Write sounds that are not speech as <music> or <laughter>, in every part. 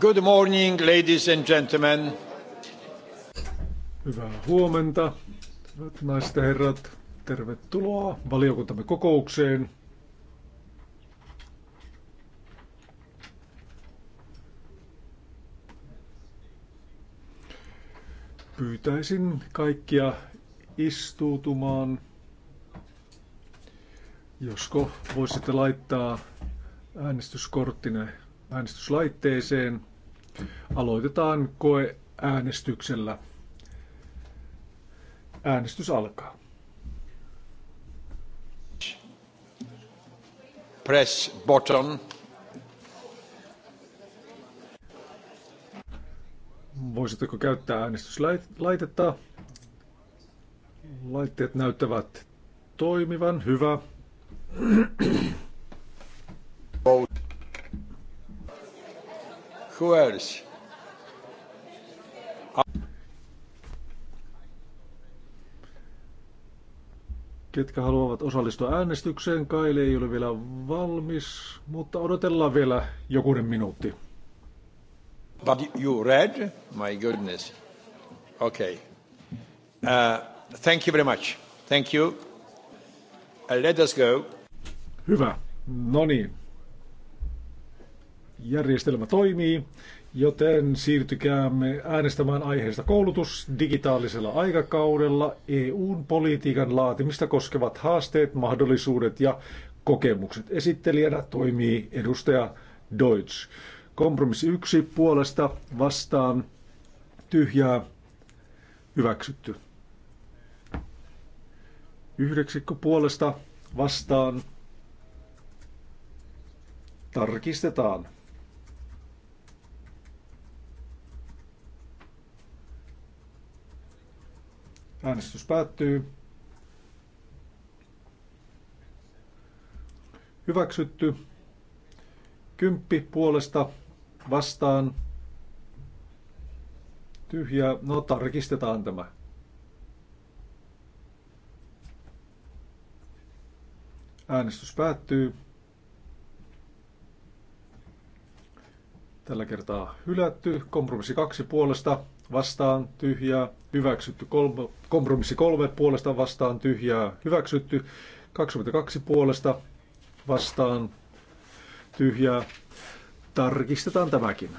Good morning, ladies and gentlemen. Hyvää huomenta, hyvät naiset ja herrat. Tervetuloa valiokuntamme kokoukseen. Pyytäisin kaikkia istuutumaan. Josko voisitte laittaa äänestyskorttine äänestyslaitteeseen. Aloitetaan koe äänestyksellä. Äänestys alkaa. Press button. Voisitteko käyttää äänestyslaitetta? Laitteet näyttävät toimivan. Hyvä. Who else? Ketkä haluavat osallistua äänestykseen, Kaili ei ole vielä valmis, mutta odotellaan vielä jokunen minuutti. But you read? My goodness. Okay. Uh, thank you very much. Thank you. Uh, let us go. Hyvä. No niin, järjestelmä toimii, joten siirtykäämme äänestämään aiheesta koulutus digitaalisella aikakaudella EUn politiikan laatimista koskevat haasteet, mahdollisuudet ja kokemukset. Esittelijänä toimii edustaja Deutsch. Kompromissi yksi puolesta vastaan tyhjää hyväksytty. Yhdeksikko puolesta vastaan tarkistetaan. Äänestys päättyy. Hyväksytty. Kymppi puolesta vastaan. tyhjä. No tarkistetaan tämä. Äänestys päättyy. Tällä kertaa hylätty. Kompromissi kaksi puolesta vastaan tyhjää, hyväksytty. Kolme, kompromissi kolme puolesta vastaan tyhjää, hyväksytty. 22 puolesta vastaan tyhjää. Tarkistetaan tämäkin.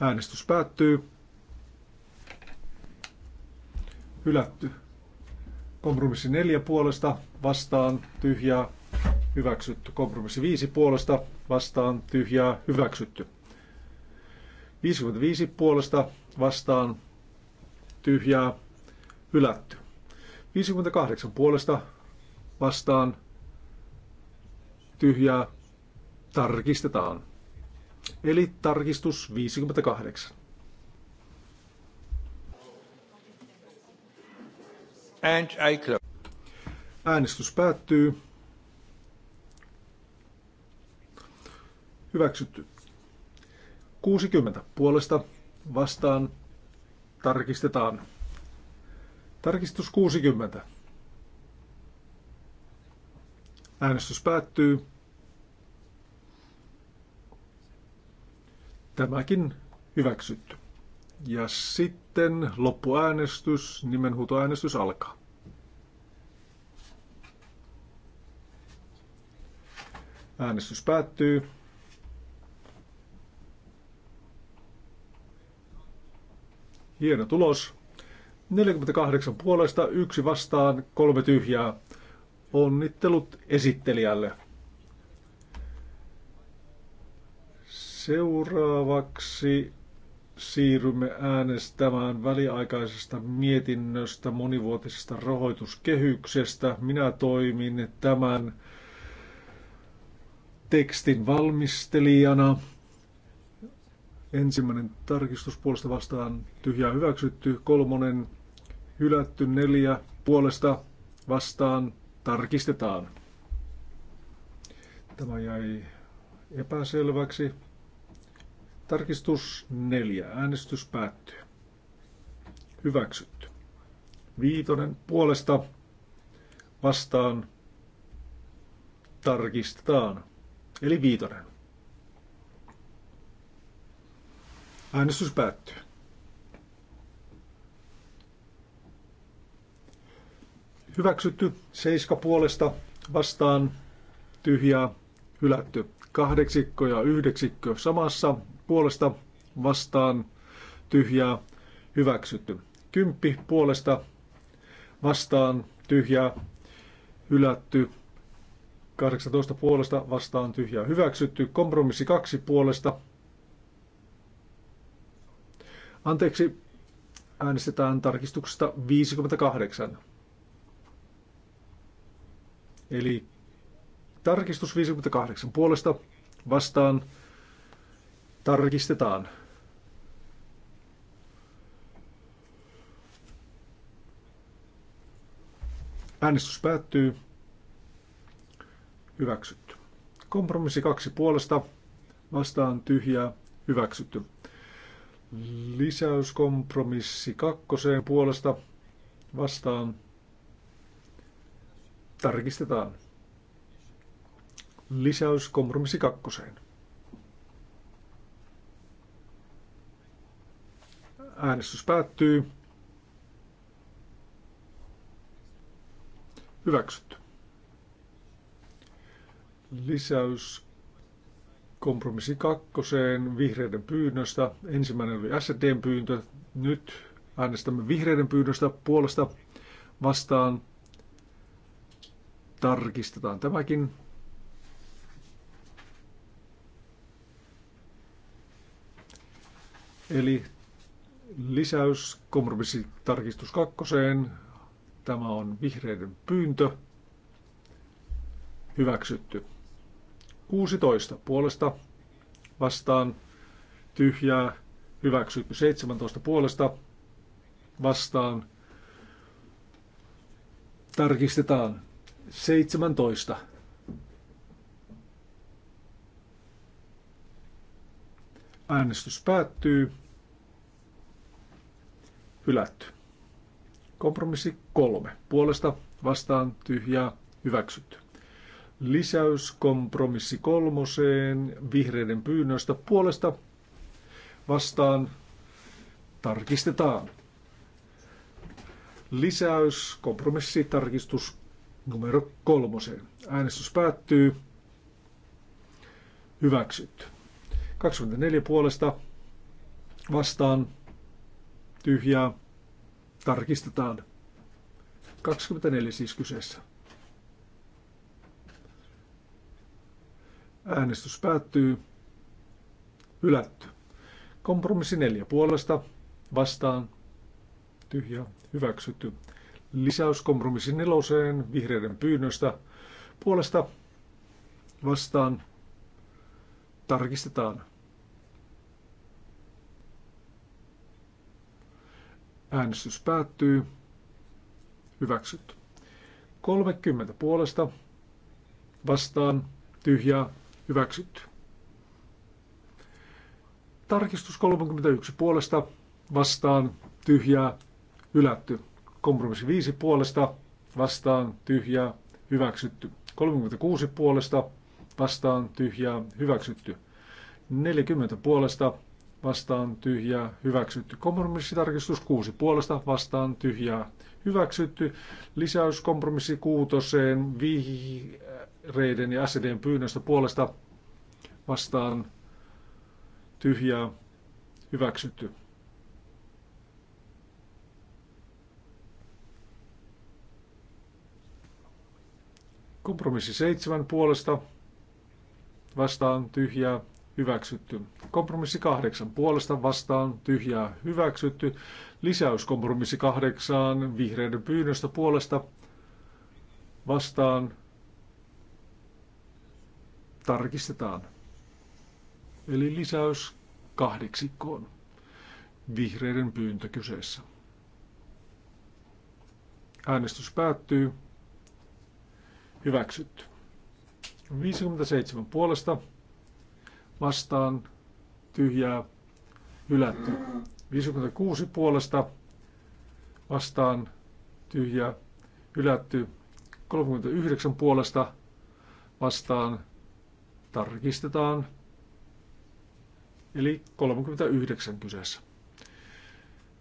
Äänestys päättyy. Hylätty. Kompromissi neljä puolesta vastaan tyhjää hyväksytty. Kompromissi 5 puolesta vastaan tyhjää hyväksytty. 55 puolesta vastaan tyhjää hylätty. 58 puolesta vastaan tyhjää tarkistetaan. Eli tarkistus 58. And I close. Äänestys päättyy. Hyväksytty. 60 puolesta vastaan tarkistetaan. Tarkistus 60. Äänestys päättyy. Tämäkin hyväksytty. Ja sitten loppuäänestys, nimenhuutoäänestys alkaa. Äänestys päättyy. Hieno tulos. 48 puolesta, yksi vastaan, kolme tyhjää. Onnittelut esittelijälle. Seuraavaksi siirrymme äänestämään väliaikaisesta mietinnöstä monivuotisesta rahoituskehyksestä. Minä toimin tämän tekstin valmistelijana. Ensimmäinen tarkistus puolesta vastaan tyhjää hyväksytty. Kolmonen hylätty. Neljä puolesta vastaan tarkistetaan. Tämä jäi epäselväksi. Tarkistus neljä. Äänestys päättyy. Hyväksytty. Viitonen puolesta vastaan tarkistetaan. Eli viitonen. Äänestys päättyy. Hyväksytty seiska puolesta vastaan tyhjää hylätty. Kahdeksikko ja yhdeksikkö samassa puolesta vastaan tyhjää hyväksytty. Kymppi puolesta vastaan tyhjää hylätty. 18 puolesta vastaan tyhjää hyväksytty. Kompromissi 2 puolesta Anteeksi, äänestetään tarkistuksesta 58. Eli tarkistus 58 puolesta vastaan tarkistetaan. Äänestys päättyy. Hyväksytty. Kompromissi kaksi puolesta vastaan tyhjää. Hyväksytty lisäyskompromissi kakkoseen puolesta vastaan tarkistetaan. Lisäyskompromissi kakkoseen. Äänestys päättyy. Hyväksytty. Lisäys kompromissi kakkoseen vihreiden pyynnöstä. Ensimmäinen oli SDn pyyntö. Nyt äänestämme vihreiden pyynnöstä puolesta vastaan. Tarkistetaan tämäkin. Eli lisäys kompromissitarkistus kakkoseen. Tämä on vihreiden pyyntö. Hyväksytty. 16 puolesta vastaan tyhjää hyväksytty 17 puolesta vastaan tarkistetaan 17 äänestys päättyy hylätty kompromissi 3 puolesta vastaan tyhjää hyväksytty Lisäys kompromissi kolmoseen vihreiden pyynnöstä puolesta vastaan tarkistetaan. Lisäys kompromissi tarkistus numero kolmoseen. Äänestys päättyy. Hyväksytty. 24 puolesta vastaan tyhjää tarkistetaan. 24 siis kyseessä. Äänestys päättyy. Hylätty. Kompromissi neljä puolesta vastaan. Tyhjä. Hyväksytty. Lisäys kompromissi neloseen vihreiden pyynnöstä puolesta vastaan. Tarkistetaan. Äänestys päättyy. Hyväksytty. 30 puolesta vastaan tyhjää Hyväksytty. Tarkistus 31 puolesta vastaan tyhjää hylätty. Kompromissi 5 puolesta vastaan tyhjää hyväksytty. 36 puolesta vastaan tyhjää hyväksytty. 40 puolesta vastaan tyhjää hyväksytty. Kompromissitarkistus 6 puolesta vastaan tyhjää hyväksytty. Lisäys kompromissi kuutoseen vi, Reiden ja SDn pyynnöstä puolesta vastaan tyhjää hyväksytty. Kompromissi seitsemän puolesta vastaan tyhjää hyväksytty. Kompromissi kahdeksan puolesta vastaan tyhjää hyväksytty. Lisäys kompromissi kahdeksaan vihreiden pyynnöstä puolesta vastaan tarkistetaan. Eli lisäys kahdeksikkoon. Vihreiden pyyntö kyseessä. Äänestys päättyy. Hyväksytty. 57 puolesta vastaan tyhjää hylätty. 56 puolesta vastaan tyhjää hylätty. 39 puolesta vastaan Tarkistetaan. Eli 39 kyseessä.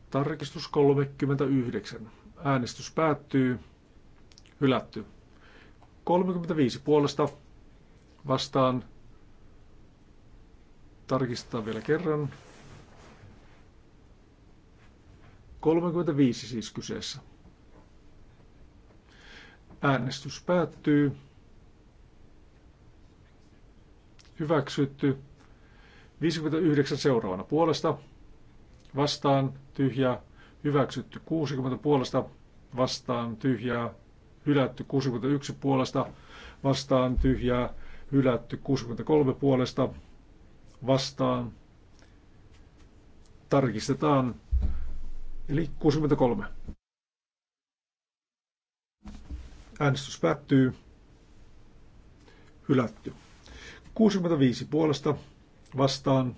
Tarkistus 39. Äänestys päättyy. Hylätty. 35 puolesta vastaan. Tarkistetaan vielä kerran. 35 siis kyseessä. Äänestys päättyy. hyväksytty. 59 seuraavana puolesta, vastaan tyhjä hyväksytty 60 puolesta, vastaan tyhjää, hylätty 61 puolesta, vastaan tyhjää, hylätty 63 puolesta, vastaan tarkistetaan, eli 63. Äänestys päättyy. Hylätty. 65 puolesta vastaan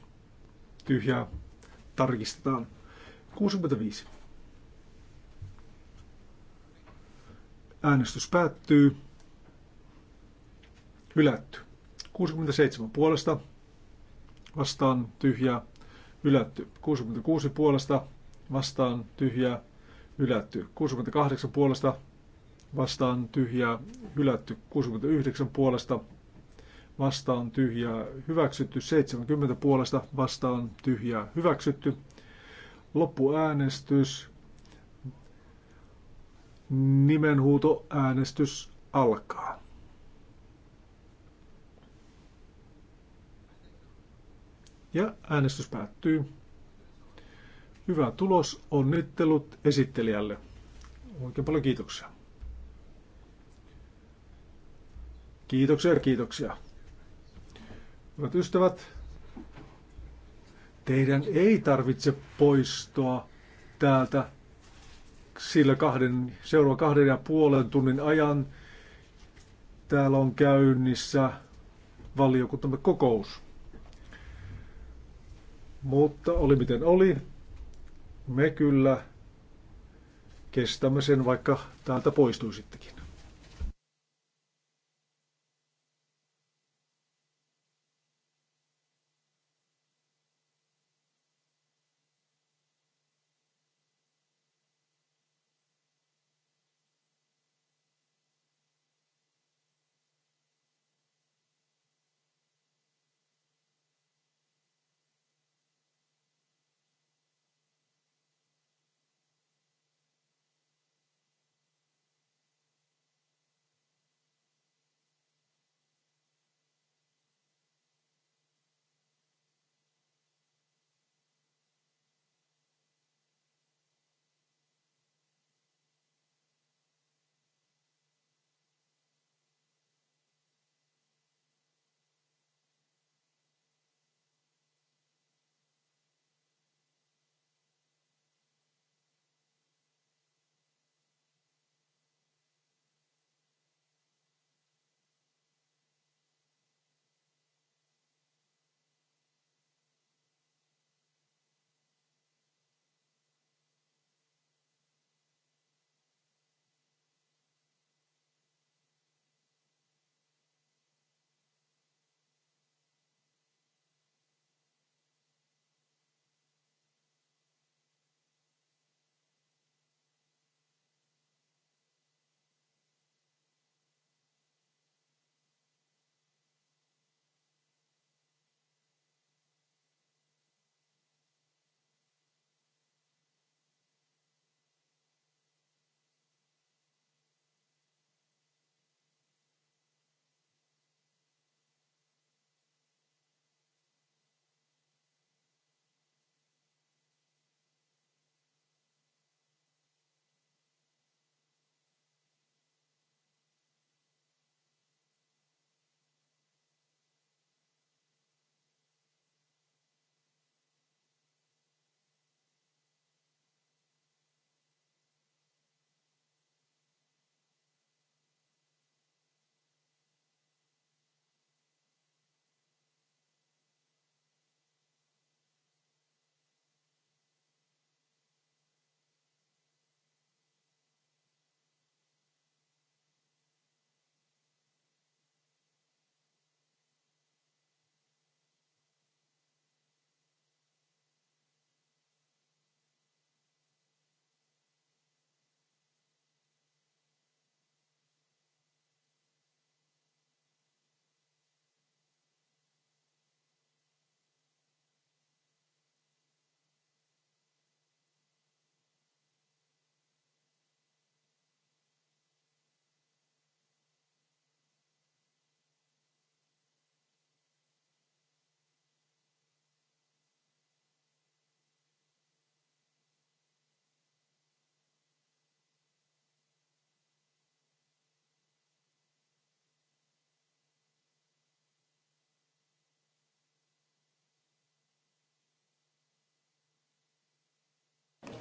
tyhjää tarkistetaan. 65. Äänestys päättyy. Hylätty. 67 puolesta vastaan tyhjää hylätty. 66 puolesta vastaan tyhjää hylätty. 68 puolesta vastaan tyhjää hylätty. 69 puolesta vastaan tyhjää hyväksytty, 70 puolesta vastaan tyhjää hyväksytty. Loppuäänestys, nimenhuutoäänestys alkaa. Ja äänestys päättyy. Hyvä tulos, onnittelut esittelijälle. Oikein paljon kiitoksia. Kiitoksia, kiitoksia. Hyvät ystävät, teidän ei tarvitse poistua täältä, sillä kahden, seuraavan kahden ja puolen tunnin ajan täällä on käynnissä valiokuntamme kokous. Mutta oli miten oli, me kyllä kestämme sen, vaikka täältä poistuisittekin.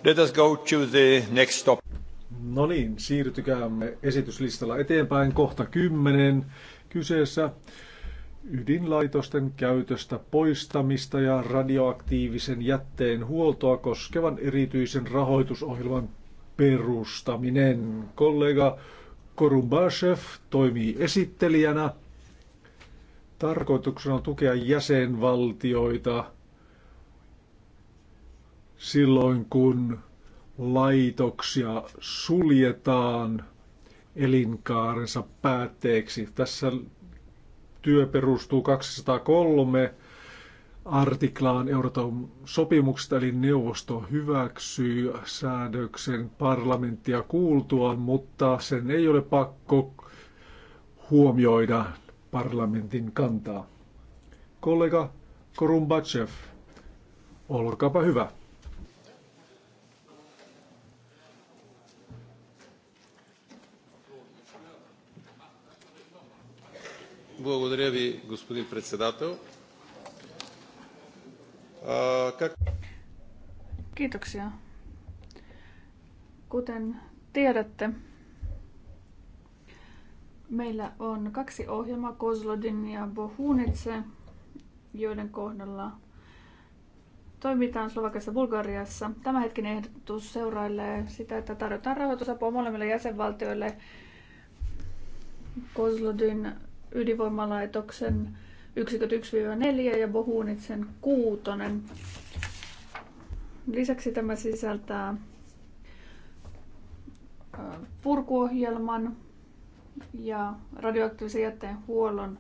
Let us go to the next stop. No niin, siirtykäämme esityslistalla eteenpäin kohta 10. Kyseessä ydinlaitosten käytöstä poistamista ja radioaktiivisen jätteen huoltoa koskevan erityisen rahoitusohjelman perustaminen. Kollega Korumbashev toimii esittelijänä. Tarkoituksena on tukea jäsenvaltioita – silloin, kun laitoksia suljetaan elinkaarensa päätteeksi. Tässä työ perustuu 203 artiklaan Euroopan sopimuksesta, eli neuvosto hyväksyy säädöksen parlamenttia kuultuaan, mutta sen ei ole pakko huomioida parlamentin kantaa. Kollega Korumbachev, olkaapa hyvä. Благодаря ви, господин председател. Kiitoksia. Kuten tiedätte, meillä on kaksi ohjelmaa, Kozlodin ja Bohunitse, joiden kohdalla toimitaan Slovakiassa Bulgariassa. hetken ehdotus seurailee sitä, että tarjotaan rahoitusapua molemmille jäsenvaltioille Kozlodin ydinvoimalaitoksen yksiköt 1-4 ja Bohunitsen kuutonen. Lisäksi tämä sisältää purkuohjelman ja radioaktiivisen jätteen huollon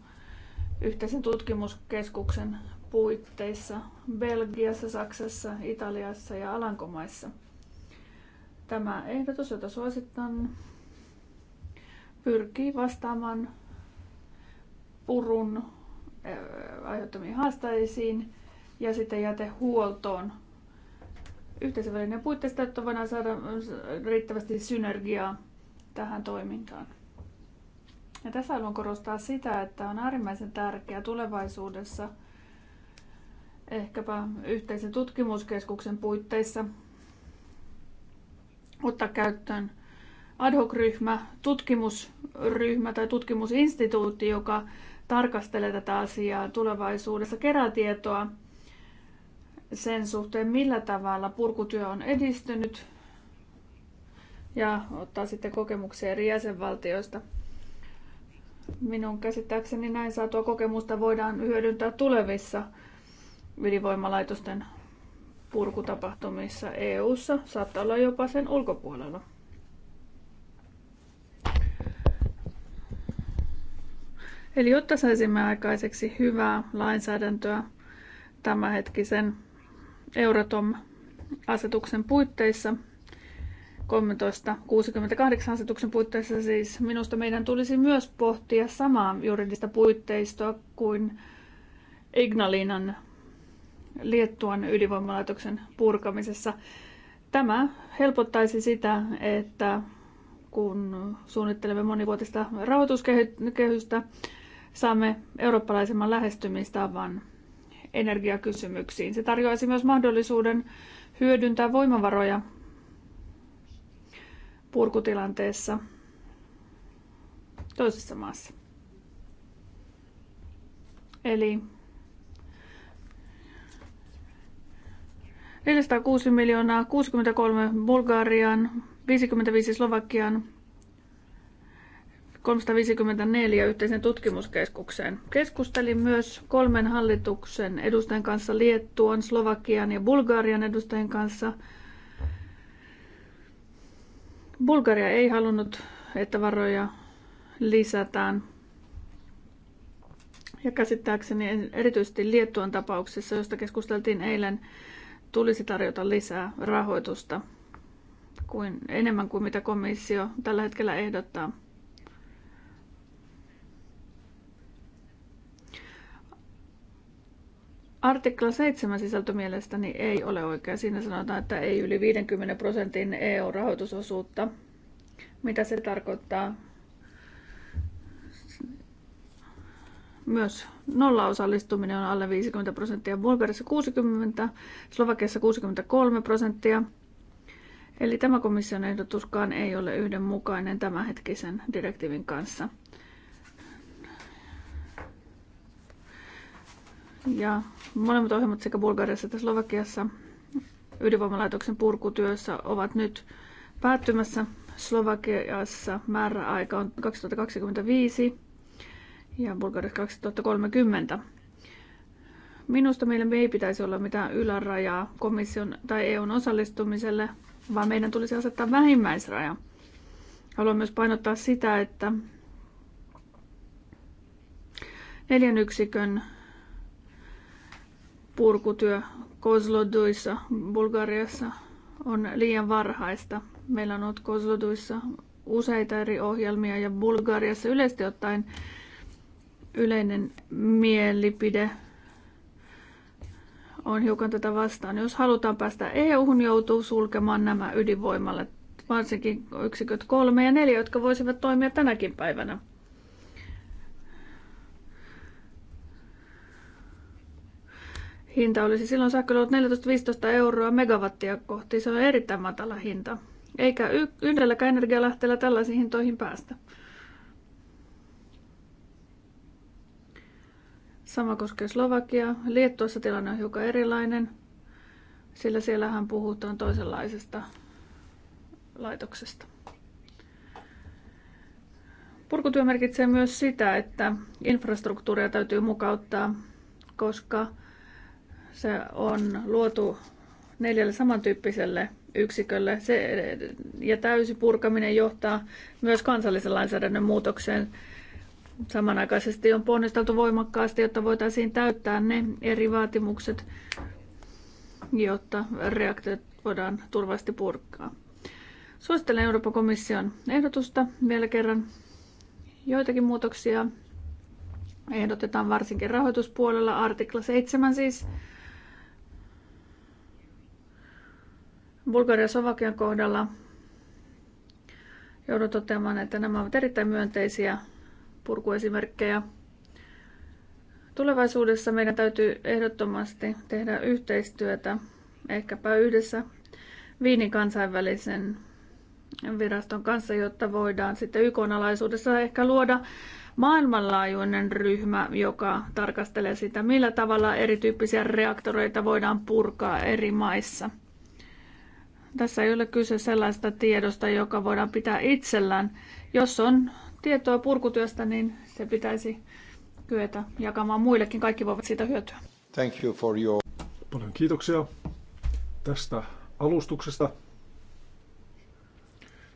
yhteisen tutkimuskeskuksen puitteissa Belgiassa, Saksassa, Italiassa ja Alankomaissa. Tämä ehdotus, jota suosittan, pyrkii vastaamaan purun aiheuttamiin haasteisiin ja sitten jätehuoltoon. Yhteisövälinen puitteista, että voidaan saada riittävästi synergiaa tähän toimintaan. Ja tässä haluan korostaa sitä, että on äärimmäisen tärkeää tulevaisuudessa ehkäpä yhteisen tutkimuskeskuksen puitteissa ottaa käyttöön ad hoc-ryhmä, tutkimusryhmä tai tutkimusinstituutti, joka tarkastelee tätä asiaa tulevaisuudessa, kerää tietoa sen suhteen, millä tavalla purkutyö on edistynyt ja ottaa sitten kokemuksia eri jäsenvaltioista. Minun käsittääkseni näin saatua kokemusta voidaan hyödyntää tulevissa ydinvoimalaitosten purkutapahtumissa EU-ssa, saattaa olla jopa sen ulkopuolella. Eli jotta saisimme aikaiseksi hyvää lainsäädäntöä tämänhetkisen Euratom-asetuksen puitteissa, 1368 asetuksen puitteissa siis, minusta meidän tulisi myös pohtia samaa juridista puitteistoa kuin Ignalinan Liettuan ydinvoimalaitoksen purkamisessa. Tämä helpottaisi sitä, että kun suunnittelemme monivuotista rahoituskehystä, saamme eurooppalaisemman lähestymistavan energiakysymyksiin. Se tarjoaisi myös mahdollisuuden hyödyntää voimavaroja purkutilanteessa toisessa maassa. Eli 406 miljoonaa, 63 Bulgarian, 55 Slovakian, 354 yhteisen tutkimuskeskukseen. Keskustelin myös kolmen hallituksen edustajan kanssa Liettuan, Slovakian ja Bulgarian edustajien kanssa. Bulgaria ei halunnut, että varoja lisätään. Ja käsittääkseni erityisesti Liettuan tapauksessa, josta keskusteltiin eilen, tulisi tarjota lisää rahoitusta kuin, enemmän kuin mitä komissio tällä hetkellä ehdottaa. Artikla 7 sisältö mielestäni ei ole oikea. Siinä sanotaan, että ei yli 50 prosentin EU-rahoitusosuutta. Mitä se tarkoittaa? Myös nollaosallistuminen on alle 50 prosenttia, Bulgariassa 60, Slovakiassa 63 prosenttia. Eli tämä komission ehdotuskaan ei ole yhdenmukainen tämänhetkisen direktiivin kanssa. Ja molemmat ohjelmat sekä Bulgariassa että Slovakiassa ydinvoimalaitoksen purkutyössä ovat nyt päättymässä. Slovakiassa määräaika on 2025 ja Bulgariassa 2030. Minusta meillä ei pitäisi olla mitään ylärajaa komission tai EUn osallistumiselle, vaan meidän tulisi asettaa vähimmäisraja. Haluan myös painottaa sitä, että neljän yksikön purkutyö Kozloduissa Bulgariassa on liian varhaista. Meillä on ollut Kozloduissa useita eri ohjelmia ja Bulgariassa yleisesti ottaen yleinen mielipide on hiukan tätä vastaan. Jos halutaan päästä EU-hun, joutuu sulkemaan nämä ydinvoimalle, varsinkin yksiköt kolme ja neljä, jotka voisivat toimia tänäkin päivänä. Hinta olisi silloin sähköllä ollut 14-15 euroa megawattia kohti. Se on erittäin matala hinta. Eikä yhdelläkään energialähteellä tällaisiin hintoihin päästä. Sama koskee Slovakia. Liettuassa tilanne on hiukan erilainen, sillä siellähän puhutaan toisenlaisesta laitoksesta. Purkutyö merkitsee myös sitä, että infrastruktuuria täytyy mukauttaa, koska se on luotu neljälle samantyyppiselle yksikölle. Se, ja täysi purkaminen johtaa myös kansallisen lainsäädännön muutokseen. Samanaikaisesti on ponnisteltu voimakkaasti, jotta voitaisiin täyttää ne eri vaatimukset, jotta reaktiot voidaan turvallisesti purkaa. Suosittelen Euroopan komission ehdotusta vielä kerran. Joitakin muutoksia ehdotetaan varsinkin rahoituspuolella, artikla 7 siis, Bulgarian Slovakian kohdalla joudun toteamaan, että nämä ovat erittäin myönteisiä purkuesimerkkejä. Tulevaisuudessa meidän täytyy ehdottomasti tehdä yhteistyötä, ehkäpä yhdessä Viinin kansainvälisen viraston kanssa, jotta voidaan sitten YK-alaisuudessa ehkä luoda maailmanlaajuinen ryhmä, joka tarkastelee sitä, millä tavalla erityyppisiä reaktoreita voidaan purkaa eri maissa – tässä ei ole kyse sellaista tiedosta, joka voidaan pitää itsellään. Jos on tietoa purkutyöstä, niin se pitäisi kyetä jakamaan muillekin. Kaikki voivat siitä hyötyä. Thank you for your... Paljon kiitoksia tästä alustuksesta.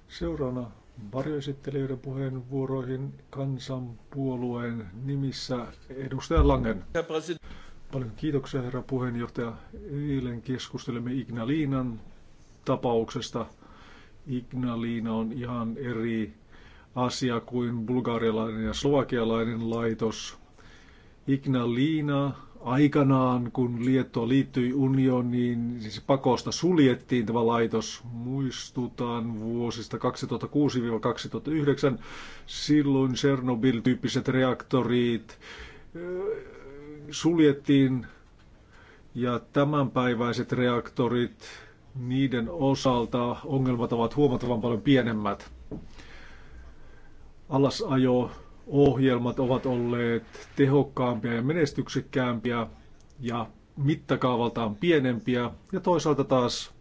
Seuraavana varjoesittelijöiden puheenvuoroihin kansanpuolueen nimissä edustaja Langen. Paljon kiitoksia herra puheenjohtaja. Eilen keskustelimme Ignaliinan tapauksesta. Ignalina on ihan eri asia kuin bulgarialainen ja slovakialainen laitos. Ignalina aikanaan, kun Liettua liittyi unioniin, siis pakosta suljettiin tämä laitos. Muistutaan vuosista 2006-2009. Silloin Chernobyl-tyyppiset reaktorit äh, suljettiin ja tämänpäiväiset reaktorit niiden osalta ongelmat ovat huomattavan paljon pienemmät. Alasajo ohjelmat ovat olleet tehokkaampia ja menestyksekkäämpiä ja mittakaavaltaan pienempiä ja toisaalta taas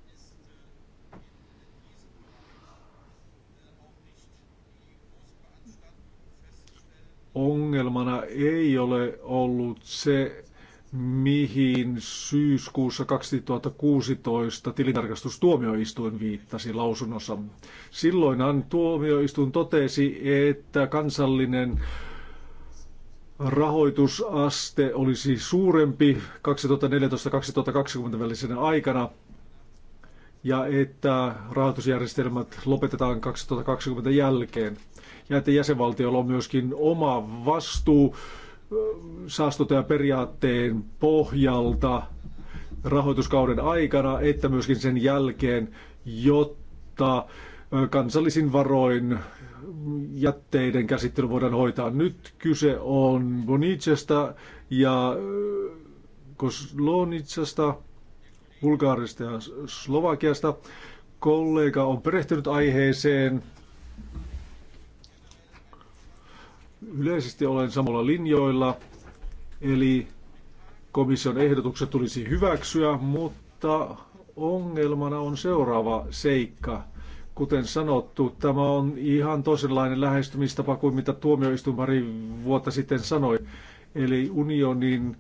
ongelmana ei ole ollut se, mihin syyskuussa 2016 tilintarkastustuomioistuin viittasi lausunnossa. Silloinhan tuomioistuin totesi, että kansallinen rahoitusaste olisi suurempi 2014-2020 välisenä aikana ja että rahoitusjärjestelmät lopetetaan 2020 jälkeen ja että jäsenvaltiolla on myöskin oma vastuu periaatteen pohjalta rahoituskauden aikana että myöskin sen jälkeen, jotta kansallisin varoin jätteiden käsittely voidaan hoitaa. Nyt kyse on Bonicesta ja Koslonitsasta, Bulgaarista ja Slovakiasta. Kollega on perehtynyt aiheeseen Yleisesti olen samalla linjoilla, eli komission ehdotukset tulisi hyväksyä, mutta ongelmana on seuraava seikka. Kuten sanottu, tämä on ihan toisenlainen lähestymistapa kuin mitä tuomioistuin pari vuotta sitten sanoi. Eli unionin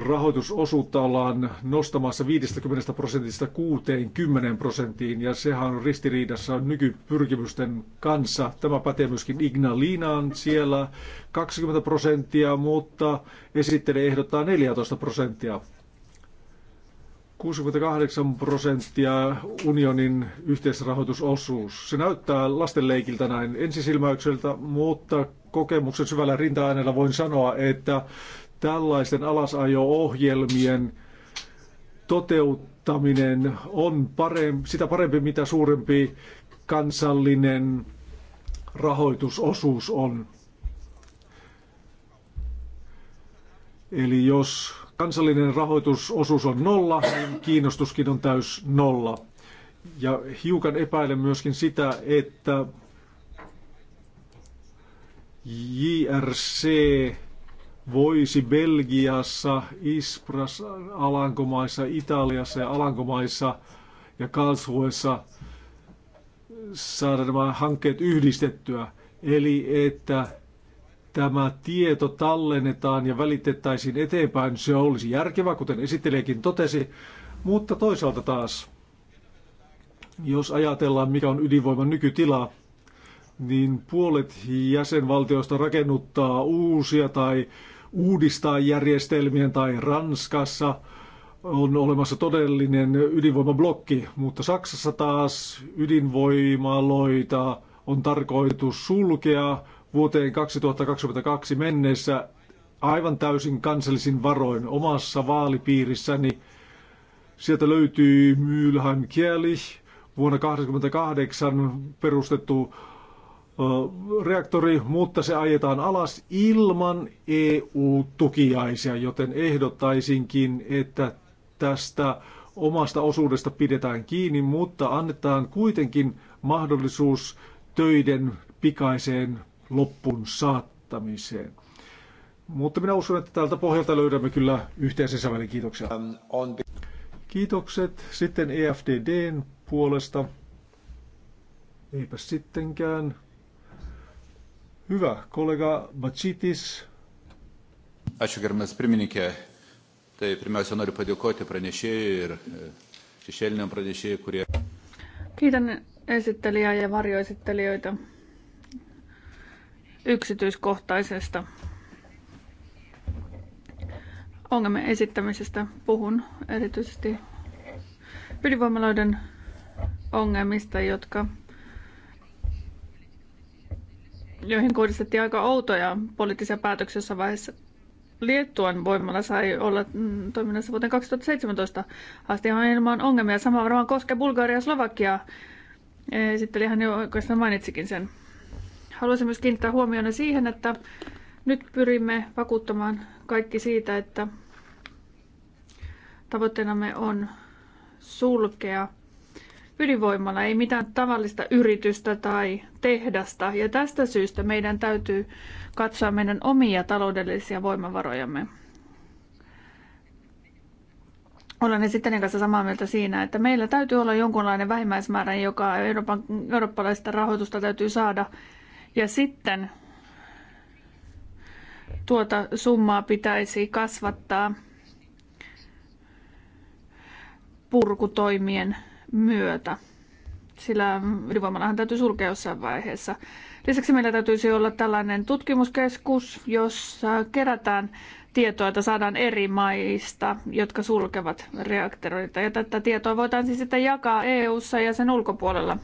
rahoitusosuutta ollaan nostamassa 50 prosentista 60 prosenttiin, ja sehän on ristiriidassa nykypyrkimysten kanssa. Tämä pätee myöskin Ignalinaan siellä 20 prosenttia, mutta esittelijä ehdottaa 14 prosenttia. 68 prosenttia unionin yhteisrahoitusosuus. Se näyttää lastenleikiltä näin ensisilmäykseltä, mutta kokemuksen syvällä rinta voin sanoa, että Tällaisten alasajo-ohjelmien toteuttaminen on parempi, sitä parempi, mitä suurempi kansallinen rahoitusosuus on. Eli jos kansallinen rahoitusosuus on nolla, niin kiinnostuskin on täys nolla. Ja hiukan epäilen myöskin sitä, että JRC voisi Belgiassa, Ispras, Alankomaissa, Italiassa ja Alankomaissa ja Karlsruessa saada nämä hankkeet yhdistettyä. Eli että tämä tieto tallennetaan ja välitettäisiin eteenpäin, se olisi järkevää, kuten esittelijäkin totesi. Mutta toisaalta taas, jos ajatellaan mikä on ydinvoiman nykytila, niin puolet jäsenvaltioista rakennuttaa uusia tai uudistaa järjestelmien tai Ranskassa on olemassa todellinen ydinvoimablokki, mutta Saksassa taas ydinvoimaloita on tarkoitus sulkea vuoteen 2022 mennessä aivan täysin kansallisin varoin omassa vaalipiirissäni. Sieltä löytyy Mülheim Kielich, vuonna 1988 perustettu reaktori, mutta se ajetaan alas ilman EU-tukiaisia, joten ehdottaisinkin, että tästä omasta osuudesta pidetään kiinni, mutta annetaan kuitenkin mahdollisuus töiden pikaiseen loppun saattamiseen. Mutta minä uskon, että tältä pohjalta löydämme kyllä yhteisen sävelin. Kiitoksia. Um, Kiitokset sitten EFDDn puolesta. Eipä sittenkään. Hyvä, kollega Bacitis. Ačiū germas pirmininkė. Tai pirmiausia noriu padėkoti pranešėjai ir e, šešėliniam pranešėjai, kurie. Kiitän esittelijää ja varjoesittelijöitä yksityiskohtaisesta ongelmien esittämisestä puhun erityisesti ydinvoimaloiden ongelmista, jotka joihin kohdistettiin aika outoja poliittisia päätöksiä jossain vaiheessa. Liettuan voimalla sai olla mm, toiminnassa vuoteen 2017 asti ihan ilman ongelmia. Sama varmaan koskee Bulgaria ja Slovakiaa. E, Sitten hän jo oikeastaan mainitsikin sen. Haluaisin myös kiinnittää huomioon siihen, että nyt pyrimme vakuuttamaan kaikki siitä, että tavoitteenamme on sulkea – ydinvoimalla, ei mitään tavallista yritystä tai tehdasta. Ja tästä syystä meidän täytyy katsoa meidän omia taloudellisia voimavarojamme. Olen sitten kanssa samaa mieltä siinä, että meillä täytyy olla jonkunlainen vähimmäismäärä, joka Euroopan, eurooppalaista rahoitusta täytyy saada. Ja sitten tuota summaa pitäisi kasvattaa purkutoimien myötä. Sillä ydinvoimalahan täytyy sulkea jossain vaiheessa. Lisäksi meillä täytyisi olla tällainen tutkimuskeskus, jossa kerätään tietoa, että saadaan eri maista, jotka sulkevat reaktoreita. Ja tätä tietoa voidaan siis sitten jakaa EU-ssa ja sen ulkopuolella.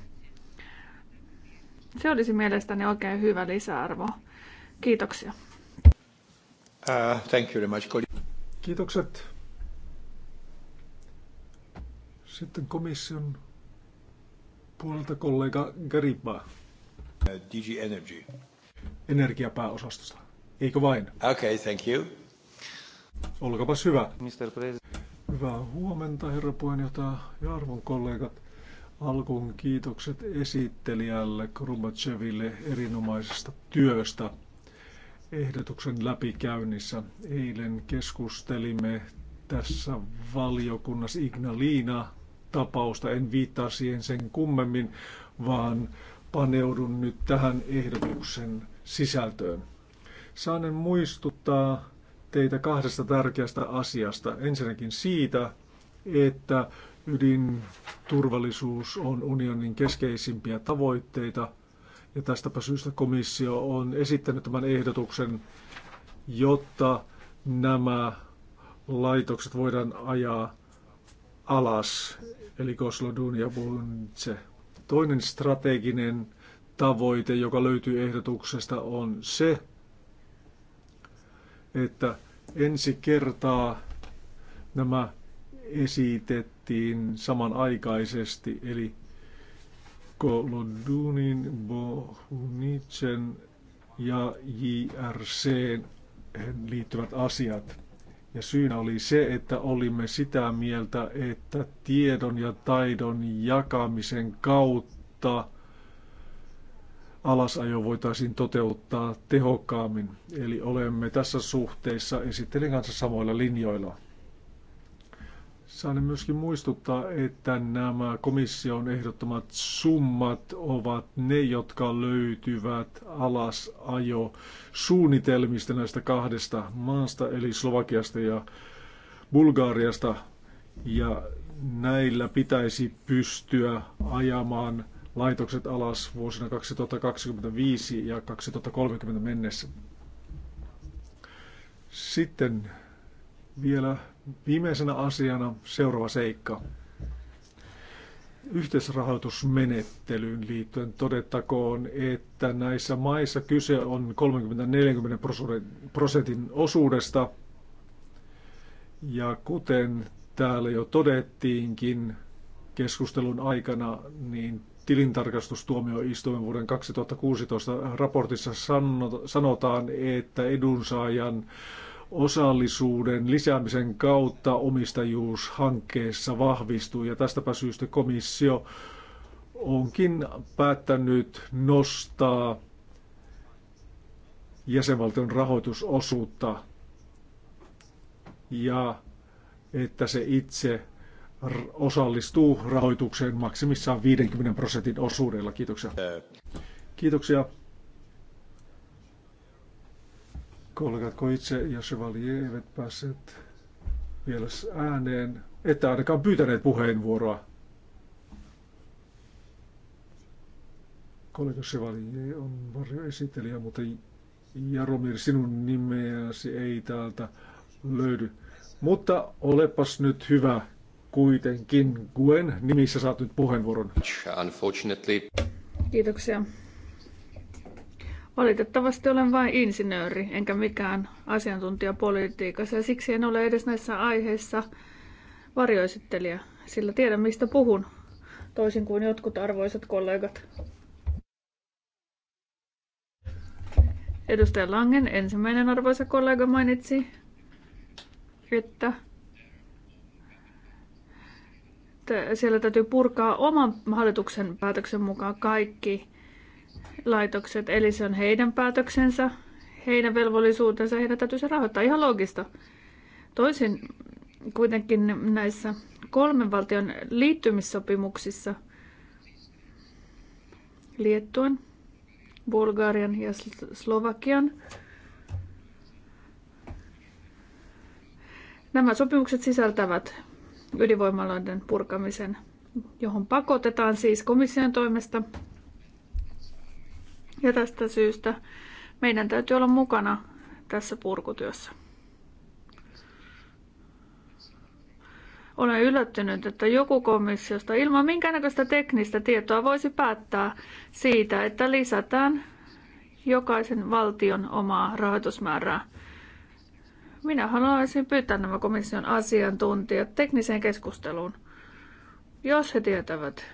Se olisi mielestäni oikein hyvä lisäarvo. Kiitoksia. Uh, thank you very much. Kiitokset sitten komission puolelta kollega Garipa. DG Energy. Energiapääosastosta. Eikö vain? Okay, thank you. Olkapas hyvä. Mr. President. Hyvää huomenta, herra puheenjohtaja ja arvon kollegat. Alkuun kiitokset esittelijälle Krumbatseville erinomaisesta työstä ehdotuksen läpikäynnissä. Eilen keskustelimme tässä valiokunnassa Ignalina tapausta. En viittaa siihen sen kummemmin, vaan paneudun nyt tähän ehdotuksen sisältöön. Saanen muistuttaa teitä kahdesta tärkeästä asiasta. Ensinnäkin siitä, että ydinturvallisuus on unionin keskeisimpiä tavoitteita, ja tästäpä syystä komissio on esittänyt tämän ehdotuksen, jotta nämä laitokset voidaan ajaa alas, eli Koslodun ja Bunce. Toinen strateginen tavoite, joka löytyy ehdotuksesta, on se, että ensi kertaa nämä esitettiin samanaikaisesti, eli Kolodunin, Bohunicen ja JRC liittyvät asiat. Ja syynä oli se, että olimme sitä mieltä, että tiedon ja taidon jakamisen kautta alasajo voitaisiin toteuttaa tehokkaammin. Eli olemme tässä suhteessa esittelijän kanssa samoilla linjoilla. Saan myöskin muistuttaa, että nämä komission ehdottomat summat ovat ne, jotka löytyvät alasajo suunnitelmista näistä kahdesta maasta, eli Slovakiasta ja Bulgaariasta. Ja näillä pitäisi pystyä ajamaan laitokset alas vuosina 2025 ja 2030 mennessä. Sitten vielä Viimeisenä asiana seuraava seikka. Yhteisrahoitusmenettelyyn liittyen todettakoon, että näissä maissa kyse on 30-40 prosentin osuudesta. Ja kuten täällä jo todettiinkin keskustelun aikana, niin tilintarkastustuomioistuimen vuoden 2016 raportissa sanotaan, että edunsaajan osallisuuden lisäämisen kautta omistajuushankkeessa vahvistuu ja tästäpä syystä komissio onkin päättänyt nostaa jäsenvaltion rahoitusosuutta ja että se itse osallistuu rahoitukseen maksimissaan 50 prosentin osuudella. Kiitoksia. Kiitoksia. Kollegat Koitse ja Chevalier eivät päässeet vielä ääneen. että ainakaan pyytäneet puheenvuoroa. Kollega Chevalier on varjoesittelijä, mutta Jaromir, sinun nimeäsi ei täältä löydy. Mutta olepas nyt hyvä kuitenkin. Gwen, nimissä saat nyt puheenvuoron. Unfortunately. Kiitoksia. Valitettavasti olen vain insinööri, enkä mikään asiantuntija politiikassa, ja siksi en ole edes näissä aiheissa varjoesittelijä, sillä tiedän mistä puhun, toisin kuin jotkut arvoisat kollegat. Edustaja Langen, ensimmäinen arvoisa kollega, mainitsi, että siellä täytyy purkaa oman hallituksen päätöksen mukaan kaikki laitokset, eli se on heidän päätöksensä, heidän velvollisuutensa, heidän täytyy se rahoittaa, ihan loogista. Toisin kuitenkin näissä kolmen valtion liittymissopimuksissa Liettuan, Bulgarian ja Slovakian. Nämä sopimukset sisältävät ydinvoimaloiden purkamisen, johon pakotetaan siis komission toimesta ja tästä syystä meidän täytyy olla mukana tässä purkutyössä. Olen yllättynyt, että joku komissiosta ilman minkäännäköistä teknistä tietoa voisi päättää siitä, että lisätään jokaisen valtion omaa rahoitusmäärää. Minä haluaisin pyytää nämä komission asiantuntijat tekniseen keskusteluun, jos he tietävät,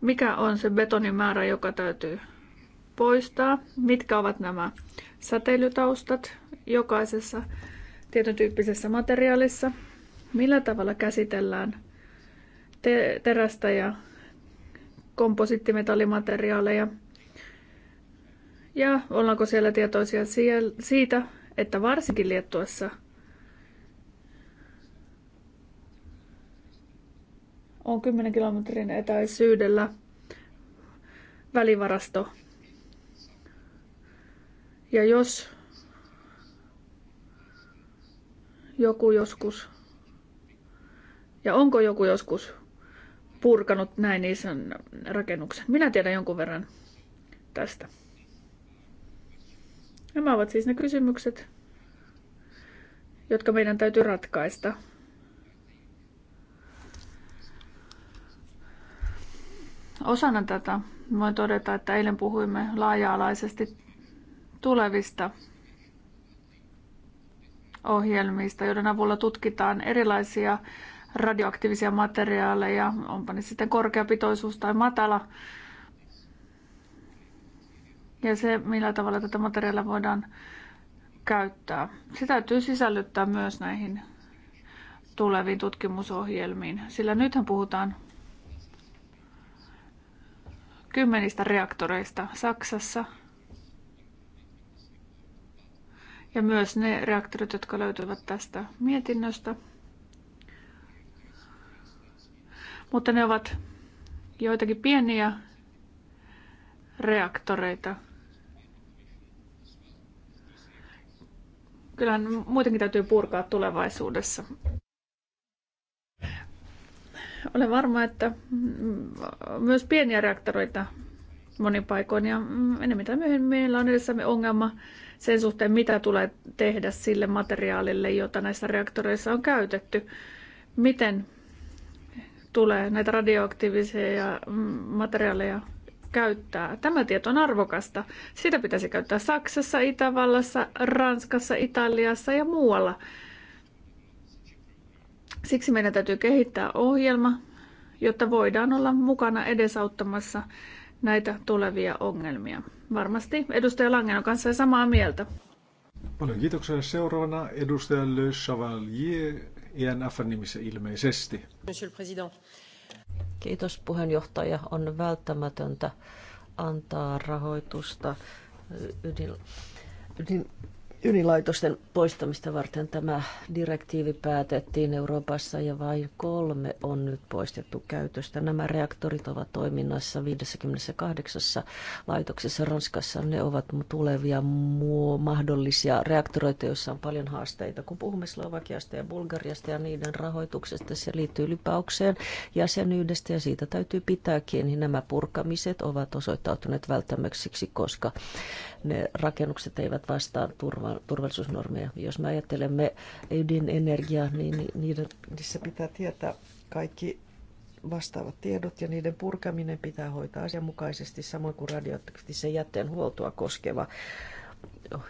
mikä on se betonimäärä, määrä, joka täytyy poistaa, mitkä ovat nämä säteilytaustat jokaisessa tietyn tyyppisessä materiaalissa, millä tavalla käsitellään te- terästä ja komposittimetallimateriaaleja, ja ollaanko siellä tietoisia siitä, että varsinkin liettuessa on 10 kilometrin etäisyydellä välivarasto. Ja jos joku joskus, ja onko joku joskus purkanut näin ison rakennuksen? Minä tiedän jonkun verran tästä. Nämä ovat siis ne kysymykset, jotka meidän täytyy ratkaista. Osana tätä voin todeta, että eilen puhuimme laaja-alaisesti tulevista ohjelmista, joiden avulla tutkitaan erilaisia radioaktiivisia materiaaleja, onpa ne sitten korkea tai matala. Ja se, millä tavalla tätä materiaalia voidaan käyttää. Se täytyy sisällyttää myös näihin tuleviin tutkimusohjelmiin, sillä nythän puhutaan kymmenistä reaktoreista Saksassa. Ja myös ne reaktorit, jotka löytyvät tästä mietinnöstä. Mutta ne ovat joitakin pieniä reaktoreita. Kyllähän muutenkin täytyy purkaa tulevaisuudessa. Olen varma, että myös pieniä reaktoreita monin paikoin ja enemmän tai myöhemmin meillä on edessämme ongelma sen suhteen, mitä tulee tehdä sille materiaalille, jota näissä reaktoreissa on käytetty. Miten tulee näitä radioaktiivisia materiaaleja käyttää. Tämä tieto on arvokasta. Sitä pitäisi käyttää Saksassa, Itävallassa, Ranskassa, Italiassa ja muualla Siksi meidän täytyy kehittää ohjelma, jotta voidaan olla mukana edesauttamassa näitä tulevia ongelmia. Varmasti edustaja Langen on kanssa samaa mieltä. Paljon kiitoksia. Seuraavana edustaja Le Chevalier INFn e nimissä ilmeisesti. Monsieur le Président. Kiitos puheenjohtaja. On välttämätöntä antaa rahoitusta ydin, ydin ydinlaitosten poistamista varten tämä direktiivi päätettiin Euroopassa ja vain kolme on nyt poistettu käytöstä. Nämä reaktorit ovat toiminnassa 58 laitoksessa Ranskassa. Ne ovat tulevia muo- mahdollisia reaktoreita, joissa on paljon haasteita. Kun puhumme Slovakiasta ja Bulgariasta ja niiden rahoituksesta, se liittyy lipaukseen jäsenyydestä ja siitä täytyy pitääkin, kiinni. nämä purkamiset ovat osoittautuneet välttämäksiksi, koska ne rakennukset eivät vastaa turva, turvallisuusnormeja. Jos me ajattelemme ydinenergiaa, niin niiden, niissä pitää tietää kaikki vastaavat tiedot ja niiden purkaminen pitää hoitaa asianmukaisesti, samoin kuin radioaktiivisen jätteen huoltoa koskeva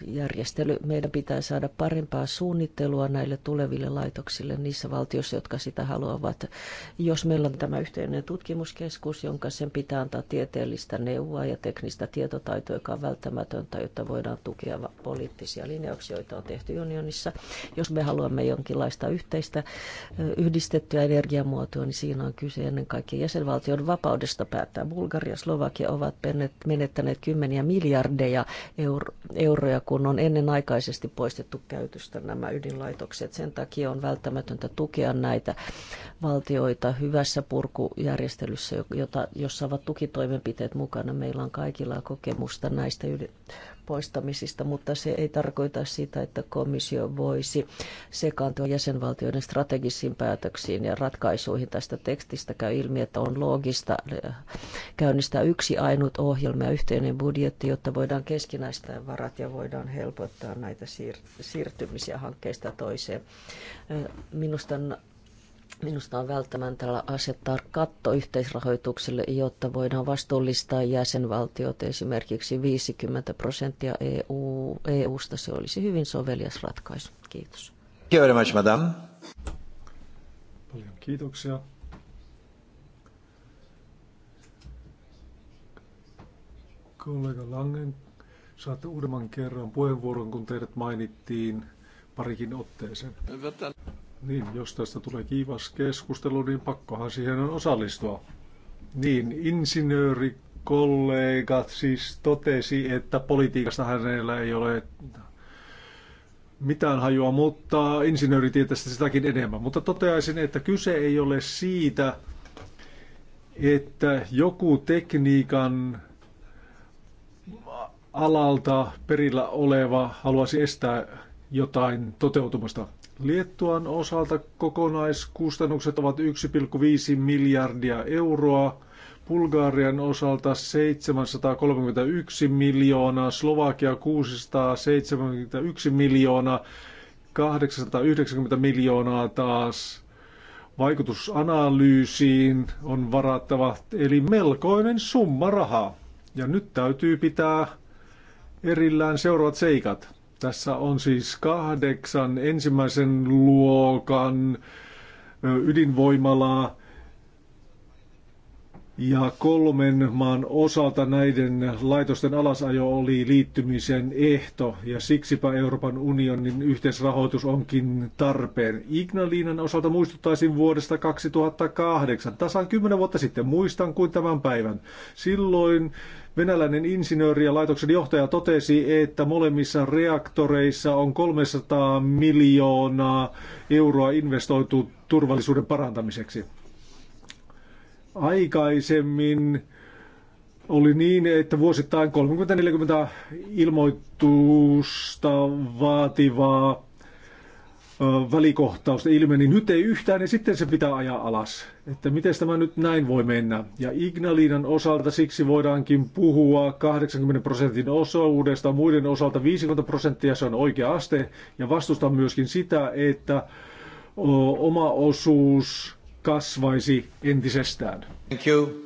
järjestely. Meidän pitää saada parempaa suunnittelua näille tuleville laitoksille niissä valtioissa, jotka sitä haluavat. Jos meillä on tämä yhteinen tutkimuskeskus, jonka sen pitää antaa tieteellistä neuvoa ja teknistä tietotaitoa, joka on välttämätöntä, jotta voidaan tukea poliittisia linjauksia, joita on tehty unionissa. Jos me haluamme jonkinlaista yhteistä yhdistettyä energiamuotoa, niin siinä on kyse ennen kaikkea jäsenvaltion vapaudesta päättää. Bulgaria ja Slovakia ovat menettäneet kymmeniä miljardeja euroa vuoroja, kun on ennenaikaisesti poistettu käytöstä nämä ydinlaitokset. Sen takia on välttämätöntä tukea näitä valtioita hyvässä purkujärjestelyssä, jota, jossa ovat tukitoimenpiteet mukana. Meillä on kaikilla kokemusta näistä ydin poistamisista, mutta se ei tarkoita sitä, että komissio voisi sekaantua jäsenvaltioiden strategisiin päätöksiin ja ratkaisuihin. Tästä tekstistä käy ilmi, että on loogista äh, käynnistää yksi ainut ohjelma ja yhteinen budjetti, jotta voidaan keskinäistää varat ja voidaan helpottaa näitä siirtymisiä hankkeista toiseen. Äh, minusta Minusta on välttämätöntä asettaa katto yhteisrahoitukselle, jotta voidaan vastuullistaa jäsenvaltiot esimerkiksi 50 prosenttia EU, eu Se olisi hyvin sovelias ratkaisu. Kiitos. Kiitos, Paljon kiitoksia. Kollega Langen, saatte uudemman kerran puheenvuoron, kun teidät mainittiin parikin otteeseen. Niin, jos tästä tulee kiivas keskustelu, niin pakkohan siihen on osallistua. Niin, insinöörikollegat siis totesi, että politiikasta hänellä ei ole mitään hajua, mutta insinööri tietää sitäkin enemmän. Mutta toteaisin, että kyse ei ole siitä, että joku tekniikan alalta perillä oleva haluaisi estää jotain toteutumasta. Liettuan osalta kokonaiskustannukset ovat 1,5 miljardia euroa, Bulgarian osalta 731 miljoonaa, Slovakia 671 miljoonaa, 890 miljoonaa taas vaikutusanalyysiin on varattava, eli melkoinen summa rahaa. Ja nyt täytyy pitää erillään seuraavat seikat. Tässä on siis kahdeksan ensimmäisen luokan ydinvoimalaa ja kolmen maan osalta näiden laitosten alasajo oli liittymisen ehto ja siksipä Euroopan unionin yhteisrahoitus onkin tarpeen. Ignaliinan osalta muistuttaisin vuodesta 2008, tasan kymmenen vuotta sitten muistan kuin tämän päivän. Silloin venäläinen insinööri ja laitoksen johtaja totesi, että molemmissa reaktoreissa on 300 miljoonaa euroa investoitu turvallisuuden parantamiseksi. Aikaisemmin oli niin, että vuosittain 30-40 ilmoitusta vaativaa välikohtausta ilmeni. Nyt ei yhtään, niin sitten se pitää ajaa alas. Että miten tämä nyt näin voi mennä? Ja Ignaliinan osalta siksi voidaankin puhua 80 prosentin osuudesta, muiden osalta 50 prosenttia, se on oikea aste. Ja vastustan myöskin sitä, että oma osuus kasvaisi entisestään. Thank you.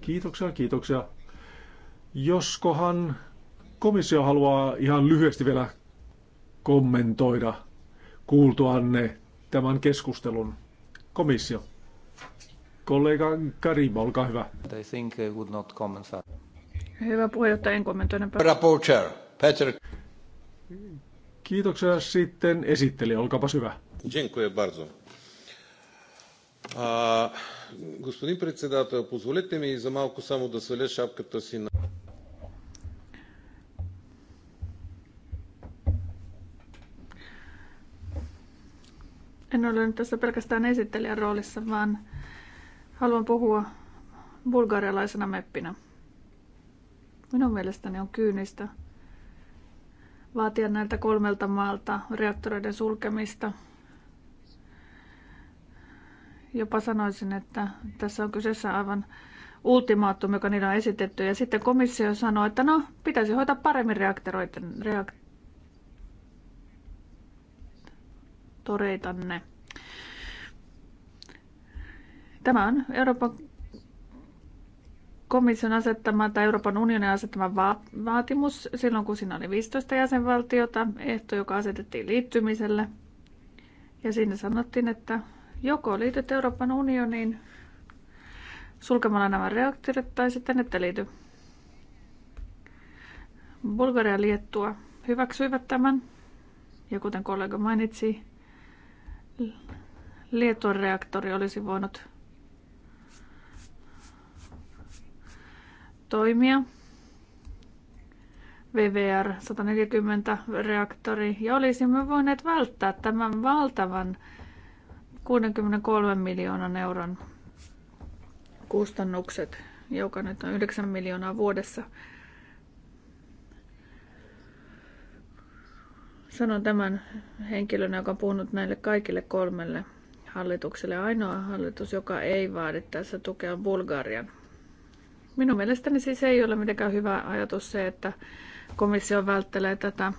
Kiitoksia, kiitoksia. Joskohan komissio haluaa ihan lyhyesti vielä kommentoida kuultuanne tämän keskustelun. Komissio. Kollega Karim, olkaa hyvä. I think I uh, would not comment Hyvä puheenjohtaja, en kommentoi Rapporteur, Peter. Kiitoksia sitten esittelijä, olkaapas hyvä. Dziękuję bardzo. Господин председател, позволете ми за малко само да сваля шапката си на... En ole nyt tässä pelkästään esittelijän roolissa, vaan haluan puhua bulgarialaisena meppinä. Minun mielestäni on kyynistä vaatia näiltä kolmelta maalta reaktoreiden sulkemista – Jopa sanoisin, että tässä on kyseessä aivan ultimaattum, joka niillä on esitetty. Ja sitten komissio sanoi, että no, pitäisi hoitaa paremmin reaktoreitanne. Tämä on Euroopan komission asettama tai Euroopan unionin asettama va- vaatimus silloin, kun siinä oli 15 jäsenvaltiota, ehto, joka asetettiin liittymiselle. Ja siinä sanottiin, että Joko liityt Euroopan unioniin sulkemalla nämä reaktorit tai sitten ette liity. Bulgaria ja Liettua hyväksyivät tämän. Ja kuten kollega mainitsi, Liettuan reaktori olisi voinut toimia. VVR 140 reaktori ja olisimme voineet välttää tämän valtavan 63 miljoonan euron kustannukset, joka nyt on 9 miljoonaa vuodessa. Sanon tämän henkilön joka on puhunut näille kaikille kolmelle hallitukselle. Ainoa hallitus, joka ei vaadi tässä tukea, on Bulgarian. Minun mielestäni siis ei ole mitenkään hyvä ajatus se, että komissio välttelee tätä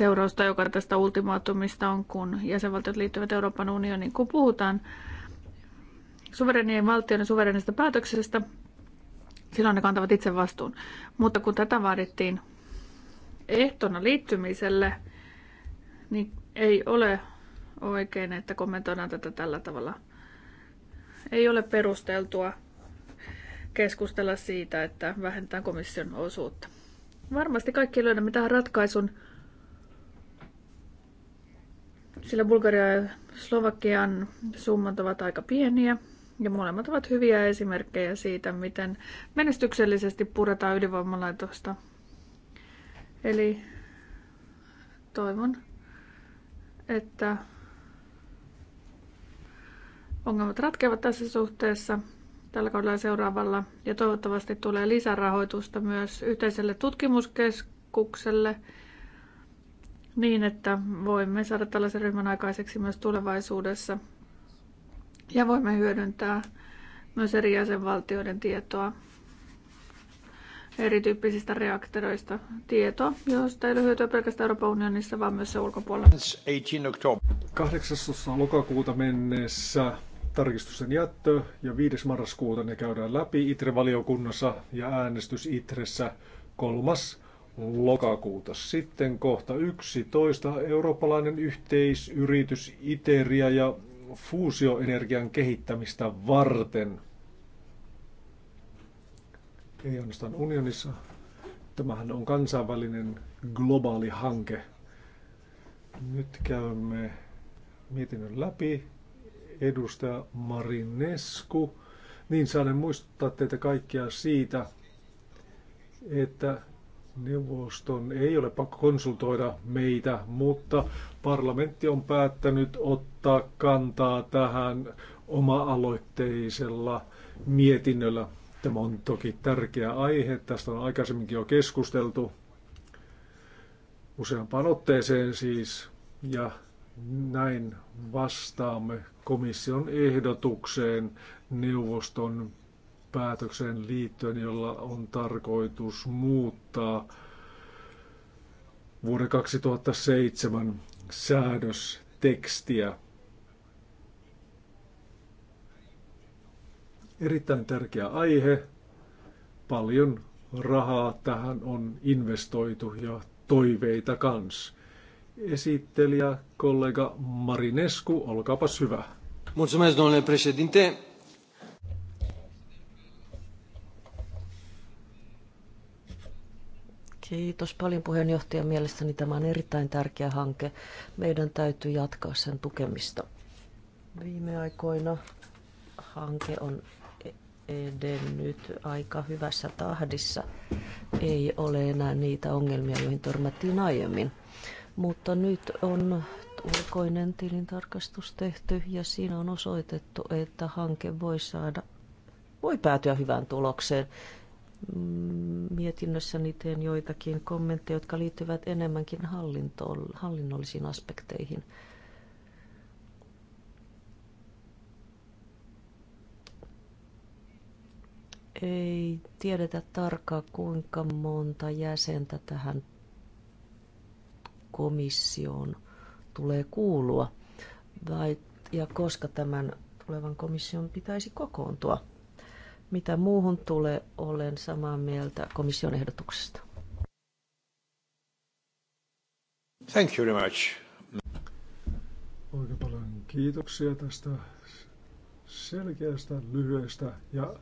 seurausta, joka tästä ultimaatumista on, kun jäsenvaltiot liittyvät Euroopan unioniin, kun puhutaan suverenien valtioiden suverenista päätöksestä, silloin ne kantavat itse vastuun. Mutta kun tätä vaadittiin ehtona liittymiselle, niin ei ole oikein, että kommentoidaan tätä tällä tavalla. Ei ole perusteltua keskustella siitä, että vähentää komission osuutta. Varmasti kaikki löydämme tähän ratkaisun sillä Bulgaria ja Slovakian summat ovat aika pieniä. Ja molemmat ovat hyviä esimerkkejä siitä, miten menestyksellisesti puretaan ydinvoimalaitosta. Eli toivon, että ongelmat ratkeavat tässä suhteessa tällä kaudella seuraavalla. Ja toivottavasti tulee lisärahoitusta myös yhteiselle tutkimuskeskukselle, niin, että voimme saada tällaisen ryhmän aikaiseksi myös tulevaisuudessa ja voimme hyödyntää myös eri jäsenvaltioiden tietoa erityyppisistä reaktoreista tietoa, josta ei ole hyötyä pelkästään Euroopan unionissa, vaan myös sen ulkopuolella. 18. lokakuuta mennessä tarkistusten jättö ja 5. marraskuuta ne käydään läpi ITRE-valiokunnassa ja äänestys ITRessä kolmas lokakuuta. Sitten kohta 11. Eurooppalainen yhteisyritys Iteria ja fuusioenergian kehittämistä varten. Ei ainoastaan unionissa. Tämähän on kansainvälinen globaali hanke. Nyt käymme mietinnön läpi. Edustaja Marinesku. Niin saan muistuttaa teitä kaikkia siitä, että Neuvoston ei ole pakko konsultoida meitä, mutta parlamentti on päättänyt ottaa kantaa tähän oma-aloitteisella mietinnöllä. Tämä on toki tärkeä aihe, tästä on aikaisemminkin jo keskusteltu useampaan otteeseen siis, ja näin vastaamme komission ehdotukseen neuvoston päätökseen liittyen, jolla on tarkoitus muuttaa vuoden 2007 säädöstekstiä. Erittäin tärkeä aihe. Paljon rahaa tähän on investoitu ja toiveita kans. Esittelijä kollega Marinescu, olkaapas hyvä. Mulțumesc, domnule președinte. Kiitos paljon puheenjohtaja. Mielestäni tämä on erittäin tärkeä hanke. Meidän täytyy jatkaa sen tukemista. Viime aikoina hanke on e- edennyt aika hyvässä tahdissa. Ei ole enää niitä ongelmia, joihin törmättiin aiemmin. Mutta nyt on ulkoinen tilintarkastus tehty ja siinä on osoitettu, että hanke voi saada voi päätyä hyvään tulokseen mietinnössäni teen joitakin kommentteja, jotka liittyvät enemmänkin hallintoon, hallinnollisiin aspekteihin. Ei tiedetä tarkkaan, kuinka monta jäsentä tähän komissioon tulee kuulua vai, ja koska tämän tulevan komission pitäisi kokoontua. Mitä muuhun tulee, olen samaa mieltä komission ehdotuksesta. Thank you very much. Oikein paljon kiitoksia tästä selkeästä, lyhyestä ja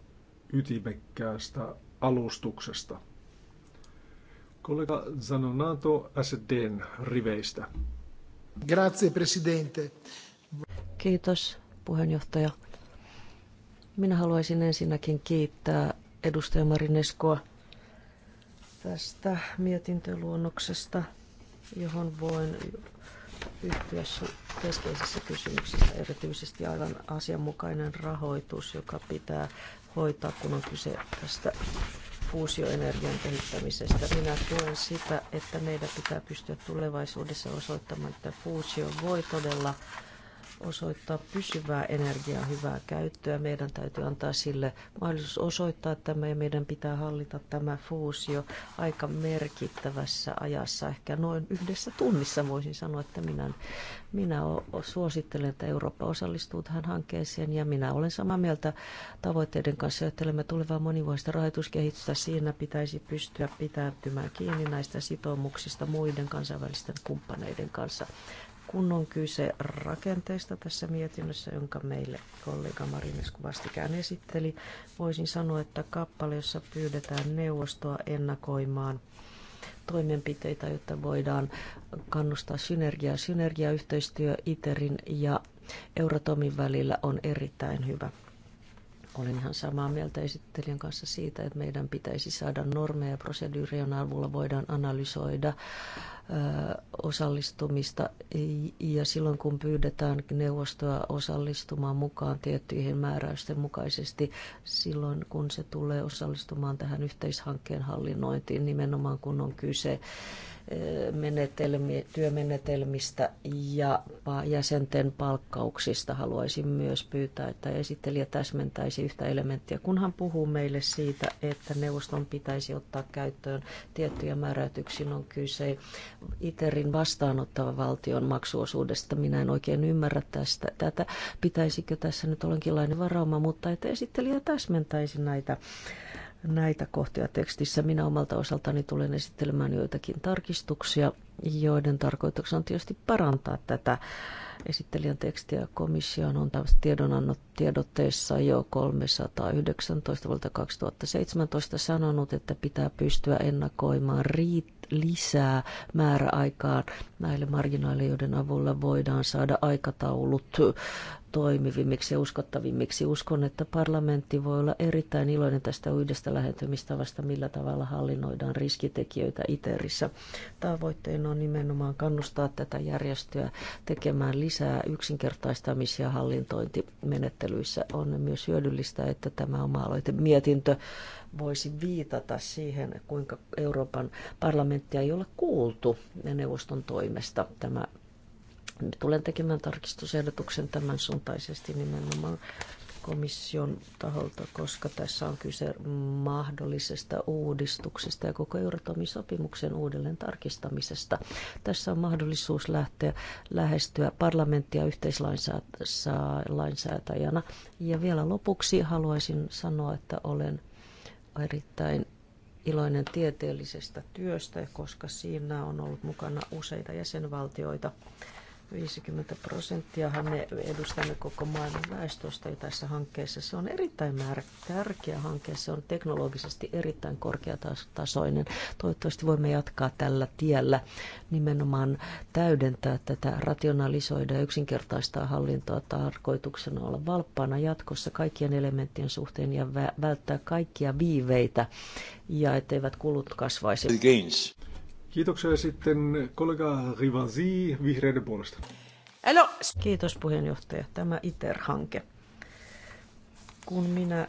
ytimekkäästä alustuksesta. Kollega Zanonato SDn riveistä. Grazie, presidente. Kiitos, puheenjohtaja. Minä haluaisin ensinnäkin kiittää edustaja Marineskoa tästä mietintöluonnoksesta, johon voin yhtyä keskeisissä kysymyksissä, erityisesti aivan asianmukainen rahoitus, joka pitää hoitaa, kun on kyse tästä fuusioenergian kehittämisestä. Minä tuen sitä, että meidän pitää pystyä tulevaisuudessa osoittamaan, että fuusio voi todella osoittaa pysyvää energiaa hyvää käyttöä. Meidän täytyy antaa sille mahdollisuus osoittaa tämä ja meidän pitää hallita tämä fuusio aika merkittävässä ajassa, ehkä noin yhdessä tunnissa voisin sanoa, että minä, minä suosittelen, että Eurooppa osallistuu tähän hankkeeseen ja minä olen samaa mieltä tavoitteiden kanssa, ajattelemme tulevaa monivuotista rahoituskehitystä. Siinä pitäisi pystyä pitäytymään kiinni näistä sitoumuksista muiden kansainvälisten kumppaneiden kanssa kun on kyse rakenteesta tässä mietinnössä, jonka meille kollega Marines vastikään esitteli, voisin sanoa, että kappale, jossa pyydetään neuvostoa ennakoimaan toimenpiteitä, jotta voidaan kannustaa synergiaa. Synergiayhteistyö ITERin ja Euratomin välillä on erittäin hyvä olen ihan samaa mieltä esittelijän kanssa siitä, että meidän pitäisi saada normeja ja proseduurien avulla voidaan analysoida osallistumista ja silloin kun pyydetään neuvostoa osallistumaan mukaan tiettyihin määräysten mukaisesti, silloin kun se tulee osallistumaan tähän yhteishankkeen hallinnointiin, nimenomaan kun on kyse menetelmi, työmenetelmistä ja jäsenten palkkauksista. Haluaisin myös pyytää, että esittelijä täsmentäisi yhtä elementtiä, kunhan puhuu meille siitä, että neuvoston pitäisi ottaa käyttöön tiettyjä määräytyksiä. On no kyse ITERin vastaanottava valtion maksuosuudesta. Minä en oikein ymmärrä tästä. Tätä pitäisikö tässä nyt olla jonkinlainen varauma, mutta että esittelijä täsmentäisi näitä näitä kohtia tekstissä. Minä omalta osaltani tulen esittelemään joitakin tarkistuksia, joiden tarkoituksena on tietysti parantaa tätä esittelijän tekstiä. Komission on tiedonannot tiedotteessa jo 319 vuotta 2017 sanonut, että pitää pystyä ennakoimaan riittävästi lisää määräaikaan näille marginaaleille, joiden avulla voidaan saada aikataulut toimivimmiksi ja uskottavimmiksi. Uskon, että parlamentti voi olla erittäin iloinen tästä yhdestä lähentymistavasta, millä tavalla hallinnoidaan riskitekijöitä ITERissä. Tavoitteena on nimenomaan kannustaa tätä järjestöä tekemään lisää ja hallintointimenettelyissä. On myös hyödyllistä, että tämä oma mietintö voisi viitata siihen, kuinka Euroopan parlamenttia ei ole kuultu neuvoston toimesta. Tämä Tulen tekemään tarkistusehdotuksen tämän suuntaisesti nimenomaan komission taholta, koska tässä on kyse mahdollisesta uudistuksesta ja koko Euroopan sopimuksen uudelleen tarkistamisesta. Tässä on mahdollisuus lähteä lähestyä parlamenttia yhteislainsäätäjänä. Ja vielä lopuksi haluaisin sanoa, että olen erittäin iloinen tieteellisestä työstä, koska siinä on ollut mukana useita jäsenvaltioita 50 prosenttiahan me edustamme koko maailman väestöstä tässä hankkeessa. Se on erittäin määrä, tärkeä hanke, se on teknologisesti erittäin korkeatasoinen. Toivottavasti voimme jatkaa tällä tiellä nimenomaan täydentää tätä, rationalisoida ja yksinkertaistaa hallintoa tarkoituksena olla valppaana jatkossa kaikkien elementtien suhteen ja välttää kaikkia viiveitä ja etteivät kulut kasvaisi. Kiitoksia sitten kollega Rivasi vihreiden puolesta. Hello. Kiitos puheenjohtaja. Tämä ITER-hanke. Kun minä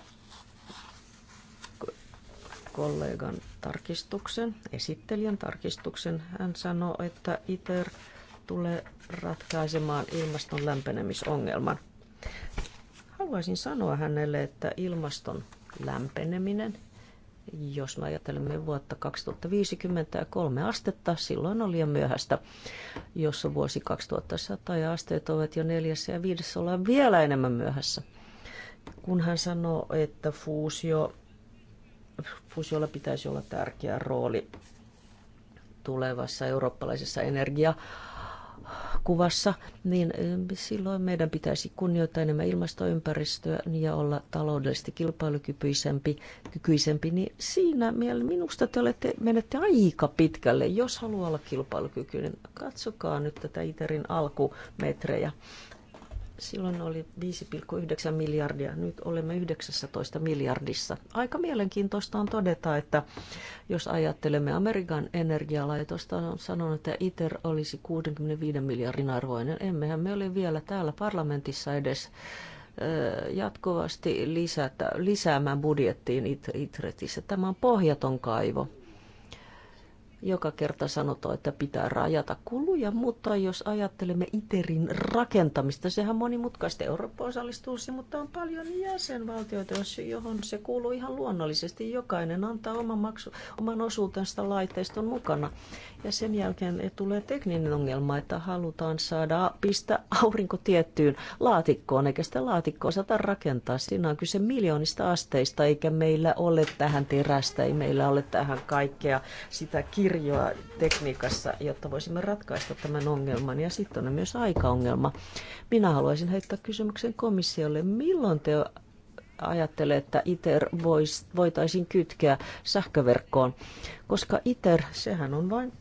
kollegan tarkistuksen, esittelijän tarkistuksen, hän sanoi, että ITER tulee ratkaisemaan ilmaston lämpenemisongelman. Haluaisin sanoa hänelle, että ilmaston lämpeneminen jos me ajattelemme vuotta 2050 ja kolme astetta, silloin on liian myöhäistä. Jos on vuosi 2100 ja asteet ovat jo neljässä ja viidessä, ollaan vielä enemmän myöhässä. Kun hän sanoo, että fuusio, fuusiolla pitäisi olla tärkeä rooli tulevassa eurooppalaisessa energia- kuvassa, niin eh, silloin meidän pitäisi kunnioittaa enemmän ilmastoympäristöä ja olla taloudellisesti kilpailukykyisempi. Kykyisempi, niin siinä mielessä minusta te olette, menette aika pitkälle, jos haluaa olla kilpailukykyinen. Katsokaa nyt tätä ITERin alkumetrejä. Silloin oli 5,9 miljardia, nyt olemme 19 miljardissa. Aika mielenkiintoista on todeta, että jos ajattelemme Amerikan energialaitosta, on sanonut, että ITER olisi 65 miljardin arvoinen. Emmehän me ole vielä täällä parlamentissa edes jatkuvasti lisätä, lisäämään budjettiin Itretissä. Tämä on pohjaton kaivo joka kerta sanotaan, että pitää rajata kuluja, mutta jos ajattelemme ITERin rakentamista, sehän monimutkaista Eurooppa osallistuu siihen, mutta on paljon jäsenvaltioita, johon se kuuluu ihan luonnollisesti. Jokainen antaa oman, maksu, oman osuutensa laitteiston mukana. Ja sen jälkeen tulee tekninen ongelma, että halutaan saada pistää aurinko tiettyyn laatikkoon, eikä sitä laatikkoa saada rakentaa. Siinä on kyse miljoonista asteista, eikä meillä ole tähän terästä, ei meillä ole tähän kaikkea sitä kirjoittaa kirjoa tekniikassa, jotta voisimme ratkaista tämän ongelman. Ja sitten on myös aikaongelma. Minä haluaisin heittää kysymyksen komissiolle. Milloin te ajattelee, että ITER vois, voitaisiin kytkeä sähköverkkoon, koska ITER, sehän on vain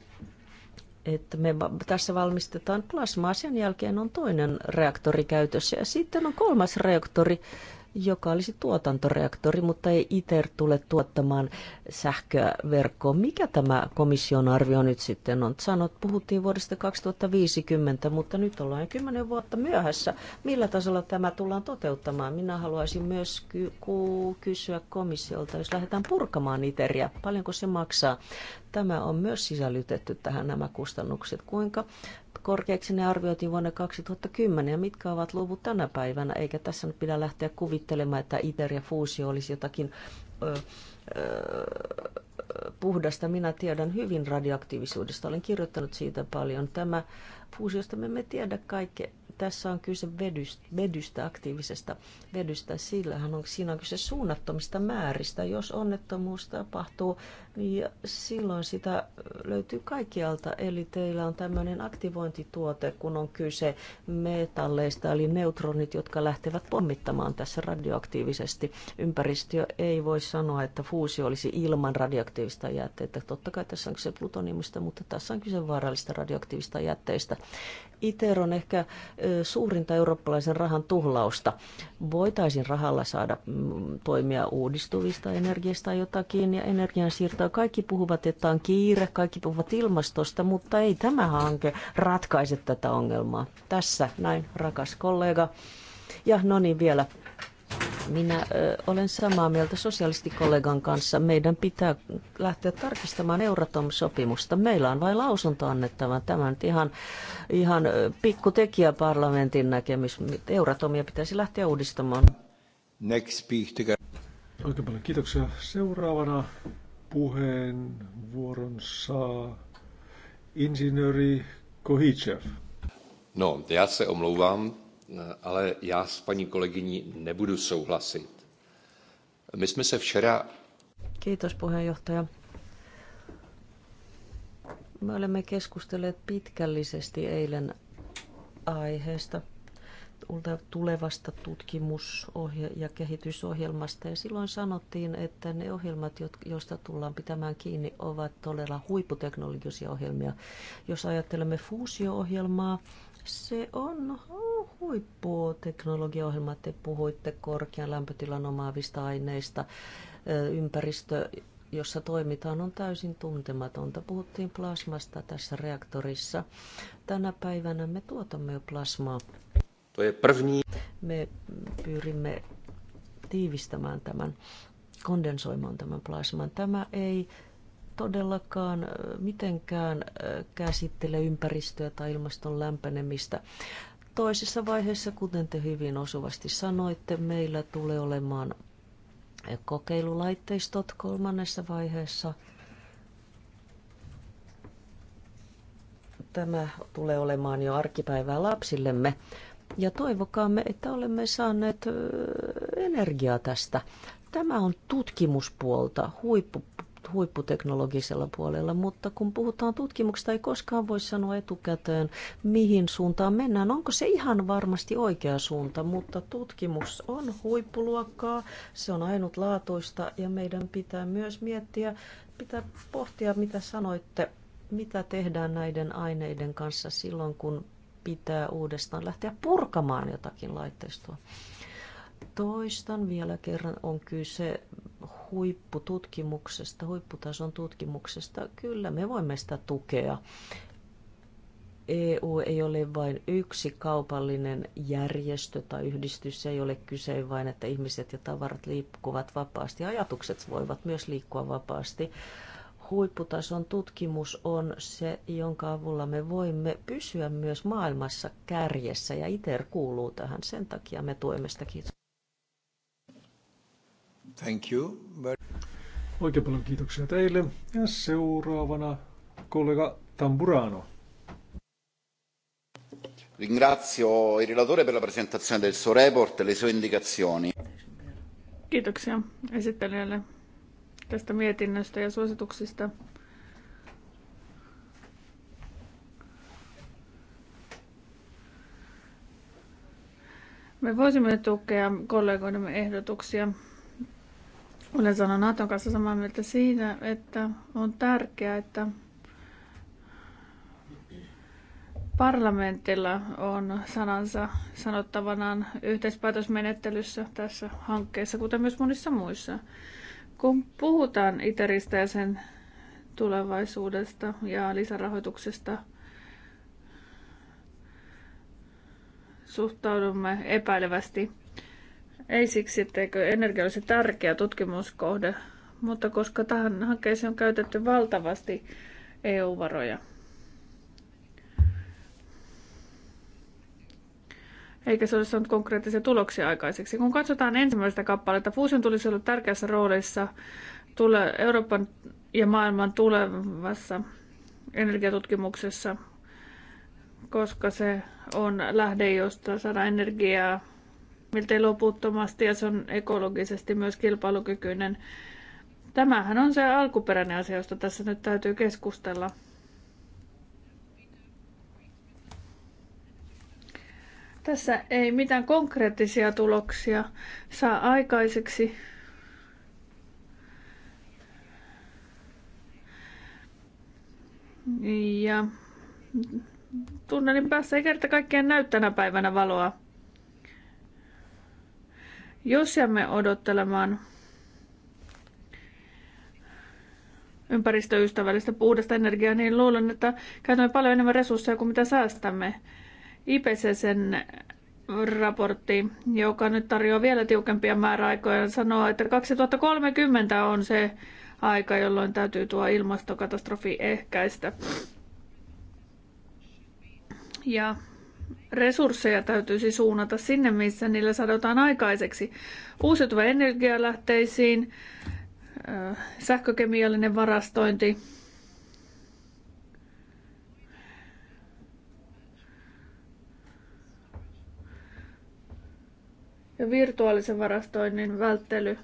että me tässä valmistetaan plasmaa, sen jälkeen on toinen reaktori käytössä ja sitten on kolmas reaktori, joka olisi tuotantoreaktori, mutta ei ITER tule tuottamaan sähköä verkkoon. Mikä tämä komission arvio nyt sitten on? Sanot, puhuttiin vuodesta 2050, mutta nyt ollaan 10 vuotta myöhässä. Millä tasolla tämä tullaan toteuttamaan? Minä haluaisin myös ky- kysyä komissiolta, jos lähdetään purkamaan ITERiä, paljonko se maksaa? Tämä on myös sisällytetty tähän nämä kustannukset. Kuinka korkeaksi ne arvioitiin vuonna 2010 ja mitkä ovat luvut tänä päivänä, eikä tässä nyt pidä lähteä kuvittelemaan, että ITER ja fuusio olisi jotakin ö, ö, puhdasta. Minä tiedän hyvin radioaktiivisuudesta, olen kirjoittanut siitä paljon. Tämä fuusiosta me emme tiedä kaikkea tässä on kyse vedystä, vedystä aktiivisesta vedystä. Sillähän on, siinä on kyse suunnattomista määristä. Jos onnettomuus tapahtuu, ja niin silloin sitä löytyy kaikkialta. Eli teillä on tämmöinen aktivointituote, kun on kyse metalleista, eli neutronit, jotka lähtevät pommittamaan tässä radioaktiivisesti. Ympäristö ei voi sanoa, että fuusio olisi ilman radioaktiivista jätteitä. Totta kai tässä on kyse plutoniumista, mutta tässä on kyse vaarallista radioaktiivista jätteistä. ITER on ehkä suurinta eurooppalaisen rahan tuhlausta. Voitaisiin rahalla saada mm, toimia uudistuvista energiasta jotakin ja energian siirtoa. Kaikki puhuvat, että on kiire, kaikki puhuvat ilmastosta, mutta ei tämä hanke ratkaise tätä ongelmaa. Tässä näin, rakas kollega. Ja no niin vielä minä ö, olen samaa mieltä sosialistikollegan kanssa. Meidän pitää lähteä tarkistamaan Euratom-sopimusta. Meillä on vain lausunto annettava. Tämä on ihan, ihan pikkutekijä parlamentin näkemys. Euratomia pitäisi lähteä uudistamaan. Next speaker. Oikein paljon kiitoksia. Seuraavana vuoron saa insinööri Kohicev. No, tässä se omlouvám, Eh, ale já s paní kolegyní nebudu souhlasit. My jsme se včera... Kiitos puheenjohtaja. Me olemme keskustelleet pitkällisesti eilen aiheesta tulevasta tutkimusohje- ja kehitysohjelmasta. Ja silloin sanottiin, että ne ohjelmat, joista tullaan pitämään kiinni, ovat todella huipputeknologisia ohjelmia. Jos ajattelemme fuusio-ohjelmaa, se on huipputeknologiaohjelma. Te puhuitte korkean lämpötilan omaavista aineista. Ympäristö, jossa toimitaan, on täysin tuntematonta. Puhuttiin plasmasta tässä reaktorissa. Tänä päivänä me tuotamme jo plasmaa. Me pyrimme tiivistämään tämän, kondensoimaan tämän plasman. Tämä ei todellakaan mitenkään käsittele ympäristöä tai ilmaston lämpenemistä. Toisessa vaiheessa, kuten te hyvin osuvasti sanoitte, meillä tulee olemaan kokeilulaitteistot kolmannessa vaiheessa. Tämä tulee olemaan jo arkipäivää lapsillemme. Ja toivokaamme, että olemme saaneet energiaa tästä. Tämä on tutkimuspuolta, huippu, huipputeknologisella puolella, mutta kun puhutaan tutkimuksesta, ei koskaan voi sanoa etukäteen, mihin suuntaan mennään. Onko se ihan varmasti oikea suunta, mutta tutkimus on huippuluokkaa, se on ainutlaatuista ja meidän pitää myös miettiä, pitää pohtia, mitä sanoitte, mitä tehdään näiden aineiden kanssa silloin, kun pitää uudestaan lähteä purkamaan jotakin laitteistoa. Toistan vielä kerran, on kyse huippututkimuksesta, huipputason tutkimuksesta. Kyllä me voimme sitä tukea. EU ei ole vain yksi kaupallinen järjestö tai yhdistys, se ei ole kyse vain, että ihmiset ja tavarat liikkuvat vapaasti. Ajatukset voivat myös liikkua vapaasti. Huipputason tutkimus on se, jonka avulla me voimme pysyä myös maailmassa kärjessä ja ITER kuuluu tähän. Sen takia me tuemme sitä. Kiitos. Thank you. Oikein paljon kiitoksia teille. Ja seuraavana kollega Tamburano. Ringrazio il relatore per la presentazione del suo report e le sue indicazioni. Kiitoksia esittelijälle tästä mietinnöstä ja suosituksista. Me voisimme tukea kollegoidemme ehdotuksia olen sanonut, Naton kanssa samaa mieltä siinä, että on tärkeää, että parlamentilla on sanansa sanottavanaan yhteispäätösmenettelyssä tässä hankkeessa, kuten myös monissa muissa. Kun puhutaan ITERistä ja sen tulevaisuudesta ja lisärahoituksesta, suhtaudumme epäilevästi ei siksi, etteikö energia olisi tärkeä tutkimuskohde, mutta koska tähän hankkeeseen on käytetty valtavasti EU-varoja. Eikä se olisi saanut konkreettisia tuloksia aikaiseksi. Kun katsotaan ensimmäistä kappaletta, fuusion tulisi olla tärkeässä roolissa tule Euroopan ja maailman tulevassa energiatutkimuksessa, koska se on lähde, josta saadaan energiaa miltei loputtomasti ja se on ekologisesti myös kilpailukykyinen. Tämähän on se alkuperäinen asia, josta tässä nyt täytyy keskustella. Tässä ei mitään konkreettisia tuloksia saa aikaiseksi. Ja tunnelin päässä ei kerta kaikkiaan näy tänä päivänä valoa. Jos jäämme odottelemaan ympäristöystävällistä puhdasta energiaa, niin luulen, että käytämme paljon enemmän resursseja kuin mitä säästämme. IPCCn raportti, joka nyt tarjoaa vielä tiukempia määräaikoja, sanoo, että 2030 on se aika, jolloin täytyy tuo ilmastokatastrofi ehkäistä. Ja resursseja täytyisi suunnata sinne, missä niillä saadaan aikaiseksi. Uusiutuva energialähteisiin, sähkökemiallinen varastointi, ja virtuaalisen varastoinnin välttely,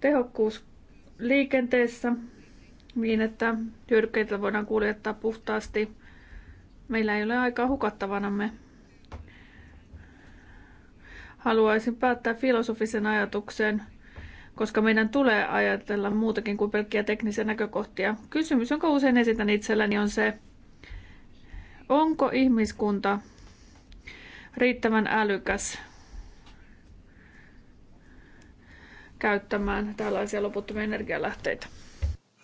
tehokkuus liikenteessä niin, että hyödykkeitä voidaan kuljettaa puhtaasti – Meillä ei ole aikaa hukattavanamme. Haluaisin päättää filosofisen ajatuksen, koska meidän tulee ajatella muutakin kuin pelkkiä teknisiä näkökohtia. Kysymys, jonka usein esitän itselläni, on se, onko ihmiskunta riittävän älykäs käyttämään tällaisia loputtomia energialähteitä.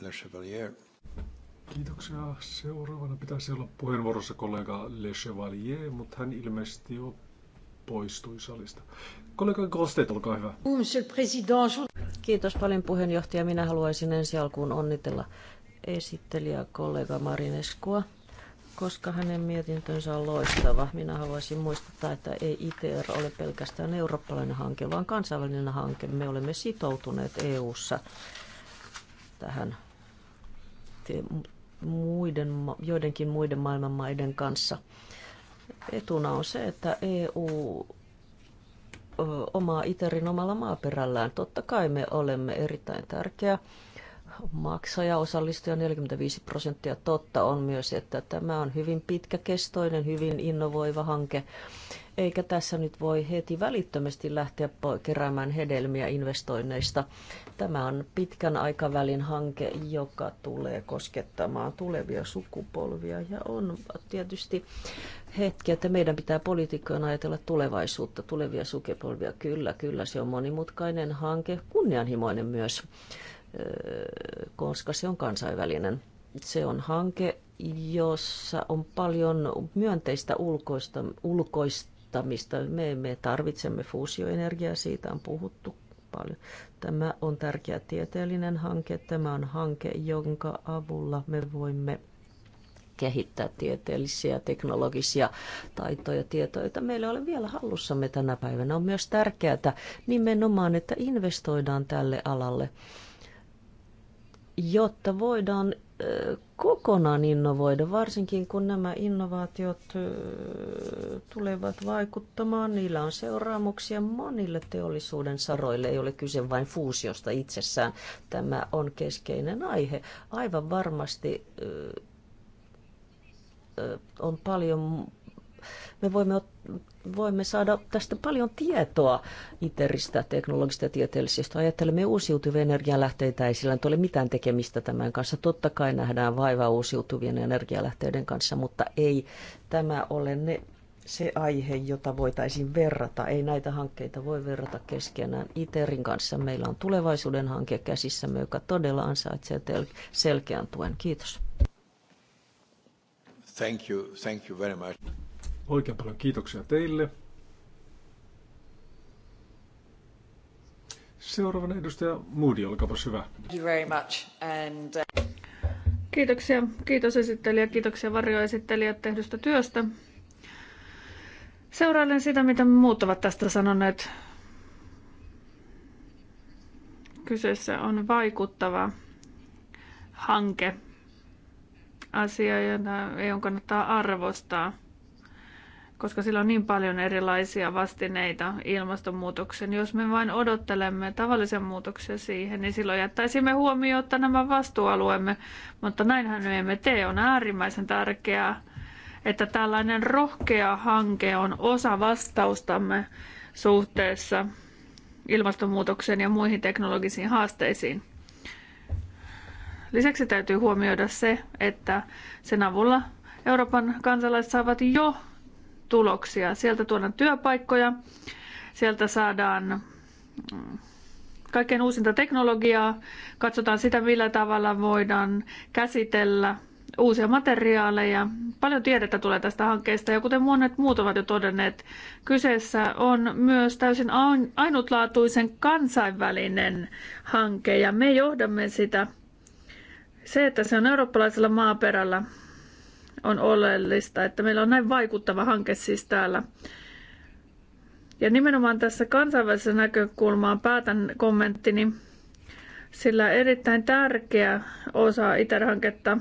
Le Chevalier. Kiitoksia. Seuraavana pitäisi olla puheenvuorossa kollega Le Chevalier, mutta hän ilmeisesti jo poistui salista. Kollega Grostet, olkaa hyvä. Kiitos paljon puheenjohtaja. Minä haluaisin ensi alkuun onnitella esittelijä kollega Marineskua, koska hänen mietintönsä on loistava. Minä haluaisin muistuttaa, että ei ITR ole pelkästään eurooppalainen hanke, vaan kansainvälinen hanke. Me olemme sitoutuneet EU:ssa tähän muiden, joidenkin muiden maailmanmaiden kanssa. Etuna on se, että EU omaa Iterin omalla maaperällään. Totta kai me olemme erittäin tärkeä maksaja, osallistuja 45 prosenttia. Totta on myös, että tämä on hyvin pitkäkestoinen, hyvin innovoiva hanke, eikä tässä nyt voi heti välittömästi lähteä keräämään hedelmiä investoinneista. Tämä on pitkän aikavälin hanke, joka tulee koskettamaan tulevia sukupolvia ja on tietysti hetki, että meidän pitää poliitikkojen ajatella tulevaisuutta, tulevia sukupolvia. Kyllä, kyllä, se on monimutkainen hanke, kunnianhimoinen myös, koska se on kansainvälinen. Se on hanke, jossa on paljon myönteistä ulkoista, ulkoista muuttamista. Me, me tarvitsemme fuusioenergiaa, siitä on puhuttu paljon. Tämä on tärkeä tieteellinen hanke. Tämä on hanke, jonka avulla me voimme kehittää tieteellisiä, teknologisia taitoja, tietoja, joita meillä ei ole vielä hallussamme tänä päivänä. On myös tärkeää nimenomaan, että investoidaan tälle alalle, jotta voidaan kokonaan innovoida, varsinkin kun nämä innovaatiot tulevat vaikuttamaan. Niillä on seuraamuksia monille teollisuuden saroille. Ei ole kyse vain fuusiosta itsessään. Tämä on keskeinen aihe. Aivan varmasti on paljon me voimme, voimme saada tästä paljon tietoa ITERistä, teknologisista ja tieteellisistä. Ajattelemme uusiutuvia energialähteitä, ei sillä ole mitään tekemistä tämän kanssa. Totta kai nähdään vaivaa uusiutuvien energialähteiden kanssa, mutta ei tämä ole ne se aihe, jota voitaisiin verrata. Ei näitä hankkeita voi verrata keskenään. ITERin kanssa meillä on tulevaisuuden hanke käsissämme, joka todella ansaitsee selkeän tuen. Kiitos. Thank you. Thank you very much. Oikein paljon kiitoksia teille. Seuraavana edustaja Moody, olkaapa hyvä. Thank you very much. And, uh... Kiitoksia. Kiitos esittelijä. Kiitoksia varjoesittelijä tehdystä työstä. Seurailen sitä, mitä muut ovat tästä sanoneet. Kyseessä on vaikuttava hanke, asia, jota EU kannattaa arvostaa – koska sillä on niin paljon erilaisia vastineita ilmastonmuutoksen. Jos me vain odottelemme tavallisen muutoksen siihen, niin silloin jättäisimme huomiota nämä vastuualueemme, mutta näinhän me emme tee. On äärimmäisen tärkeää, että tällainen rohkea hanke on osa vastaustamme suhteessa ilmastonmuutokseen ja muihin teknologisiin haasteisiin. Lisäksi täytyy huomioida se, että sen avulla Euroopan kansalaiset saavat jo tuloksia. Sieltä tuodaan työpaikkoja, sieltä saadaan mm, kaiken uusinta teknologiaa, katsotaan sitä, millä tavalla voidaan käsitellä uusia materiaaleja. Paljon tiedettä tulee tästä hankkeesta ja kuten monet muut ovat jo todenneet, kyseessä on myös täysin ainutlaatuisen kansainvälinen hanke ja me johdamme sitä. Se, että se on eurooppalaisella maaperällä, on oleellista, että meillä on näin vaikuttava hanke siis täällä. Ja nimenomaan tässä kansainvälisessä näkökulmaan päätän kommenttini, sillä erittäin tärkeä osa ITER-hanketta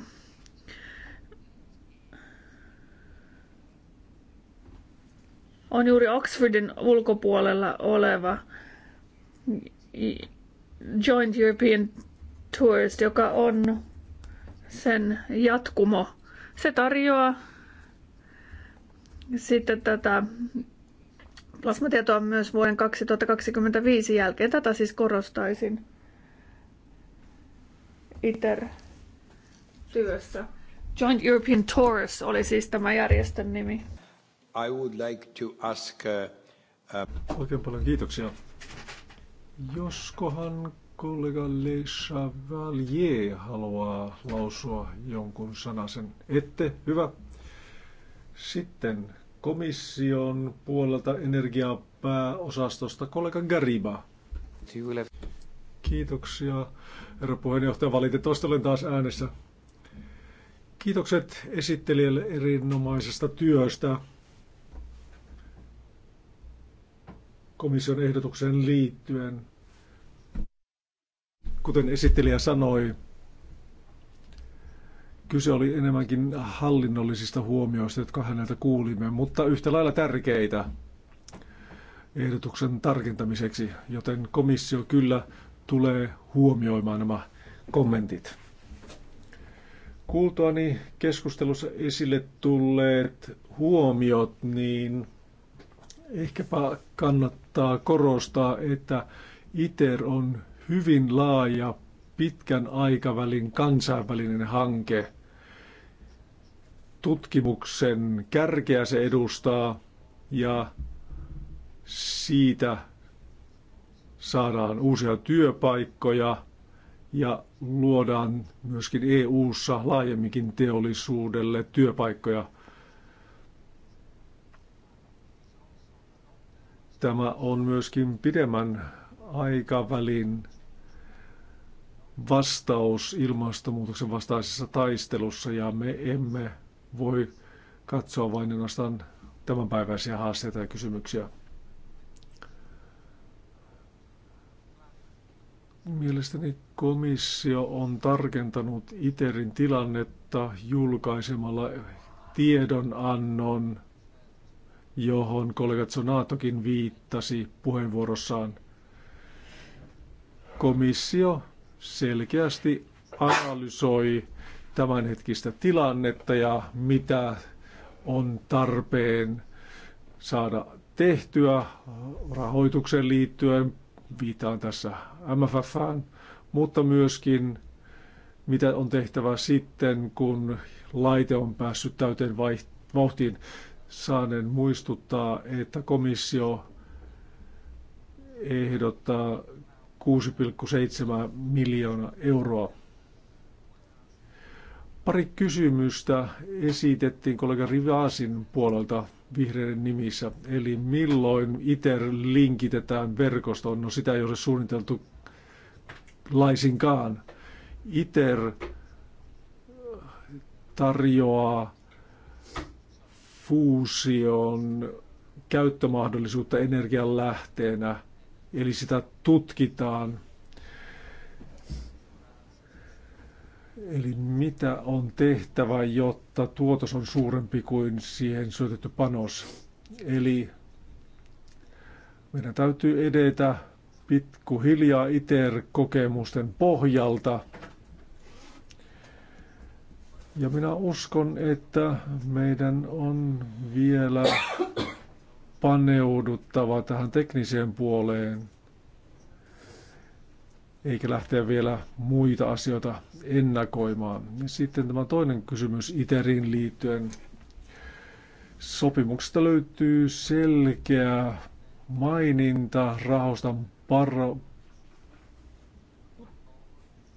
on juuri Oxfordin ulkopuolella oleva Joint European Tourist, joka on sen jatkumo. Se tarjoaa sitten tätä plasmatietoa myös vuoden 2025 jälkeen. Tätä siis korostaisin ITER-työssä. Joint European Taurus oli siis tämä järjestön nimi. I would like to ask, uh, uh... Oikein paljon kiitoksia. Joskohan kollega Le Chevalier haluaa lausua jonkun sanasen. Ette? Hyvä. Sitten komission puolelta energiapääosastosta kollega Gariba. Kiitoksia, herra puheenjohtaja. Valitettavasti olen taas äänessä. Kiitokset esittelijälle erinomaisesta työstä komission ehdotukseen liittyen. Kuten esittelijä sanoi, kyse oli enemmänkin hallinnollisista huomioista, jotka häneltä kuulimme, mutta yhtä lailla tärkeitä ehdotuksen tarkentamiseksi, joten komissio kyllä tulee huomioimaan nämä kommentit. Kuultuani keskustelussa esille tulleet huomiot, niin ehkäpä kannattaa korostaa, että ITER on hyvin laaja pitkän aikavälin kansainvälinen hanke. Tutkimuksen kärkeä se edustaa ja siitä saadaan uusia työpaikkoja ja luodaan myöskin EU-ssa laajemminkin teollisuudelle työpaikkoja. Tämä on myöskin pidemmän aikavälin vastaus ilmastonmuutoksen vastaisessa taistelussa ja me emme voi katsoa vain ainoastaan tämänpäiväisiä haasteita ja kysymyksiä. Mielestäni komissio on tarkentanut ITERin tilannetta julkaisemalla tiedonannon, johon kollega Zonatokin viittasi puheenvuorossaan. Komissio selkeästi analysoi tämänhetkistä tilannetta ja mitä on tarpeen saada tehtyä rahoitukseen liittyen, viitaan tässä MFFään, mutta myöskin mitä on tehtävä sitten, kun laite on päässyt täyteen vauhtiin. Saanen muistuttaa, että komissio ehdottaa 6,7 miljoonaa euroa. Pari kysymystä esitettiin kollega Rivaasin puolelta vihreiden nimissä. Eli milloin ITER linkitetään verkostoon? No sitä ei ole suunniteltu laisinkaan. ITER äh, tarjoaa fuusion käyttömahdollisuutta energian lähteenä – eli sitä tutkitaan. Eli mitä on tehtävä, jotta tuotos on suurempi kuin siihen syötetty panos? Eli meidän täytyy edetä pikkuhiljaa ITER-kokemusten pohjalta. Ja minä uskon, että meidän on vielä paneuduttava tähän tekniseen puoleen, eikä lähteä vielä muita asioita ennakoimaan. Sitten tämä toinen kysymys ITERin liittyen. Sopimuksesta löytyy selkeä maininta rahoista par-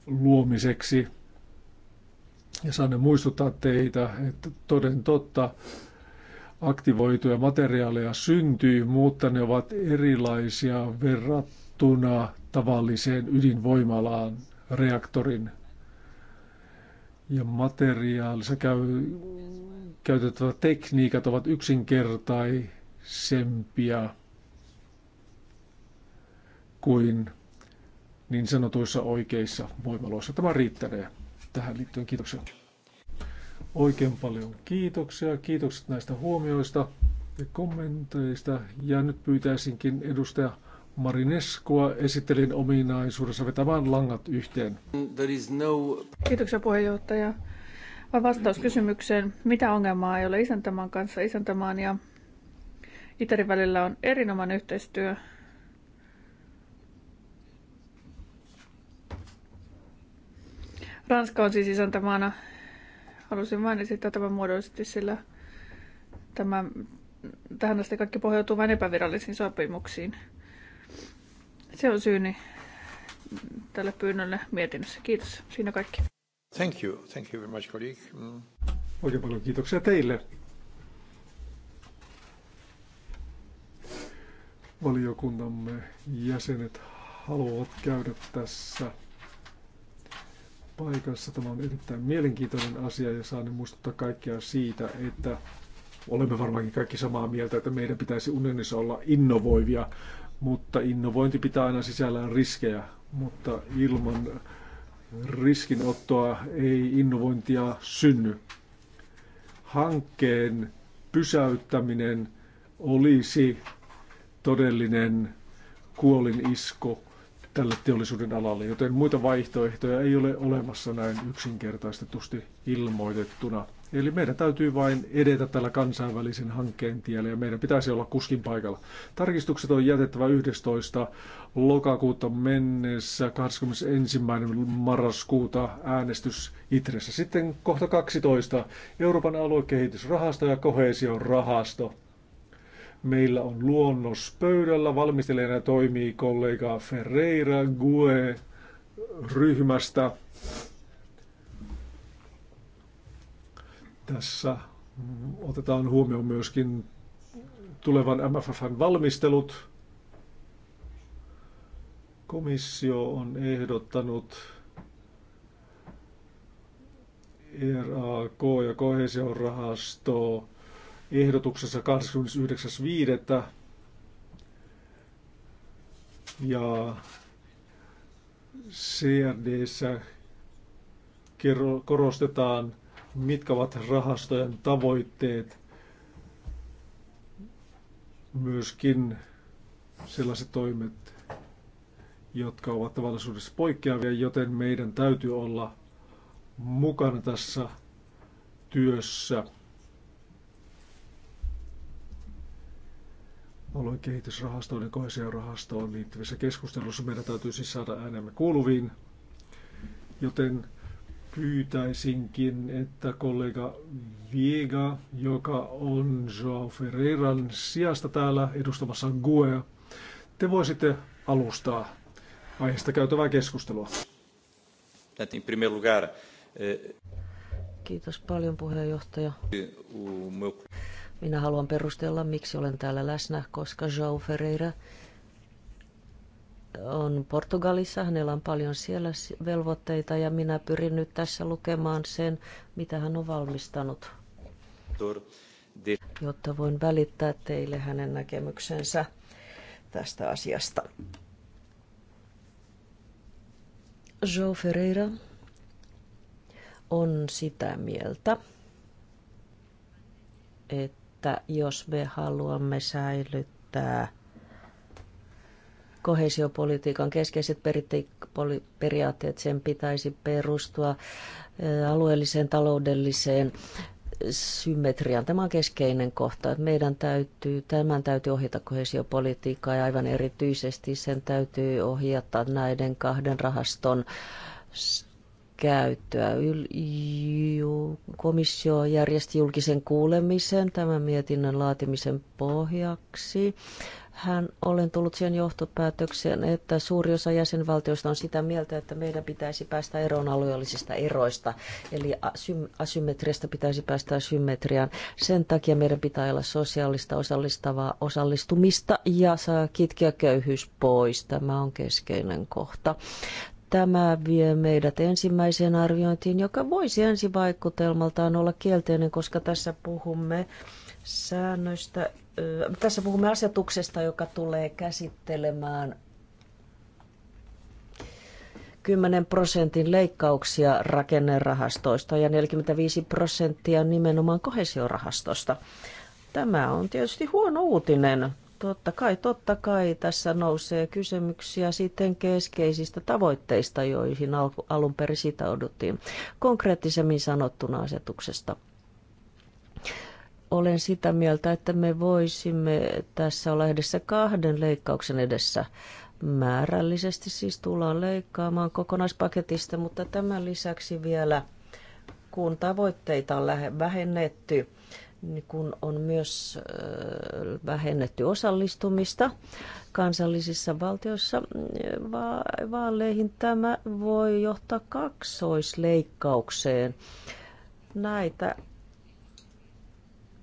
luomiseksi. Ja saan muistuttaa teitä, että toden totta aktivoituja materiaaleja syntyy, mutta ne ovat erilaisia verrattuna tavalliseen ydinvoimalaan, reaktorin ja materiaali sekä käytettävät tekniikat ovat yksinkertaisempia kuin niin sanotuissa oikeissa voimaloissa. Tämä riittänee tähän liittyen. Kiitoksia. Oikein paljon kiitoksia. Kiitokset näistä huomioista ja kommenteista. Ja nyt pyytäisinkin edustaja Marineskoa esittelin ominaisuudessa vetämään langat yhteen. There is no... Kiitoksia puheenjohtaja. Vastaus kysymykseen, mitä ongelmaa ei ole isäntämaan kanssa. Isäntämaan ja Itärin välillä on erinomainen yhteistyö. Ranska on siis isäntämaana Halusin vain esittää tämän muodollisesti, sillä tämä, tähän asti kaikki pohjautuu vain epävirallisiin sopimuksiin. Se on syyni tälle pyynnölle mietinnössä. Kiitos. Siinä kaikki. Thank you. Thank you very much, colleague. Mm. Oikein paljon kiitoksia teille. Valiokuntamme jäsenet haluavat käydä tässä paikassa. Tämä on erittäin mielenkiintoinen asia ja saan muistuttaa kaikkia siitä, että olemme varmaankin kaikki samaa mieltä, että meidän pitäisi unionissa olla innovoivia, mutta innovointi pitää aina sisällään riskejä, mutta ilman riskinottoa ei innovointia synny. Hankkeen pysäyttäminen olisi todellinen kuolinisko tälle teollisuuden alalle, joten muita vaihtoehtoja ei ole olemassa näin yksinkertaistetusti ilmoitettuna. Eli meidän täytyy vain edetä tällä kansainvälisen hankkeen tiellä ja meidän pitäisi olla kuskin paikalla. Tarkistukset on jätettävä 11. lokakuuta mennessä 21. marraskuuta äänestys Itressä. Sitten kohta 12. Euroopan aluekehitysrahasto ja kohesiorahasto. rahasto. Meillä on luonnos pöydällä. Valmistelijana toimii kollega Ferreira Gue ryhmästä. Tässä otetaan huomioon myöskin tulevan MFFn valmistelut. Komissio on ehdottanut ERAK ja kohesiorahastoa ehdotuksessa 29.5. Ja CRDssä korostetaan, mitkä ovat rahastojen tavoitteet, myöskin sellaiset toimet, jotka ovat tavallisuudessa poikkeavia, joten meidän täytyy olla mukana tässä työssä. alueen kehitysrahastoon ja kohesiorahastoon liittyvissä keskustelussa meidän täytyy siis saada äänemme kuuluviin. Joten pyytäisinkin, että kollega Viega, joka on Joao Ferreiran sijasta täällä edustamassa GUEA, te voisitte alustaa aiheesta käytävää keskustelua. Eh, Kiitos paljon puheenjohtaja. Eh, minä haluan perustella, miksi olen täällä läsnä, koska João Ferreira on Portugalissa, hänellä on paljon siellä velvoitteita ja minä pyrin nyt tässä lukemaan sen, mitä hän on valmistanut, jotta voin välittää teille hänen näkemyksensä tästä asiasta. João Ferreira on sitä mieltä, että että jos me haluamme säilyttää kohesiopolitiikan keskeiset periaatteet, sen pitäisi perustua alueelliseen taloudelliseen symmetriaan. Tämä on keskeinen kohta. Meidän täytyy, tämän täytyy ohjata kohesiopolitiikkaa ja aivan erityisesti sen täytyy ohjata näiden kahden rahaston käyttöä. Komissio järjesti julkisen kuulemisen tämän mietinnön laatimisen pohjaksi. Hän olen tullut siihen johtopäätökseen, että suuri osa jäsenvaltioista on sitä mieltä, että meidän pitäisi päästä eroon alueellisista eroista. Eli asymmetriasta pitäisi päästä symmetriaan. Sen takia meidän pitää olla sosiaalista osallistavaa osallistumista ja saa kitkeä köyhyys pois. Tämä on keskeinen kohta. Tämä vie meidät ensimmäiseen arviointiin, joka voisi ensivaikutelmaltaan olla kielteinen, koska tässä puhumme säännöistä, tässä puhumme asetuksesta, joka tulee käsittelemään 10 prosentin leikkauksia rakennerahastoista ja 45 prosenttia nimenomaan kohesiorahastosta. Tämä on tietysti huono uutinen Totta kai, totta kai tässä nousee kysymyksiä sitten keskeisistä tavoitteista, joihin alun perin sitouduttiin konkreettisemmin sanottuna asetuksesta olen sitä mieltä, että me voisimme tässä olla edessä kahden leikkauksen edessä. Määrällisesti siis tullaan leikkaamaan kokonaispaketista, mutta tämän lisäksi vielä, kun tavoitteita on vähennetty, niin kun on myös vähennetty osallistumista kansallisissa valtioissa mm, vaaleihin, tämä voi johtaa kaksoisleikkaukseen. Näitä,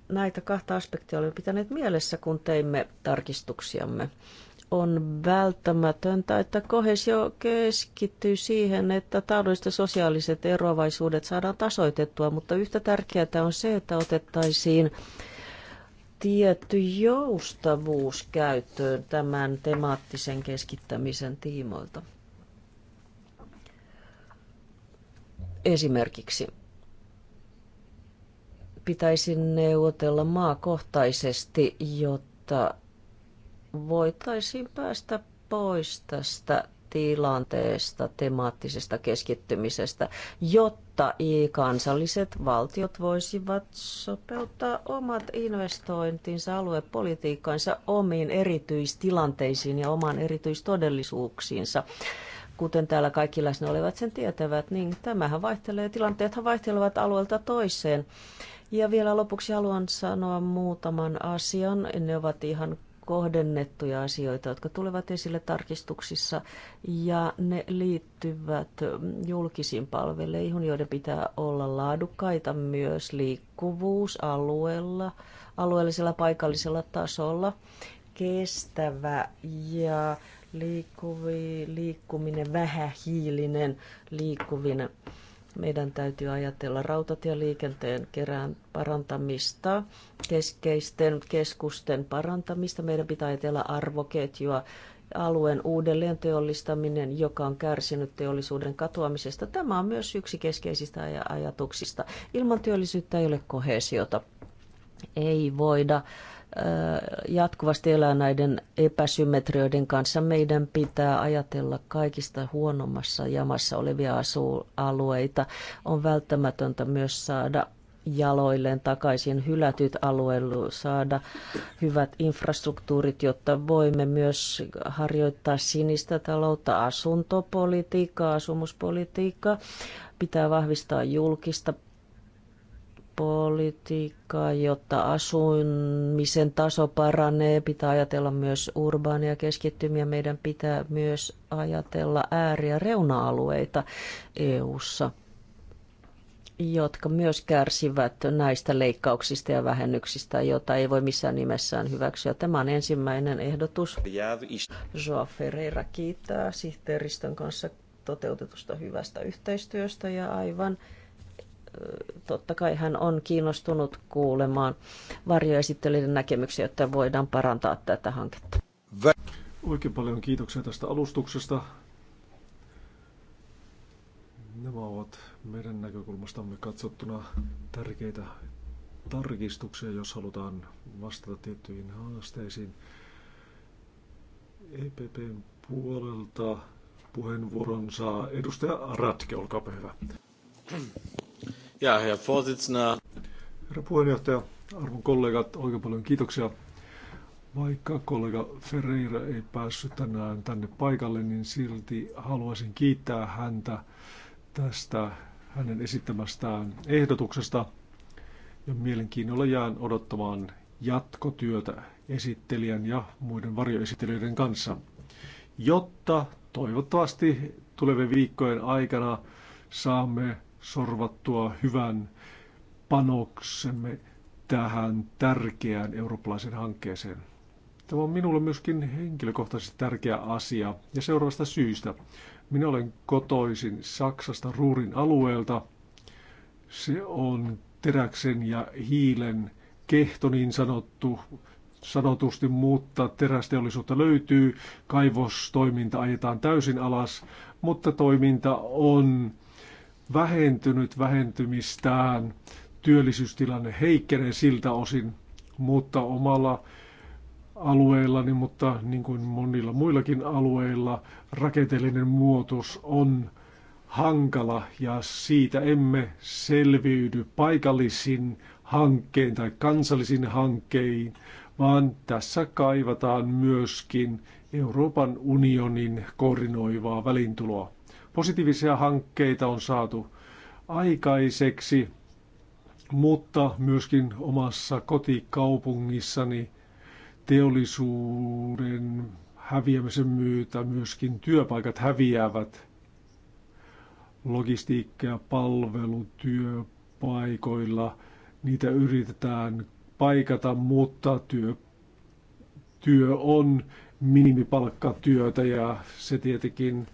näitä kahta aspektia olemme pitänyt mielessä, kun teimme tarkistuksiamme on välttämätöntä, että kohesio keskittyy siihen, että taloudelliset ja sosiaaliset eroavaisuudet saadaan tasoitettua, mutta yhtä tärkeää on se, että otettaisiin tietty joustavuus käyttöön tämän temaattisen keskittämisen tiimoilta. Esimerkiksi pitäisi neuvotella maakohtaisesti, jotta voitaisiin päästä pois tästä tilanteesta, temaattisesta keskittymisestä, jotta kansalliset valtiot voisivat sopeuttaa omat investointinsa, aluepolitiikkansa omiin erityistilanteisiin ja omaan erityistodellisuuksiinsa. Kuten täällä kaikki läsnä olevat sen tietävät, niin tämähän vaihtelee, tilanteethan vaihtelevat alueelta toiseen. Ja vielä lopuksi haluan sanoa muutaman asian. Ne ovat ihan kohdennettuja asioita, jotka tulevat esille tarkistuksissa, ja ne liittyvät julkisiin palveluihin, joiden pitää olla laadukkaita myös liikkuvuus alueella, alueellisella paikallisella tasolla, kestävä ja liikkuvi, liikkuminen, vähähiilinen liikkuminen. Meidän täytyy ajatella rautatieliikenteen kerään parantamista, keskeisten keskusten parantamista. Meidän pitää ajatella arvoketjua, alueen uudelleen teollistaminen, joka on kärsinyt teollisuuden katoamisesta. Tämä on myös yksi keskeisistä ajatuksista. Ilman työllisyyttä ei ole kohesiota. Ei voida jatkuvasti elää näiden epäsymmetrioiden kanssa. Meidän pitää ajatella kaikista huonommassa jamassa olevia alueita On välttämätöntä myös saada jaloilleen takaisin hylätyt alueet, saada hyvät infrastruktuurit, jotta voimme myös harjoittaa sinistä taloutta, asuntopolitiikkaa, asumuspolitiikkaa. Pitää vahvistaa julkista politiikkaa, jotta asumisen taso paranee. Pitää ajatella myös urbaania keskittymiä. Meidän pitää myös ajatella ääri- ja reuna-alueita EU:ssa jotka myös kärsivät näistä leikkauksista ja vähennyksistä, joita ei voi missään nimessään hyväksyä. Tämä on ensimmäinen ehdotus. Joa Ferreira kiittää sihteeristön kanssa toteutetusta hyvästä yhteistyöstä ja aivan totta kai hän on kiinnostunut kuulemaan varjoesittelijän näkemyksiä, jotta voidaan parantaa tätä hanketta. Oikein paljon kiitoksia tästä alustuksesta. Nämä ovat meidän näkökulmastamme katsottuna tärkeitä tarkistuksia, jos halutaan vastata tiettyihin haasteisiin. EPPn puolelta puheenvuoron saa edustaja Ratke, olkaa hyvä. Ja, herr Vorsitzender. Herra puheenjohtaja, arvon kollegat, oikein paljon kiitoksia. Vaikka kollega Ferreira ei päässyt tänään tänne paikalle, niin silti haluaisin kiittää häntä tästä hänen esittämästään ehdotuksesta. Ja mielenkiinnolla jään odottamaan jatkotyötä esittelijän ja muiden varjoesittelijöiden kanssa, jotta toivottavasti tulevien viikkojen aikana saamme sorvattua hyvän panoksemme tähän tärkeään eurooppalaisen hankkeeseen. Tämä on minulle myöskin henkilökohtaisesti tärkeä asia ja seuraavasta syystä. Minä olen kotoisin Saksasta Ruurin alueelta. Se on teräksen ja hiilen kehto niin sanottu, sanotusti, mutta terästeollisuutta löytyy, kaivostoiminta ajetaan täysin alas, mutta toiminta on vähentynyt vähentymistään. Työllisyystilanne heikkenee siltä osin, mutta omalla alueellani, mutta niin kuin monilla muillakin alueilla, rakenteellinen muutos on hankala ja siitä emme selviydy paikallisin hankkein tai kansallisin hankkein, vaan tässä kaivataan myöskin Euroopan unionin koordinoivaa välintuloa. Positiivisia hankkeita on saatu aikaiseksi, mutta myöskin omassa kotikaupungissani teollisuuden häviämisen myötä myöskin työpaikat häviävät logistiikka- ja palvelutyöpaikoilla. Niitä yritetään paikata, mutta työ, työ on minimipalkkatyötä ja se tietenkin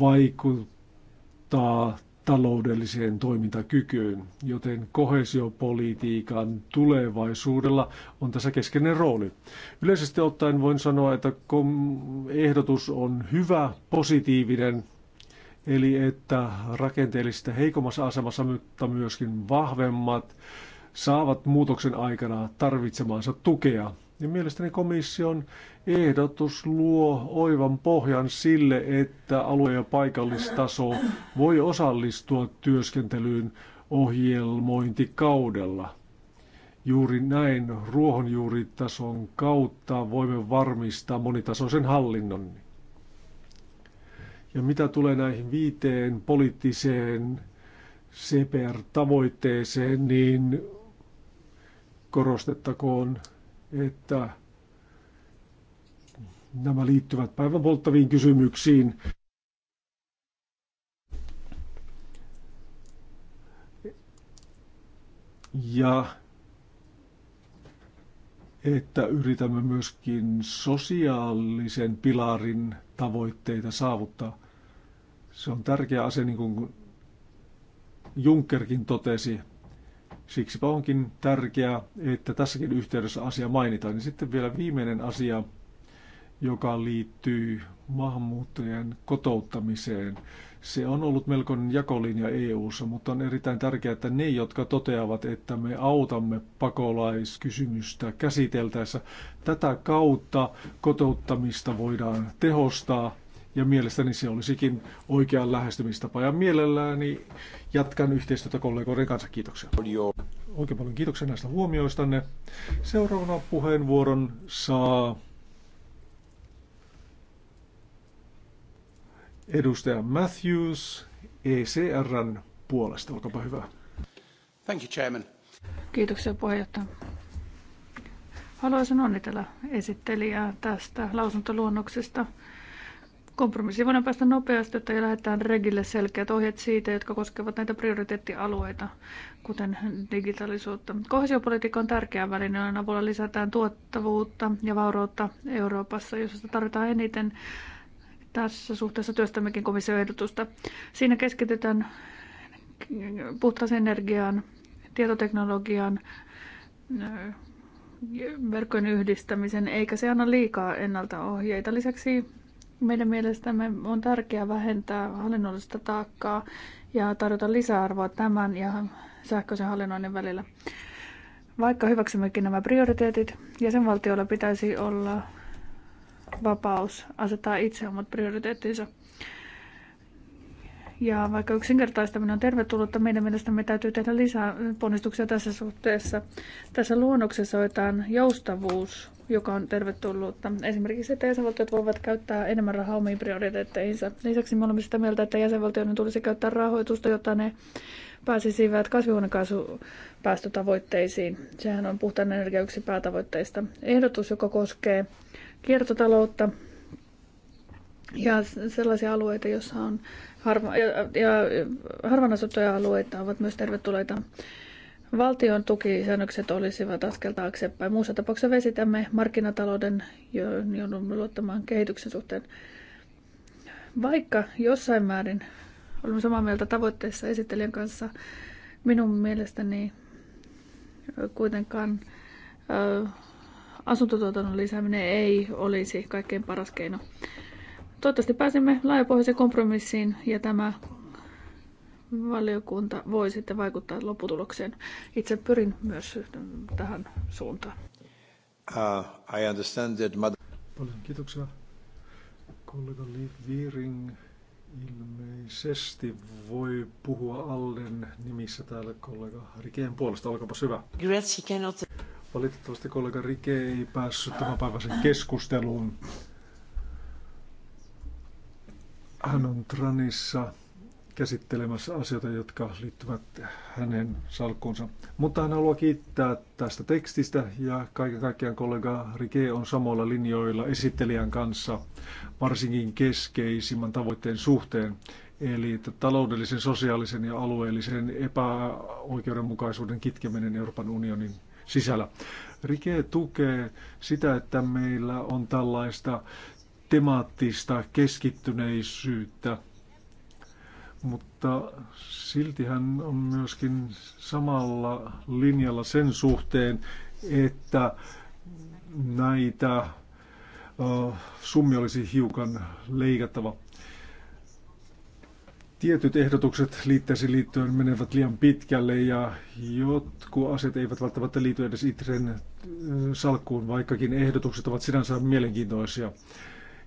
vaikuttaa taloudelliseen toimintakykyyn, joten kohesiopolitiikan tulevaisuudella on tässä keskeinen rooli. Yleisesti ottaen voin sanoa, että ehdotus on hyvä, positiivinen, eli että rakenteellisesti heikommassa asemassa, mutta myöskin vahvemmat saavat muutoksen aikana tarvitsemaansa tukea. Niin mielestäni komission ehdotus luo oivan pohjan sille, että alue- ja paikallistaso voi osallistua työskentelyyn ohjelmointikaudella. Juuri näin ruohonjuuritason kautta voimme varmistaa monitasoisen hallinnon. Ja mitä tulee näihin viiteen poliittiseen CPR-tavoitteeseen, niin korostettakoon että nämä liittyvät päivän polttaviin kysymyksiin. Ja että yritämme myöskin sosiaalisen pilarin tavoitteita saavuttaa. Se on tärkeä asia, niin kuin Junckerkin totesi. Siksipä onkin tärkeää, että tässäkin yhteydessä asia mainitaan. Ja sitten vielä viimeinen asia, joka liittyy maahanmuuttajien kotouttamiseen. Se on ollut melkoinen jakolinja EU:ssa, mutta on erittäin tärkeää, että ne, jotka toteavat, että me autamme pakolaiskysymystä käsiteltäessä, tätä kautta kotouttamista voidaan tehostaa ja mielestäni se olisikin oikea lähestymistapa. Ja mielelläni jatkan yhteistyötä kollegoiden kanssa. Kiitoksia. Oikein paljon kiitoksia näistä huomioistanne. Seuraavana puheenvuoron saa edustaja Matthews ECRn puolesta. Olkaapa hyvä. Thank you, Chairman. Kiitoksia puheenjohtaja. Haluaisin onnitella esittelijää tästä lausuntoluonnoksesta. Kompromissi voidaan päästä nopeasti, että lähetetään Regille selkeät ohjeet siitä, jotka koskevat näitä prioriteettialueita, kuten digitaalisuutta. Kohesiopolitiikka on tärkeä väline, joiden avulla lisätään tuottavuutta ja vaurautta Euroopassa, jossa sitä tarvitaan eniten. Tässä suhteessa työstämmekin komission ehdotusta. Siinä keskitytään puhtaaseen energiaan, tietoteknologiaan, verkkojen yhdistämisen, eikä se anna liikaa ennalta ohjeita. Lisäksi meidän mielestämme on tärkeää vähentää hallinnollista taakkaa ja tarjota lisäarvoa tämän ja sähköisen hallinnoinnin välillä. Vaikka hyväksymmekin nämä prioriteetit, jäsenvaltioilla pitäisi olla vapaus asettaa itse omat prioriteettinsa. Ja vaikka yksinkertaistaminen on tervetullutta, meidän mielestämme täytyy tehdä lisää ponnistuksia tässä suhteessa. Tässä luonnoksessa otetaan joustavuus, joka on tervetullutta. Esimerkiksi, että jäsenvaltiot voivat käyttää enemmän rahaa omiin prioriteetteihinsa. Lisäksi me olemme sitä mieltä, että jäsenvaltioiden tulisi käyttää rahoitusta, jotta ne pääsisivät kasvihuonekaasupäästötavoitteisiin. Sehän on puhtaan energia yksi päätavoitteista. Ehdotus, joka koskee kiertotaloutta ja sellaisia alueita, joissa on harva, ja, ja harvan asuttuja alueita ovat myös tervetulleita. Valtion tukisäännökset olisivat askel taaksepäin. Muussa tapauksessa vesitämme markkinatalouden, joudumme luottamaan kehityksen suhteen. Vaikka jossain määrin olemme samaa mieltä tavoitteessa esittelijän kanssa, minun mielestäni kuitenkaan asuntotuotannon lisääminen ei olisi kaikkein paras keino. Toivottavasti pääsemme laajapohjaisen kompromissiin ja tämä valiokunta voi sitten vaikuttaa lopputulokseen. Itse pyrin myös tähän suuntaan. Uh, I understand that mother... Paljon kiitoksia. Kollega Liv Viering ilmeisesti voi puhua Allen nimissä täällä kollega Rikeen puolesta. Olkaapa hyvä. Valitettavasti kollega Rike ei päässyt tämän päiväisen keskusteluun. Hän on Tranissa käsittelemässä asioita, jotka liittyvät hänen salkkuunsa. Mutta hän haluaa kiittää tästä tekstistä ja kaiken kaikkiaan kollega Rike on samoilla linjoilla esittelijän kanssa, varsinkin keskeisimmän tavoitteen suhteen, eli taloudellisen, sosiaalisen ja alueellisen epäoikeudenmukaisuuden kitkeminen Euroopan unionin sisällä. Rike tukee sitä, että meillä on tällaista temaattista keskittyneisyyttä, mutta silti hän on myöskin samalla linjalla sen suhteen, että näitä summi olisi hiukan leikattava. Tietyt ehdotukset liitteisiin liittyen menevät liian pitkälle ja jotkut asiat eivät välttämättä liity edes ITREn salkkuun, vaikkakin ehdotukset ovat sinänsä mielenkiintoisia.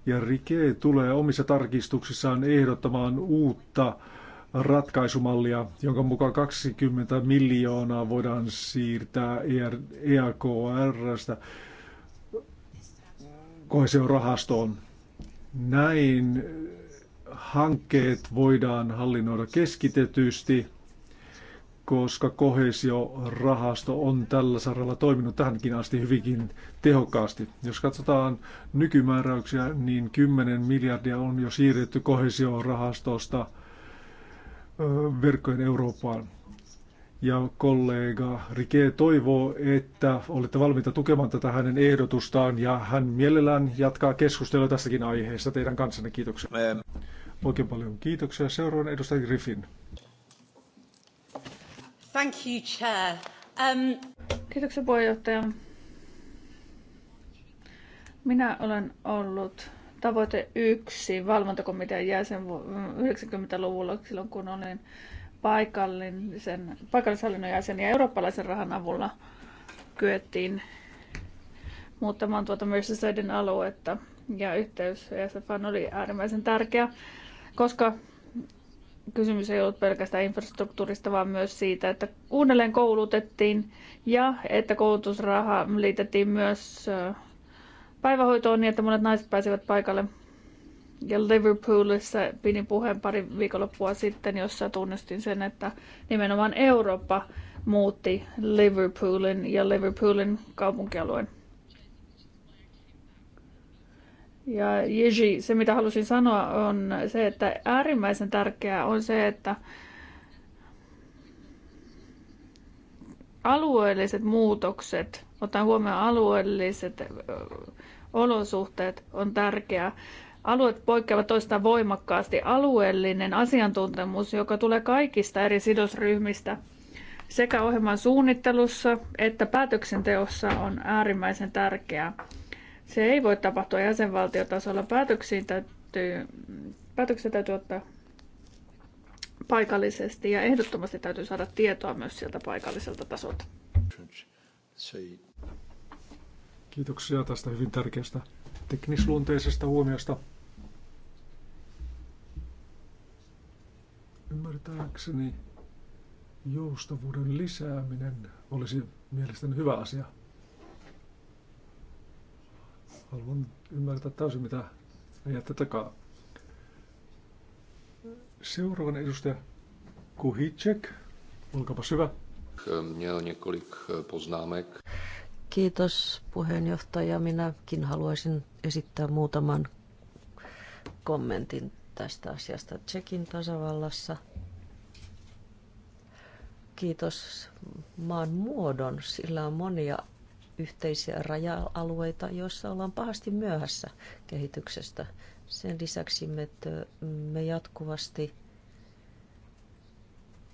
Ja Rike tulee omissa tarkistuksissaan ehdottamaan uutta ratkaisumallia, jonka mukaan 20 miljoonaa voidaan siirtää EAKRstä e rahastoon. Näin hankkeet voidaan hallinnoida keskitetysti – koska kohesiorahasto on tällä saralla toiminut tähänkin asti hyvinkin tehokkaasti. Jos katsotaan nykymääräyksiä, niin 10 miljardia on jo siirretty kohesiorahastosta verkkojen Eurooppaan. Ja kollega Rike toivoo, että olette valmiita tukemaan tätä hänen ehdotustaan ja hän mielellään jatkaa keskustelua tästäkin aiheesta teidän kanssanne. Kiitoksia. Oikein paljon kiitoksia. Seuraavan edustaja Griffin. Thank you, Chair. Um... Kiitoksia puheenjohtaja. Minä olen ollut tavoite yksi valvontakomitean jäsen 90-luvulla, silloin kun olin paikallisen, paikallishallinnon jäsen ja eurooppalaisen rahan avulla kyettiin muuttamaan tuota Merseysiden aluetta ja yhteys ESFan oli äärimmäisen tärkeä, koska kysymys ei ollut pelkästään infrastruktuurista, vaan myös siitä, että uudelleen koulutettiin ja että koulutusraha liitettiin myös äh, päivähoitoon niin, että monet naiset pääsivät paikalle. Ja Liverpoolissa pidin puheen pari viikonloppua sitten, jossa tunnistin sen, että nimenomaan Eurooppa muutti Liverpoolin ja Liverpoolin kaupunkialueen. Ja Jiji, se mitä halusin sanoa on se, että äärimmäisen tärkeää on se, että alueelliset muutokset, otan huomioon alueelliset olosuhteet, on tärkeää. Alueet poikkeavat toista voimakkaasti. Alueellinen asiantuntemus, joka tulee kaikista eri sidosryhmistä, sekä ohjelman suunnittelussa että päätöksenteossa on äärimmäisen tärkeää. Se ei voi tapahtua jäsenvaltiotasolla. Päätöksiin täytyy, päätöksiä täytyy ottaa paikallisesti ja ehdottomasti täytyy saada tietoa myös sieltä paikalliselta tasolta. Kiitoksia tästä hyvin tärkeästä teknisluonteisesta huomiosta. Ymmärtääkseni joustavuuden lisääminen olisi mielestäni hyvä asia. Haluan ymmärtää täysin, mitä ajatte takaa. Seuraavan edustaja Kuhicek. Olkaapa hyvä. Eh, Kiitos puheenjohtaja. Minäkin haluaisin esittää muutaman kommentin tästä asiasta Tsekin tasavallassa. Kiitos maan muodon. Sillä on monia yhteisiä raja-alueita, joissa ollaan pahasti myöhässä kehityksestä. Sen lisäksi me, me jatkuvasti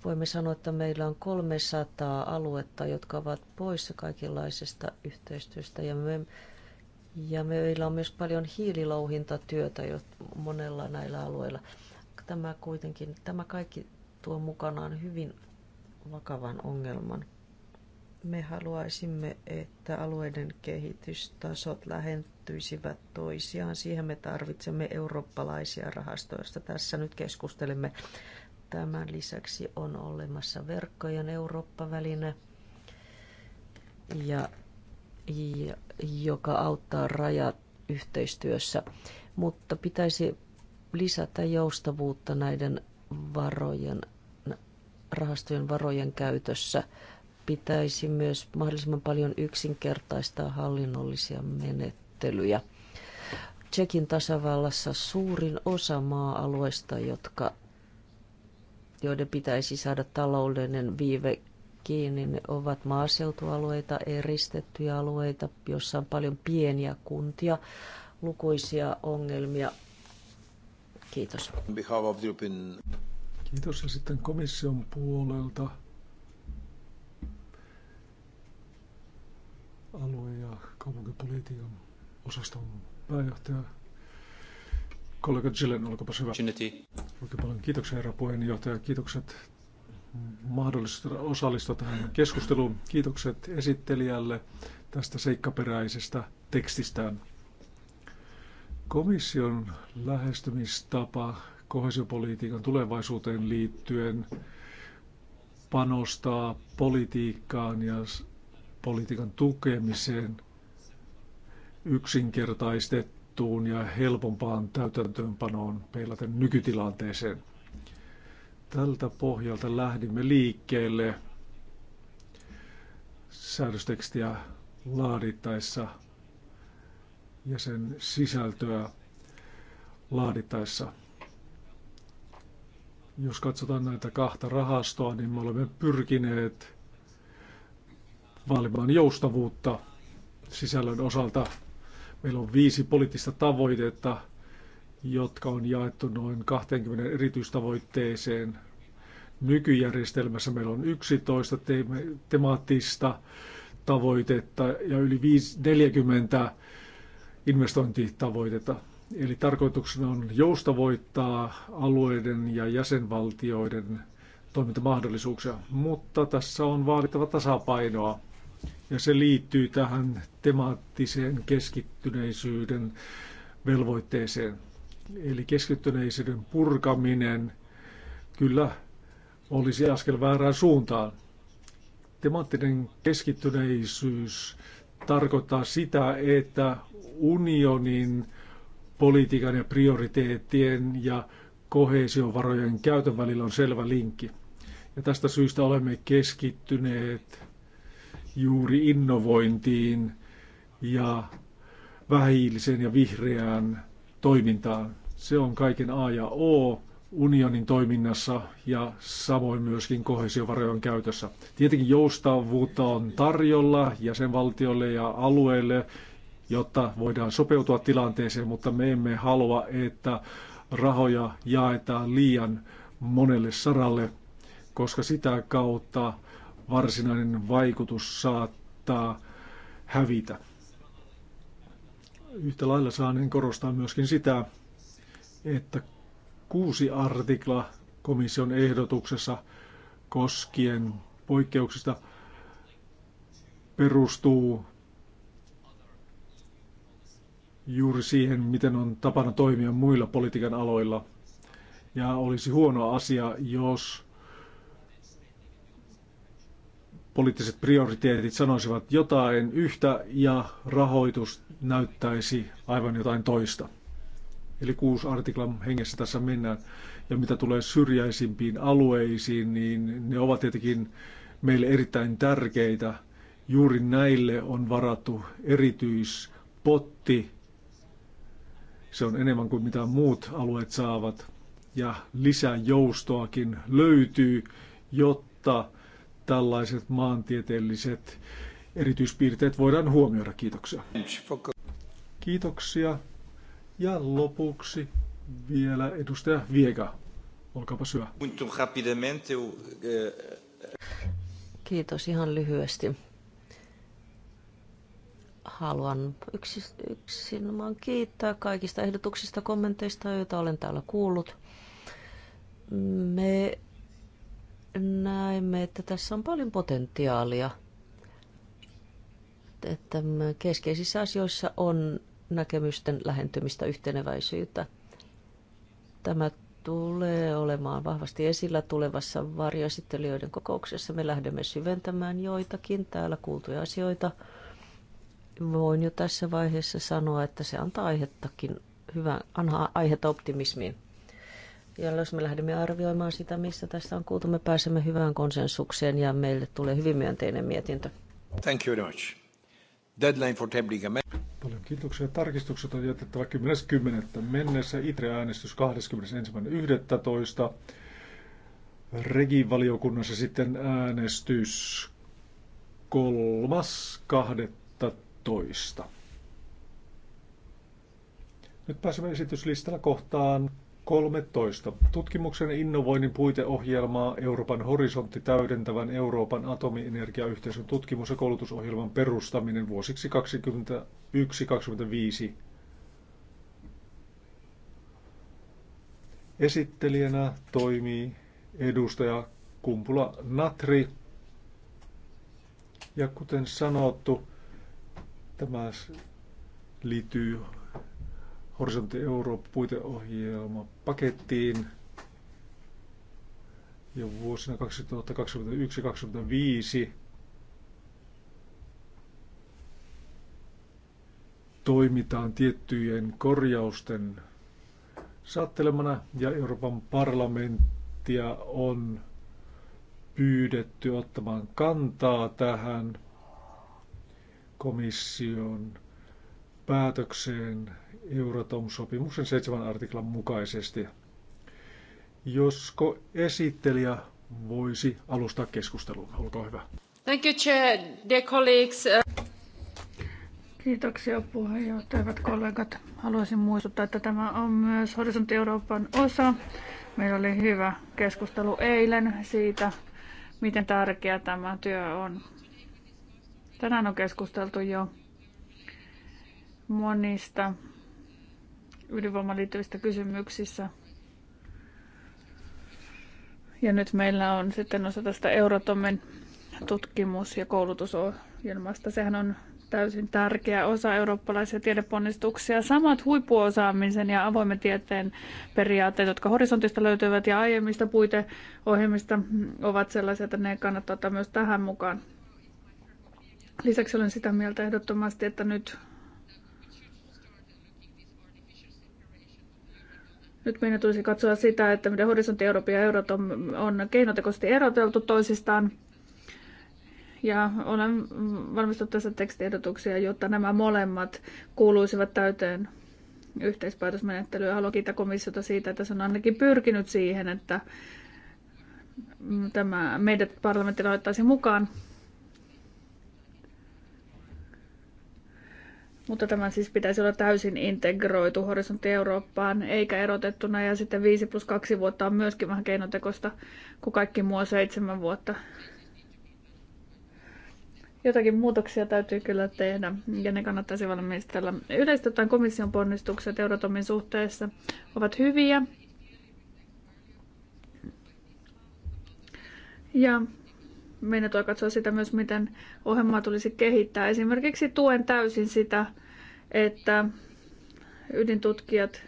voimme sanoa, että meillä on 300 aluetta, jotka ovat poissa kaikenlaisesta yhteistyöstä. Ja, me, ja meillä on myös paljon hiililouhintatyötä jo monella näillä alueilla. Tämä, kuitenkin, tämä kaikki tuo mukanaan hyvin vakavan ongelman. Me haluaisimme, että alueiden kehitystasot lähentyisivät toisiaan. Siihen me tarvitsemme eurooppalaisia rahastoja, joista tässä nyt keskustelemme. Tämän lisäksi on olemassa verkkojen Eurooppa-väline, ja, ja, joka auttaa rajat yhteistyössä, mutta pitäisi lisätä joustavuutta näiden varojen, rahastojen varojen käytössä – pitäisi myös mahdollisimman paljon yksinkertaistaa hallinnollisia menettelyjä. Tsekin tasavallassa suurin osa maa-alueista, jotka, joiden pitäisi saada taloudellinen viive kiinni, ne ovat maaseutualueita, eristettyjä alueita, joissa on paljon pieniä kuntia, lukuisia ongelmia. Kiitos. Kiitos ja sitten komission puolelta alue- ja kaupunkipolitiikan osaston pääjohtaja kollega Gillen, olkoonpas hyvä. Oikein paljon kiitoksia herra puheenjohtaja. Kiitokset mahdollisuudesta osallistua tähän keskusteluun. Kiitokset esittelijälle tästä seikkaperäisestä tekstistään. Komission lähestymistapa kohesiopolitiikan tulevaisuuteen liittyen panostaa politiikkaan ja politiikan tukemiseen yksinkertaistettuun ja helpompaan täytäntöönpanoon peilaten nykytilanteeseen. Tältä pohjalta lähdimme liikkeelle säädöstekstiä laadittaessa ja sen sisältöä laadittaessa. Jos katsotaan näitä kahta rahastoa, niin me olemme pyrkineet vaalimaan joustavuutta sisällön osalta. Meillä on viisi poliittista tavoitetta, jotka on jaettu noin 20 erityistavoitteeseen. Nykyjärjestelmässä meillä on 11 te- temaattista tavoitetta ja yli 40 investointitavoitetta. Eli tarkoituksena on joustavoittaa alueiden ja jäsenvaltioiden toimintamahdollisuuksia, mutta tässä on vaadittava tasapainoa ja se liittyy tähän temaattiseen keskittyneisyyden velvoitteeseen. Eli keskittyneisyyden purkaminen kyllä olisi askel väärään suuntaan. Temaattinen keskittyneisyys tarkoittaa sitä, että unionin politiikan ja prioriteettien ja kohesiovarojen käytön välillä on selvä linkki. Ja tästä syystä olemme keskittyneet juuri innovointiin ja vähiiliseen ja vihreään toimintaan. Se on kaiken A ja O unionin toiminnassa ja samoin myöskin kohesiovarojen käytössä. Tietenkin joustavuutta on tarjolla jäsenvaltiolle ja alueille, jotta voidaan sopeutua tilanteeseen, mutta me emme halua, että rahoja jaetaan liian monelle saralle, koska sitä kautta varsinainen vaikutus saattaa hävitä. Yhtä lailla niin korostaa myöskin sitä, että kuusi artikla komission ehdotuksessa koskien poikkeuksista perustuu juuri siihen, miten on tapana toimia muilla politiikan aloilla. Ja olisi huono asia, jos poliittiset prioriteetit sanoisivat jotain yhtä ja rahoitus näyttäisi aivan jotain toista. Eli kuusi artiklan hengessä tässä mennään. Ja mitä tulee syrjäisimpiin alueisiin, niin ne ovat tietenkin meille erittäin tärkeitä. Juuri näille on varattu erityispotti. Se on enemmän kuin mitä muut alueet saavat. Ja lisää joustoakin löytyy, jotta tällaiset maantieteelliset erityispiirteet voidaan huomioida. Kiitoksia. Kiitoksia. Ja lopuksi vielä edustaja Viega. Olkaapa syö. Kiitos ihan lyhyesti. Haluan yksin vaan kiittää kaikista ehdotuksista, kommenteista, joita olen täällä kuullut. Me näemme, että tässä on paljon potentiaalia. Että keskeisissä asioissa on näkemysten lähentymistä, yhteneväisyyttä. Tämä tulee olemaan vahvasti esillä tulevassa varjoesittelijöiden kokouksessa. Me lähdemme syventämään joitakin täällä kuultuja asioita. Voin jo tässä vaiheessa sanoa, että se antaa aihettakin hyvän anhaa aihetta optimismiin. Ja jos me lähdemme arvioimaan sitä, missä tässä on kuultu, me pääsemme hyvään konsensukseen ja meille tulee hyvin myönteinen mietintö. Thank you very much. Deadline for tabling Paljon kiitoksia. Tarkistukset on jätettävä 10.10. mennessä. ITRE-äänestys 21.11. Regivaliokunnassa sitten äänestys 3.12. Nyt pääsemme esityslistalla kohtaan 2013. Tutkimuksen innovoinnin puiteohjelmaa Euroopan horisontti täydentävän Euroopan atomienergiayhteisön tutkimus- ja koulutusohjelman perustaminen vuosiksi 2021-2025. Esittelijänä toimii edustaja Kumpula Natri. Ja kuten sanottu, tämä liittyy Horisontti Eurooppa-puiteohjelma pakettiin ja vuosina 2021-2025 toimitaan tiettyjen korjausten saattelemana ja Euroopan parlamenttia on pyydetty ottamaan kantaa tähän komission päätökseen Euratom-sopimuksen 7 artiklan mukaisesti. Josko esittelijä voisi alustaa keskustelun. Olkaa hyvä. Thank you, Chair, dear colleagues. Uh, Kiitoksia puheenjohtaja, hyvät kollegat. Haluaisin muistuttaa, että tämä on myös Horisontti Euroopan osa. Meillä oli hyvä keskustelu eilen siitä, miten tärkeä tämä työ on. Tänään on keskusteltu jo monista ydinvoimaan liittyvistä kysymyksissä. Ja nyt meillä on sitten osa tästä eurotomen tutkimus- ja koulutusohjelmasta. Sehän on täysin tärkeä osa eurooppalaisia tiedeponnistuksia. Samat huippuosaamisen ja avoimen tieteen periaatteet, jotka horisontista löytyvät ja aiemmista puiteohjelmista, ovat sellaisia, että ne kannattaa ottaa myös tähän mukaan. Lisäksi olen sitä mieltä ehdottomasti, että nyt Nyt meidän tulisi katsoa sitä, että miten horisontti Euroopia ja eurot on, on keinotekoisesti eroteltu toisistaan. Ja olen valmistunut tässä tekstiehdotuksia, jotta nämä molemmat kuuluisivat täyteen yhteispäätösmenettelyä. Haluan kiittää komissiota siitä, että se on ainakin pyrkinyt siihen, että tämä meidät parlamentti laittaisi mukaan Mutta tämä siis pitäisi olla täysin integroitu horisontti Eurooppaan, eikä erotettuna. Ja sitten 5 plus 2 vuotta on myöskin vähän keinotekosta, kuin kaikki muu on 7 vuotta. Jotakin muutoksia täytyy kyllä tehdä, ja ne kannattaisi valmistella. Yleisesti ottaen komission ponnistukset Eurotomin suhteessa ovat hyviä. Ja meidän tulee katsoa sitä myös, miten ohjelmaa tulisi kehittää. Esimerkiksi tuen täysin sitä, että ydintutkijat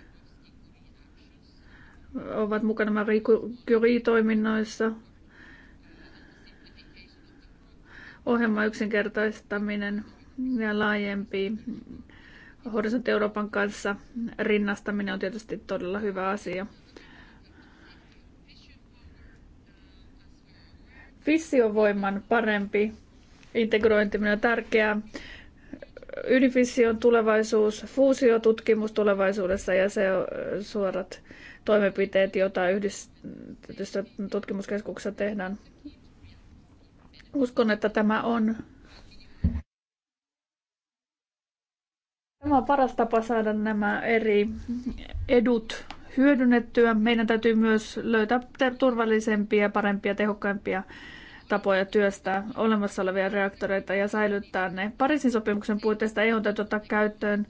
ovat mukana Marie Curie-toiminnoissa. Ohjelman yksinkertaistaminen ja laajempi Horisontti Euroopan kanssa rinnastaminen on tietysti todella hyvä asia. Fissiovoiman parempi integrointiminen on tärkeää. Ydinfission tulevaisuus, fuusiotutkimus tulevaisuudessa ja se suorat toimenpiteet, joita yhdistetystä tutkimuskeskuksessa tehdään. Uskon, että tämä on Tämä on paras tapa saada nämä eri edut hyödynnettyä. Meidän täytyy myös löytää turvallisempia, parempia, tehokkaampia tapoja työstää olemassa olevia reaktoreita ja säilyttää ne. Pariisin sopimuksen puitteista ei täytyy ottaa käyttöön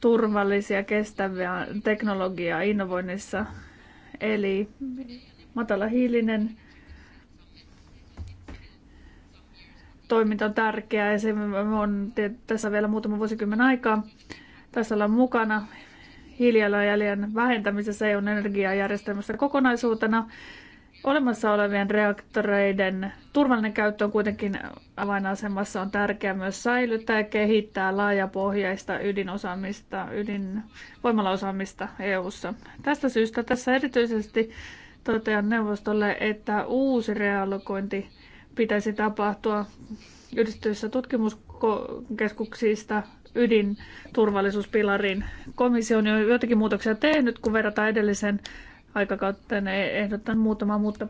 turvallisia, kestäviä teknologiaa innovoinnissa. Eli matala hiilinen toiminta on tärkeää ja se on tässä vielä muutama vuosikymmen aikaa. Tässä ollaan mukana hiilijalanjäljen vähentämisessä EUn energiajärjestelmässä kokonaisuutena. Olemassa olevien reaktoreiden turvallinen käyttö on kuitenkin avainasemassa. On tärkeää myös säilyttää ja kehittää laajapohjaista ydinosaamista, ydinvoimalaosaamista EU:ssa. Tästä syystä tässä erityisesti totean neuvostolle, että uusi realokointi pitäisi tapahtua yhdistyissä tutkimuskeskuksista ydinturvallisuuspilarin Komissio on jo joitakin muutoksia tehnyt, kun verrataan edellisen aikakauteen niin ehdotan muutama, muutta,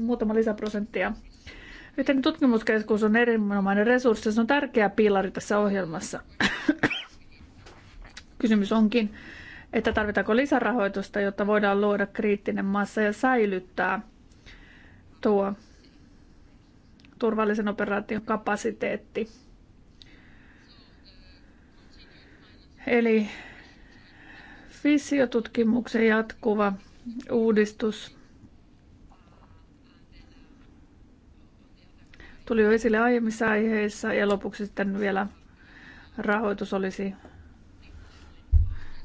muutama lisäprosenttia. Yhteinen tutkimuskeskus on erinomainen resurssi, se on tärkeä pilari tässä ohjelmassa. <coughs> Kysymys onkin, että tarvitaanko lisärahoitusta, jotta voidaan luoda kriittinen massa ja säilyttää tuo turvallisen operaation kapasiteetti. Eli fysiotutkimuksen jatkuva uudistus tuli jo esille aiemmissa aiheissa ja lopuksi sitten vielä rahoitus olisi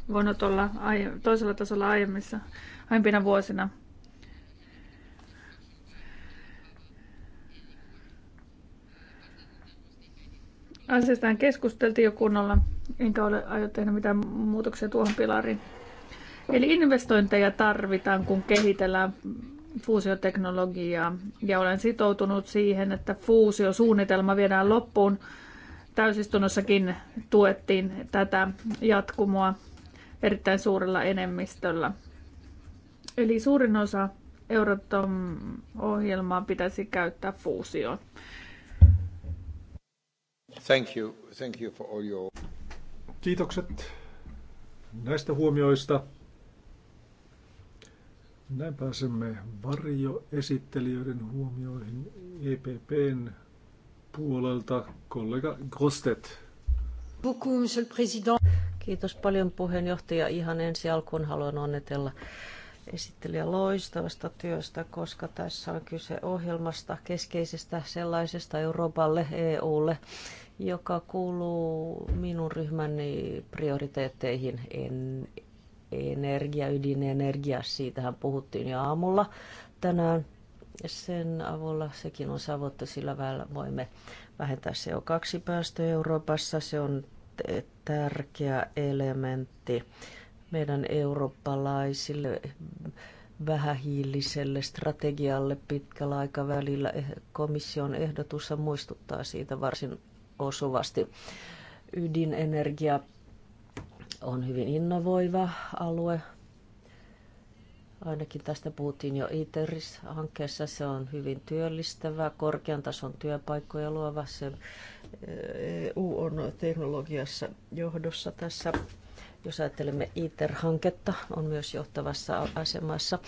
voinut olla toisella tasolla aiemmissa, aiempina vuosina – Asiastaan keskusteltiin jo kunnolla, enkä ole aio tehdä mitään muutoksia tuohon pilariin. Eli investointeja tarvitaan, kun kehitellään fuusioteknologiaa ja olen sitoutunut siihen, että fuusiosuunnitelma viedään loppuun. Täysistunnossakin tuettiin tätä jatkumoa erittäin suurella enemmistöllä. Eli suurin osa Euroton ohjelmaa pitäisi käyttää fuusioon. Thank you. Thank you for all your... Kiitokset näistä huomioista. Näin pääsemme varjoesittelijöiden huomioihin EPPn puolelta. Kollega Grostet. Kiitos paljon puheenjohtaja. Ihan ensi alkuun haluan onnitella esittelijä loistavasta työstä, koska tässä on kyse ohjelmasta, keskeisestä sellaisesta Euroopalle, EUlle, joka kuuluu minun ryhmäni prioriteetteihin. En, energia, ydinenergia, siitähän puhuttiin jo aamulla tänään. Sen avulla sekin on savottu, sillä väellä voimme vähentää CO2-päästöjä Euroopassa. Se on tärkeä elementti meidän eurooppalaisille vähähiiliselle strategialle pitkällä aikavälillä. Komission ehdotus muistuttaa siitä varsin osuvasti. Ydinenergia on hyvin innovoiva alue. Ainakin tästä puhuttiin jo ITERIS-hankkeessa. Se on hyvin työllistävä, korkean tason työpaikkoja luova. Se eh, EU on teknologiassa johdossa tässä jos ajattelemme ITER-hanketta, on myös johtavassa asemassa.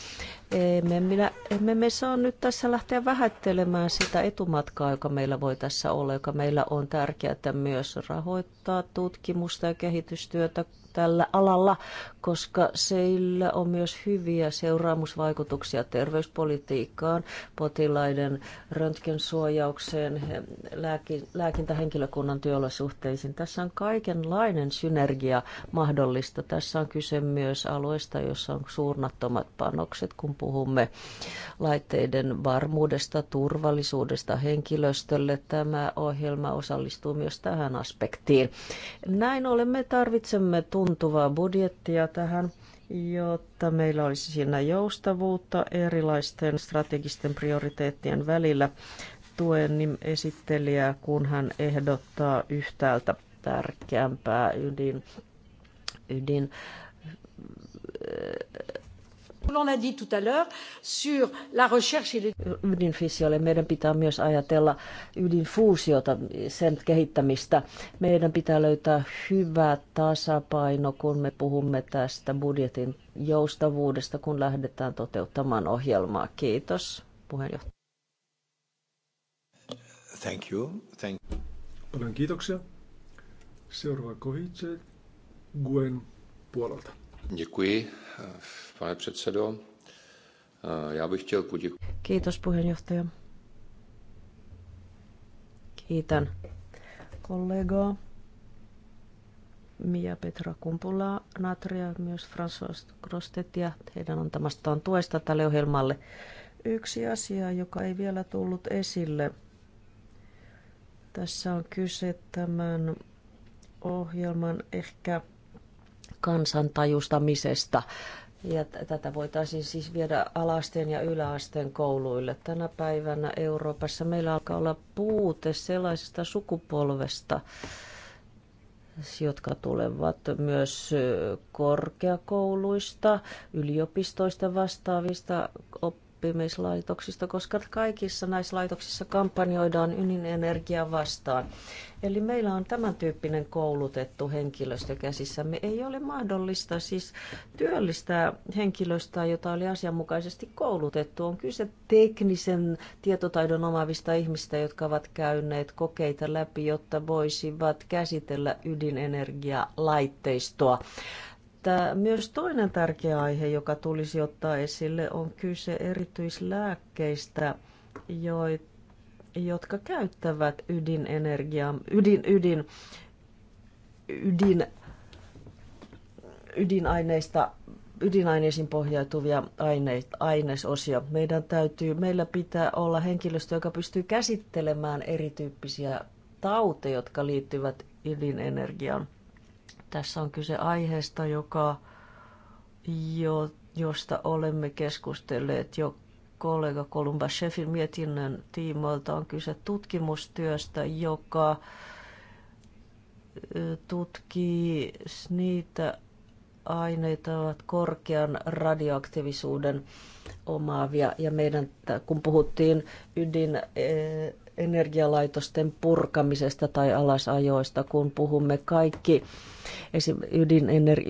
Emme, minä, emme me saa nyt tässä lähteä vähättelemään sitä etumatkaa, joka meillä voi tässä olla, joka meillä on tärkeää myös rahoittaa tutkimusta ja kehitystyötä tällä alalla, koska sillä on myös hyviä seuraamusvaikutuksia terveyspolitiikkaan, potilaiden röntgensuojaukseen, lääkintähenkilökunnan työolosuhteisiin. Tässä on kaikenlainen synergia mahdollista. Tässä on kyse myös alueesta, jossa on suurnattomat panokset, kun puhumme laitteiden varmuudesta, turvallisuudesta henkilöstölle. Tämä ohjelma osallistuu myös tähän aspektiin. Näin olemme tarvitsemme tarvitsemme tuntuvaa budjettia tähän, jotta meillä olisi siinä joustavuutta erilaisten strategisten prioriteettien välillä. Tuen esittelijää, kun hän ehdottaa yhtäältä tärkeämpää ydin, ydin Ydinfisiolle meidän pitää myös ajatella ydinfuusiota, sen kehittämistä. Meidän pitää löytää hyvä tasapaino, kun me puhumme tästä budjetin joustavuudesta, kun lähdetään toteuttamaan ohjelmaa. Kiitos, puheenjohtaja. Thank you. Thank you. Paljon kiitoksia. Seuraava Kohitse Guen puolelta. Děkuji, pane předsedo. Já bych chtěl poděkovat. Kiitos puheenjohtaja. Kiitän kollegaa Mia Petra Kumpula Natria, myös François ja heidän antamastaan tuesta tälle ohjelmalle. Yksi asia, joka ei vielä tullut esille. Tässä on kyse tämän ohjelman ehkä kansantajustamisesta. Ja tätä voitaisiin siis viedä alasteen ja yläasteen kouluille. Tänä päivänä Euroopassa meillä alkaa olla puute sellaisesta sukupolvesta, jotka tulevat myös korkeakouluista, yliopistoista vastaavista oppimislaitoksista, koska kaikissa näissä laitoksissa kampanjoidaan ydinenergiaa vastaan. Eli meillä on tämän tyyppinen koulutettu henkilöstö käsissämme. Ei ole mahdollista siis työllistää henkilöstöä, jota oli asianmukaisesti koulutettu. On kyse teknisen tietotaidon omaavista ihmistä, jotka ovat käyneet kokeita läpi, jotta voisivat käsitellä ydinenergialaitteistoa. laitteistoa että myös toinen tärkeä aihe, joka tulisi ottaa esille, on kyse erityislääkkeistä, joita jotka käyttävät ydinenergiaa, ydin, ydin, ydin, ydinaineista, ydinaineisiin pohjautuvia aineet, ainesosia. Meidän täytyy, meillä pitää olla henkilöstö, joka pystyy käsittelemään erityyppisiä tauteja, jotka liittyvät ydinenergiaan. Tässä on kyse aiheesta, joka, jo, josta olemme keskustelleet jo kollega Kolumba Sheffin mietinnön tiimoilta. On kyse tutkimustyöstä, joka tutkii niitä aineita ovat korkean radioaktiivisuuden omaavia. Ja meidän, kun puhuttiin ydin energialaitosten purkamisesta tai alasajoista, kun puhumme kaikki esim. ydinener-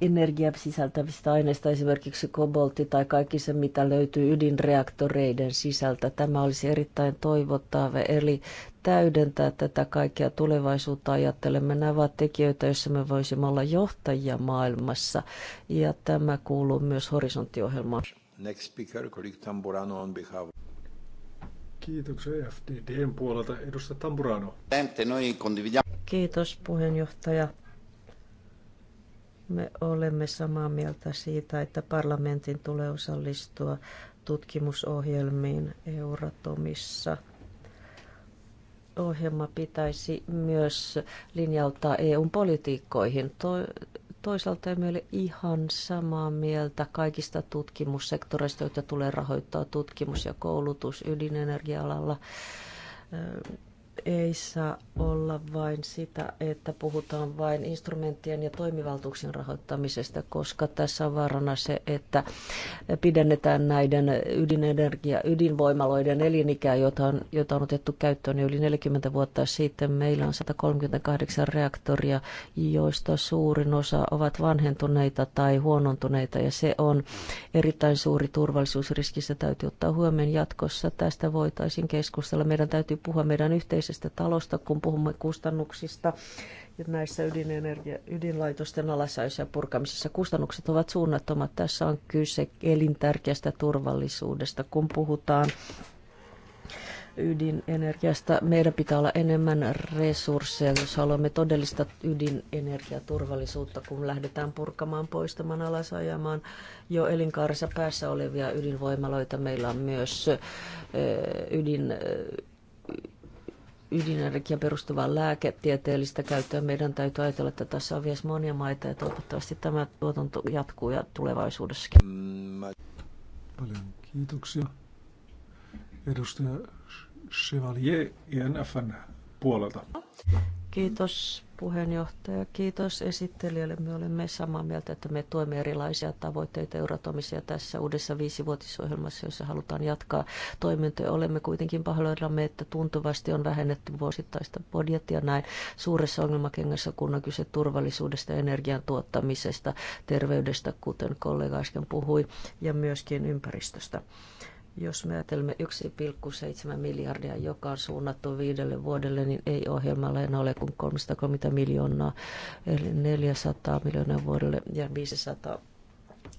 ydinenergia sisältävistä aineista, esimerkiksi koboltti tai kaikki se, mitä löytyy ydinreaktoreiden sisältä. Tämä olisi erittäin toivottava, eli täydentää tätä kaikkea tulevaisuutta ajattelemme. Nämä ovat tekijöitä, joissa me voisimme olla johtajia maailmassa, ja tämä kuuluu myös horisonttiohjelmaan. Next speaker, colleague Tamburano on behalf Kiitoksia FDDn puolelta. Edustaja Tampurano. Kiitos puheenjohtaja. Me olemme samaa mieltä siitä, että parlamentin tulee osallistua tutkimusohjelmiin Euratomissa. Ohjelma pitäisi myös linjauttaa eu politiikkoihin toisaalta emme ole ihan samaa mieltä kaikista tutkimussektoreista, joita tulee rahoittaa tutkimus ja koulutus ydinenergia-alalla ei saa olla vain sitä, että puhutaan vain instrumenttien ja toimivaltuuksien rahoittamisesta, koska tässä on vaarana se, että pidennetään näiden ydinenergia, ydinvoimaloiden elinikää, jota on, jota on otettu käyttöön jo yli 40 vuotta sitten. Meillä on 138 reaktoria, joista suurin osa ovat vanhentuneita tai huonontuneita, ja se on erittäin suuri turvallisuusriski. Se täytyy ottaa huomioon jatkossa. Tästä voitaisiin keskustella. Meidän täytyy puhua meidän yhteistyöstä yhteisestä talosta, kun puhumme kustannuksista näissä ydinenergia, ydinlaitosten alasajoissa ja purkamisessa. Kustannukset ovat suunnattomat. Tässä on kyse elintärkeästä turvallisuudesta, kun puhutaan ydinenergiasta. Meidän pitää olla enemmän resursseja, jos haluamme todellista ydinenergiaturvallisuutta, kun lähdetään purkamaan, poistamaan, alasajamaan jo elinkaarissa päässä olevia ydinvoimaloita. Meillä on myös eh, ydin eh, Ydinenergia perustuvaa lääketieteellistä käyttöä. Meidän täytyy ajatella, että tässä on vielä monia maita ja toivottavasti tämä tuotanto jatkuu ja tulevaisuudessakin. Paljon kiitoksia. Edustaja Chevalier INFn puolelta. Kiitos puheenjohtaja. Kiitos esittelijälle. Me olemme samaa mieltä, että me tuemme erilaisia tavoitteita euratomisia tässä uudessa viisivuotisohjelmassa, jossa halutaan jatkaa toimintoja. Olemme kuitenkin pahoillamme, että tuntuvasti on vähennetty vuosittaista budjettia näin suuressa ongelmakengässä, kun on kyse turvallisuudesta, energian tuottamisesta, terveydestä, kuten kollega äsken puhui, ja myöskin ympäristöstä. Jos me ajatelmme 1,7 miljardia, joka on suunnattu viidelle vuodelle, niin ei ohjelmalla enää ole kuin 330 miljoonaa, eli 400 miljoonaa vuodelle ja 500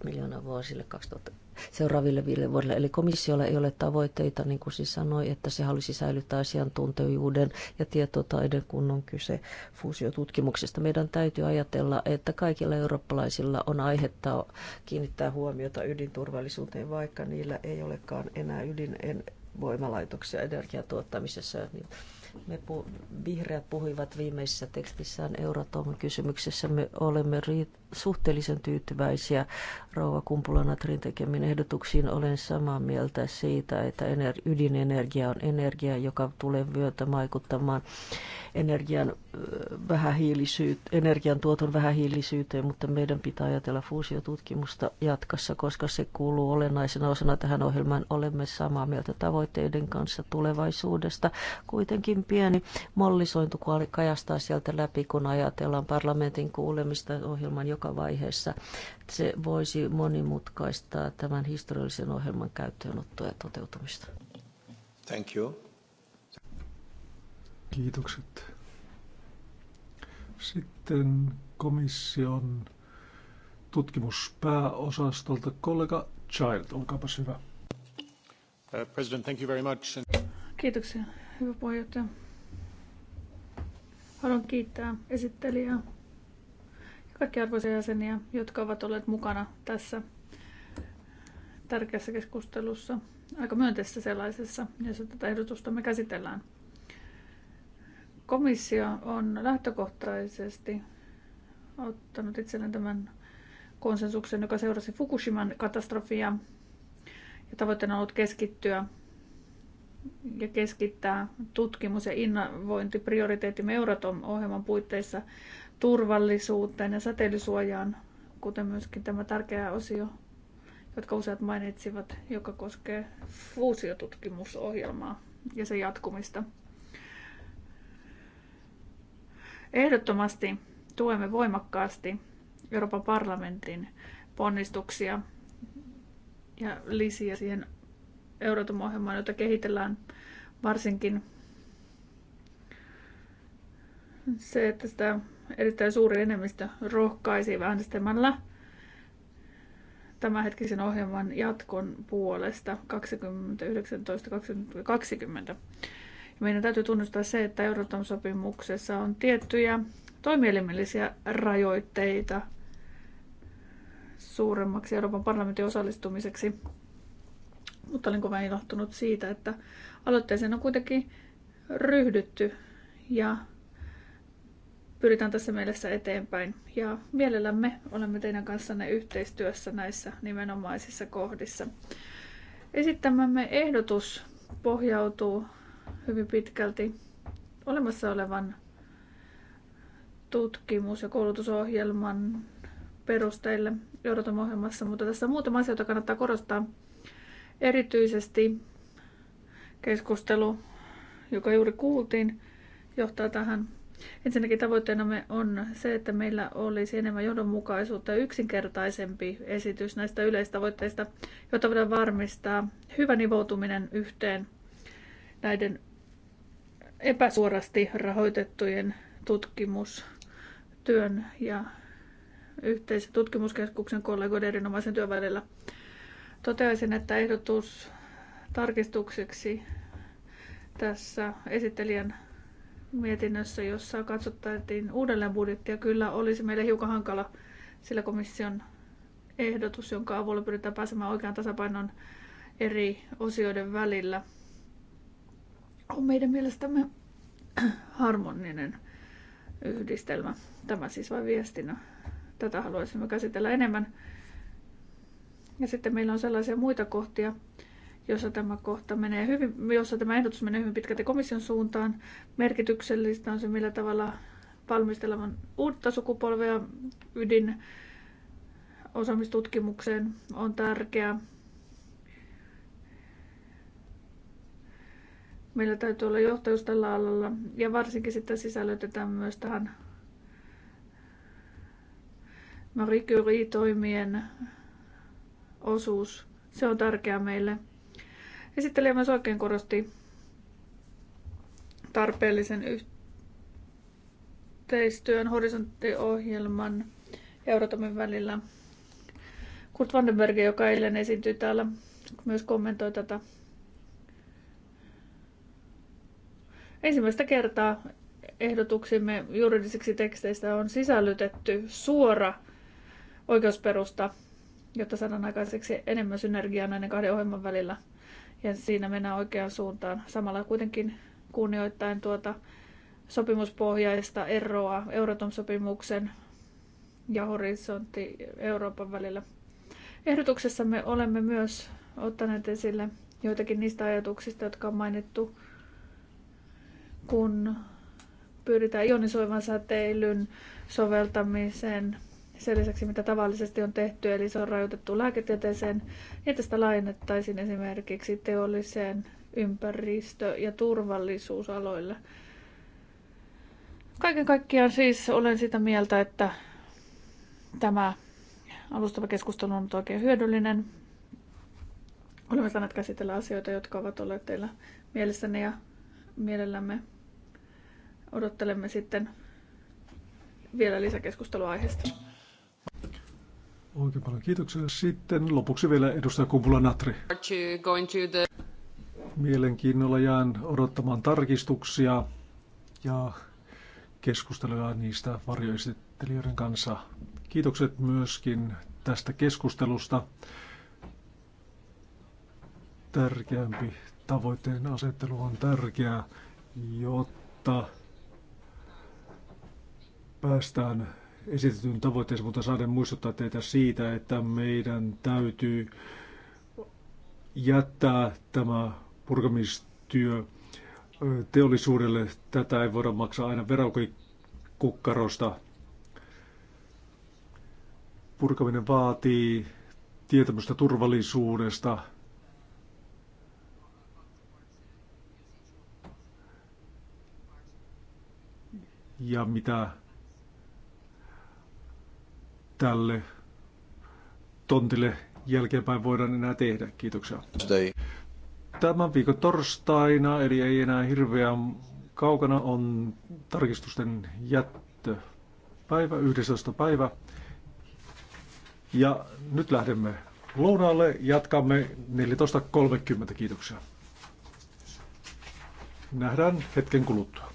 miljoonaa vuosille 2000 seuraaville viille vuodelle. Eli komissiolla ei ole tavoitteita, niin kuin siis sanoi, että se halusi säilyttää asiantuntijuuden ja tietotaiden kunnon kyse fuusiotutkimuksesta. Meidän täytyy ajatella, että kaikilla eurooppalaisilla on aihetta kiinnittää huomiota ydinturvallisuuteen, vaikka niillä ei olekaan enää ydinvoimalaitoksia energiatuottamisessa. Niin me pu- vihreät puhuivat viimeisessä tekstissään Euratomin kysymyksessä. Me olemme riit- suhteellisen tyytyväisiä Rouva Kumpulanatrin tekemiin ehdotuksiin. Olen samaa mieltä siitä, että ener- ydinenergia on energia, joka tulee myötä vaikuttamaan energian vähähiilisyyt- energiantuoton vähähiilisyyteen, mutta meidän pitää ajatella fuusiotutkimusta jatkossa, koska se kuuluu olennaisena osana tähän ohjelmaan. Olemme samaa mieltä tavoitteiden kanssa tulevaisuudesta. Kuitenkin pieni mollisointu kajastaa sieltä läpi, kun ajatellaan parlamentin kuulemista ohjelman joka vaiheessa. Se voisi monimutkaistaa tämän historiallisen ohjelman käyttöönottoa ja toteutumista. Thank you. Kiitokset. Sitten komission tutkimuspääosastolta kollega Child, olkaapas hyvä. Uh, President, thank you very much. Kiitoksia Hyvä puheenjohtaja. Haluan kiittää esittelijää ja kaikkia arvoisia jäseniä, jotka ovat olleet mukana tässä tärkeässä keskustelussa, aika myönteisessä sellaisessa, jossa tätä ehdotusta me käsitellään. Komissio on lähtökohtaisesti ottanut itselleen tämän konsensuksen, joka seurasi Fukushiman katastrofia. Ja tavoitteena on ollut keskittyä ja keskittää tutkimus- ja innovointiprioriteetimme Euratom-ohjelman puitteissa turvallisuuteen ja säteilysuojaan, kuten myöskin tämä tärkeä osio, jotka useat mainitsivat, joka koskee fuusiotutkimusohjelmaa ja sen jatkumista. Ehdottomasti tuemme voimakkaasti Euroopan parlamentin ponnistuksia ja lisiä siihen Euratom-ohjelmaan, jota kehitellään varsinkin se, että sitä erittäin suuri enemmistö rohkaisi äänestämällä tämänhetkisen ohjelman jatkon puolesta 2019-2020. Meidän täytyy tunnustaa se, että Euratom-sopimuksessa on tiettyjä toimielimellisiä rajoitteita suuremmaksi Euroopan parlamentin osallistumiseksi mutta olen kovin ilahtunut siitä, että aloitteeseen on kuitenkin ryhdytty ja pyritään tässä mielessä eteenpäin. Ja mielellämme olemme teidän kanssanne yhteistyössä näissä nimenomaisissa kohdissa. Esittämämme ehdotus pohjautuu hyvin pitkälti olemassa olevan tutkimus- ja koulutusohjelman perusteille Euroton ohjelmassa, mutta tässä on muutama asia, jota kannattaa korostaa. Erityisesti keskustelu, joka juuri kuultiin, johtaa tähän. Ensinnäkin tavoitteenamme on se, että meillä olisi enemmän johdonmukaisuutta ja yksinkertaisempi esitys näistä yleistavoitteista, jotta voidaan varmistaa hyvä nivoutuminen yhteen näiden epäsuorasti rahoitettujen tutkimustyön ja yhteisen tutkimuskeskuksen kollegoiden erinomaisen työn välillä. Toteaisin, että ehdotus tarkistukseksi tässä esittelijän mietinnössä, jossa katsottaisiin uudelleen budjettia, kyllä olisi meille hiukan hankala, sillä komission ehdotus, jonka avulla pyritään pääsemään oikean tasapainon eri osioiden välillä, on meidän mielestämme harmoninen yhdistelmä. Tämä siis vain viestinä. Tätä haluaisimme käsitellä enemmän. Ja sitten meillä on sellaisia muita kohtia, jossa tämä, kohta menee hyvin, jossa tämä ehdotus menee hyvin pitkälti komission suuntaan. Merkityksellistä on se, millä tavalla valmistelevan uutta sukupolvea ydin osaamistutkimukseen on tärkeää. Meillä täytyy olla johtajuus tällä alalla ja varsinkin sitä sisällytetään myös tähän Marie Curie-toimien osuus. Se on tärkeää meille. Esittelijä myös oikein korosti tarpeellisen yhteistyön horisonttiohjelman ja Eurotomin välillä. Kurt Vandenberg, joka eilen esiintyi täällä, myös kommentoi tätä. Ensimmäistä kertaa ehdotuksimme juridisiksi teksteistä on sisällytetty suora oikeusperusta jotta saadaan aikaiseksi enemmän synergiaa näiden kahden ohjelman välillä. Ja siinä mennään oikeaan suuntaan. Samalla kuitenkin kunnioittain tuota sopimuspohjaista eroa Euratom-sopimuksen ja horisontti Euroopan välillä. Ehdotuksessamme olemme myös ottaneet esille joitakin niistä ajatuksista, jotka on mainittu, kun pyritään ionisoivan säteilyn soveltamiseen sen lisäksi, mitä tavallisesti on tehty, eli se on rajoitettu lääketieteeseen, ja tästä laajennettaisiin esimerkiksi teolliseen ympäristö- ja turvallisuusaloille. Kaiken kaikkiaan siis olen sitä mieltä, että tämä alustava keskustelu on oikein hyödyllinen. Olemme saaneet käsitellä asioita, jotka ovat olleet teillä mielessäni ja mielellämme odottelemme sitten vielä lisäkeskustelua aiheesta. Oikein paljon kiitoksia. Sitten lopuksi vielä edustaja Kumpula-Natri. Mielenkiinnolla jään odottamaan tarkistuksia ja keskustelua niistä varjoesittelijöiden kanssa. Kiitokset myöskin tästä keskustelusta. Tärkeämpi tavoitteen asettelu on tärkeää, jotta päästään esitetyn tavoitteessa, mutta saadaan muistuttaa teitä siitä, että meidän täytyy jättää tämä purkamistyö teollisuudelle. Tätä ei voida maksaa aina verokukkarosta. Purkaminen vaatii tietämystä turvallisuudesta, ja mitä tälle tontille jälkeenpäin voidaan enää tehdä. Kiitoksia. Tämän viikon torstaina, eli ei enää hirveän kaukana, on tarkistusten jättöpäivä, päivä, 11. päivä. Ja nyt lähdemme lounaalle. Jatkamme 14.30. Kiitoksia. Nähdään hetken kuluttua.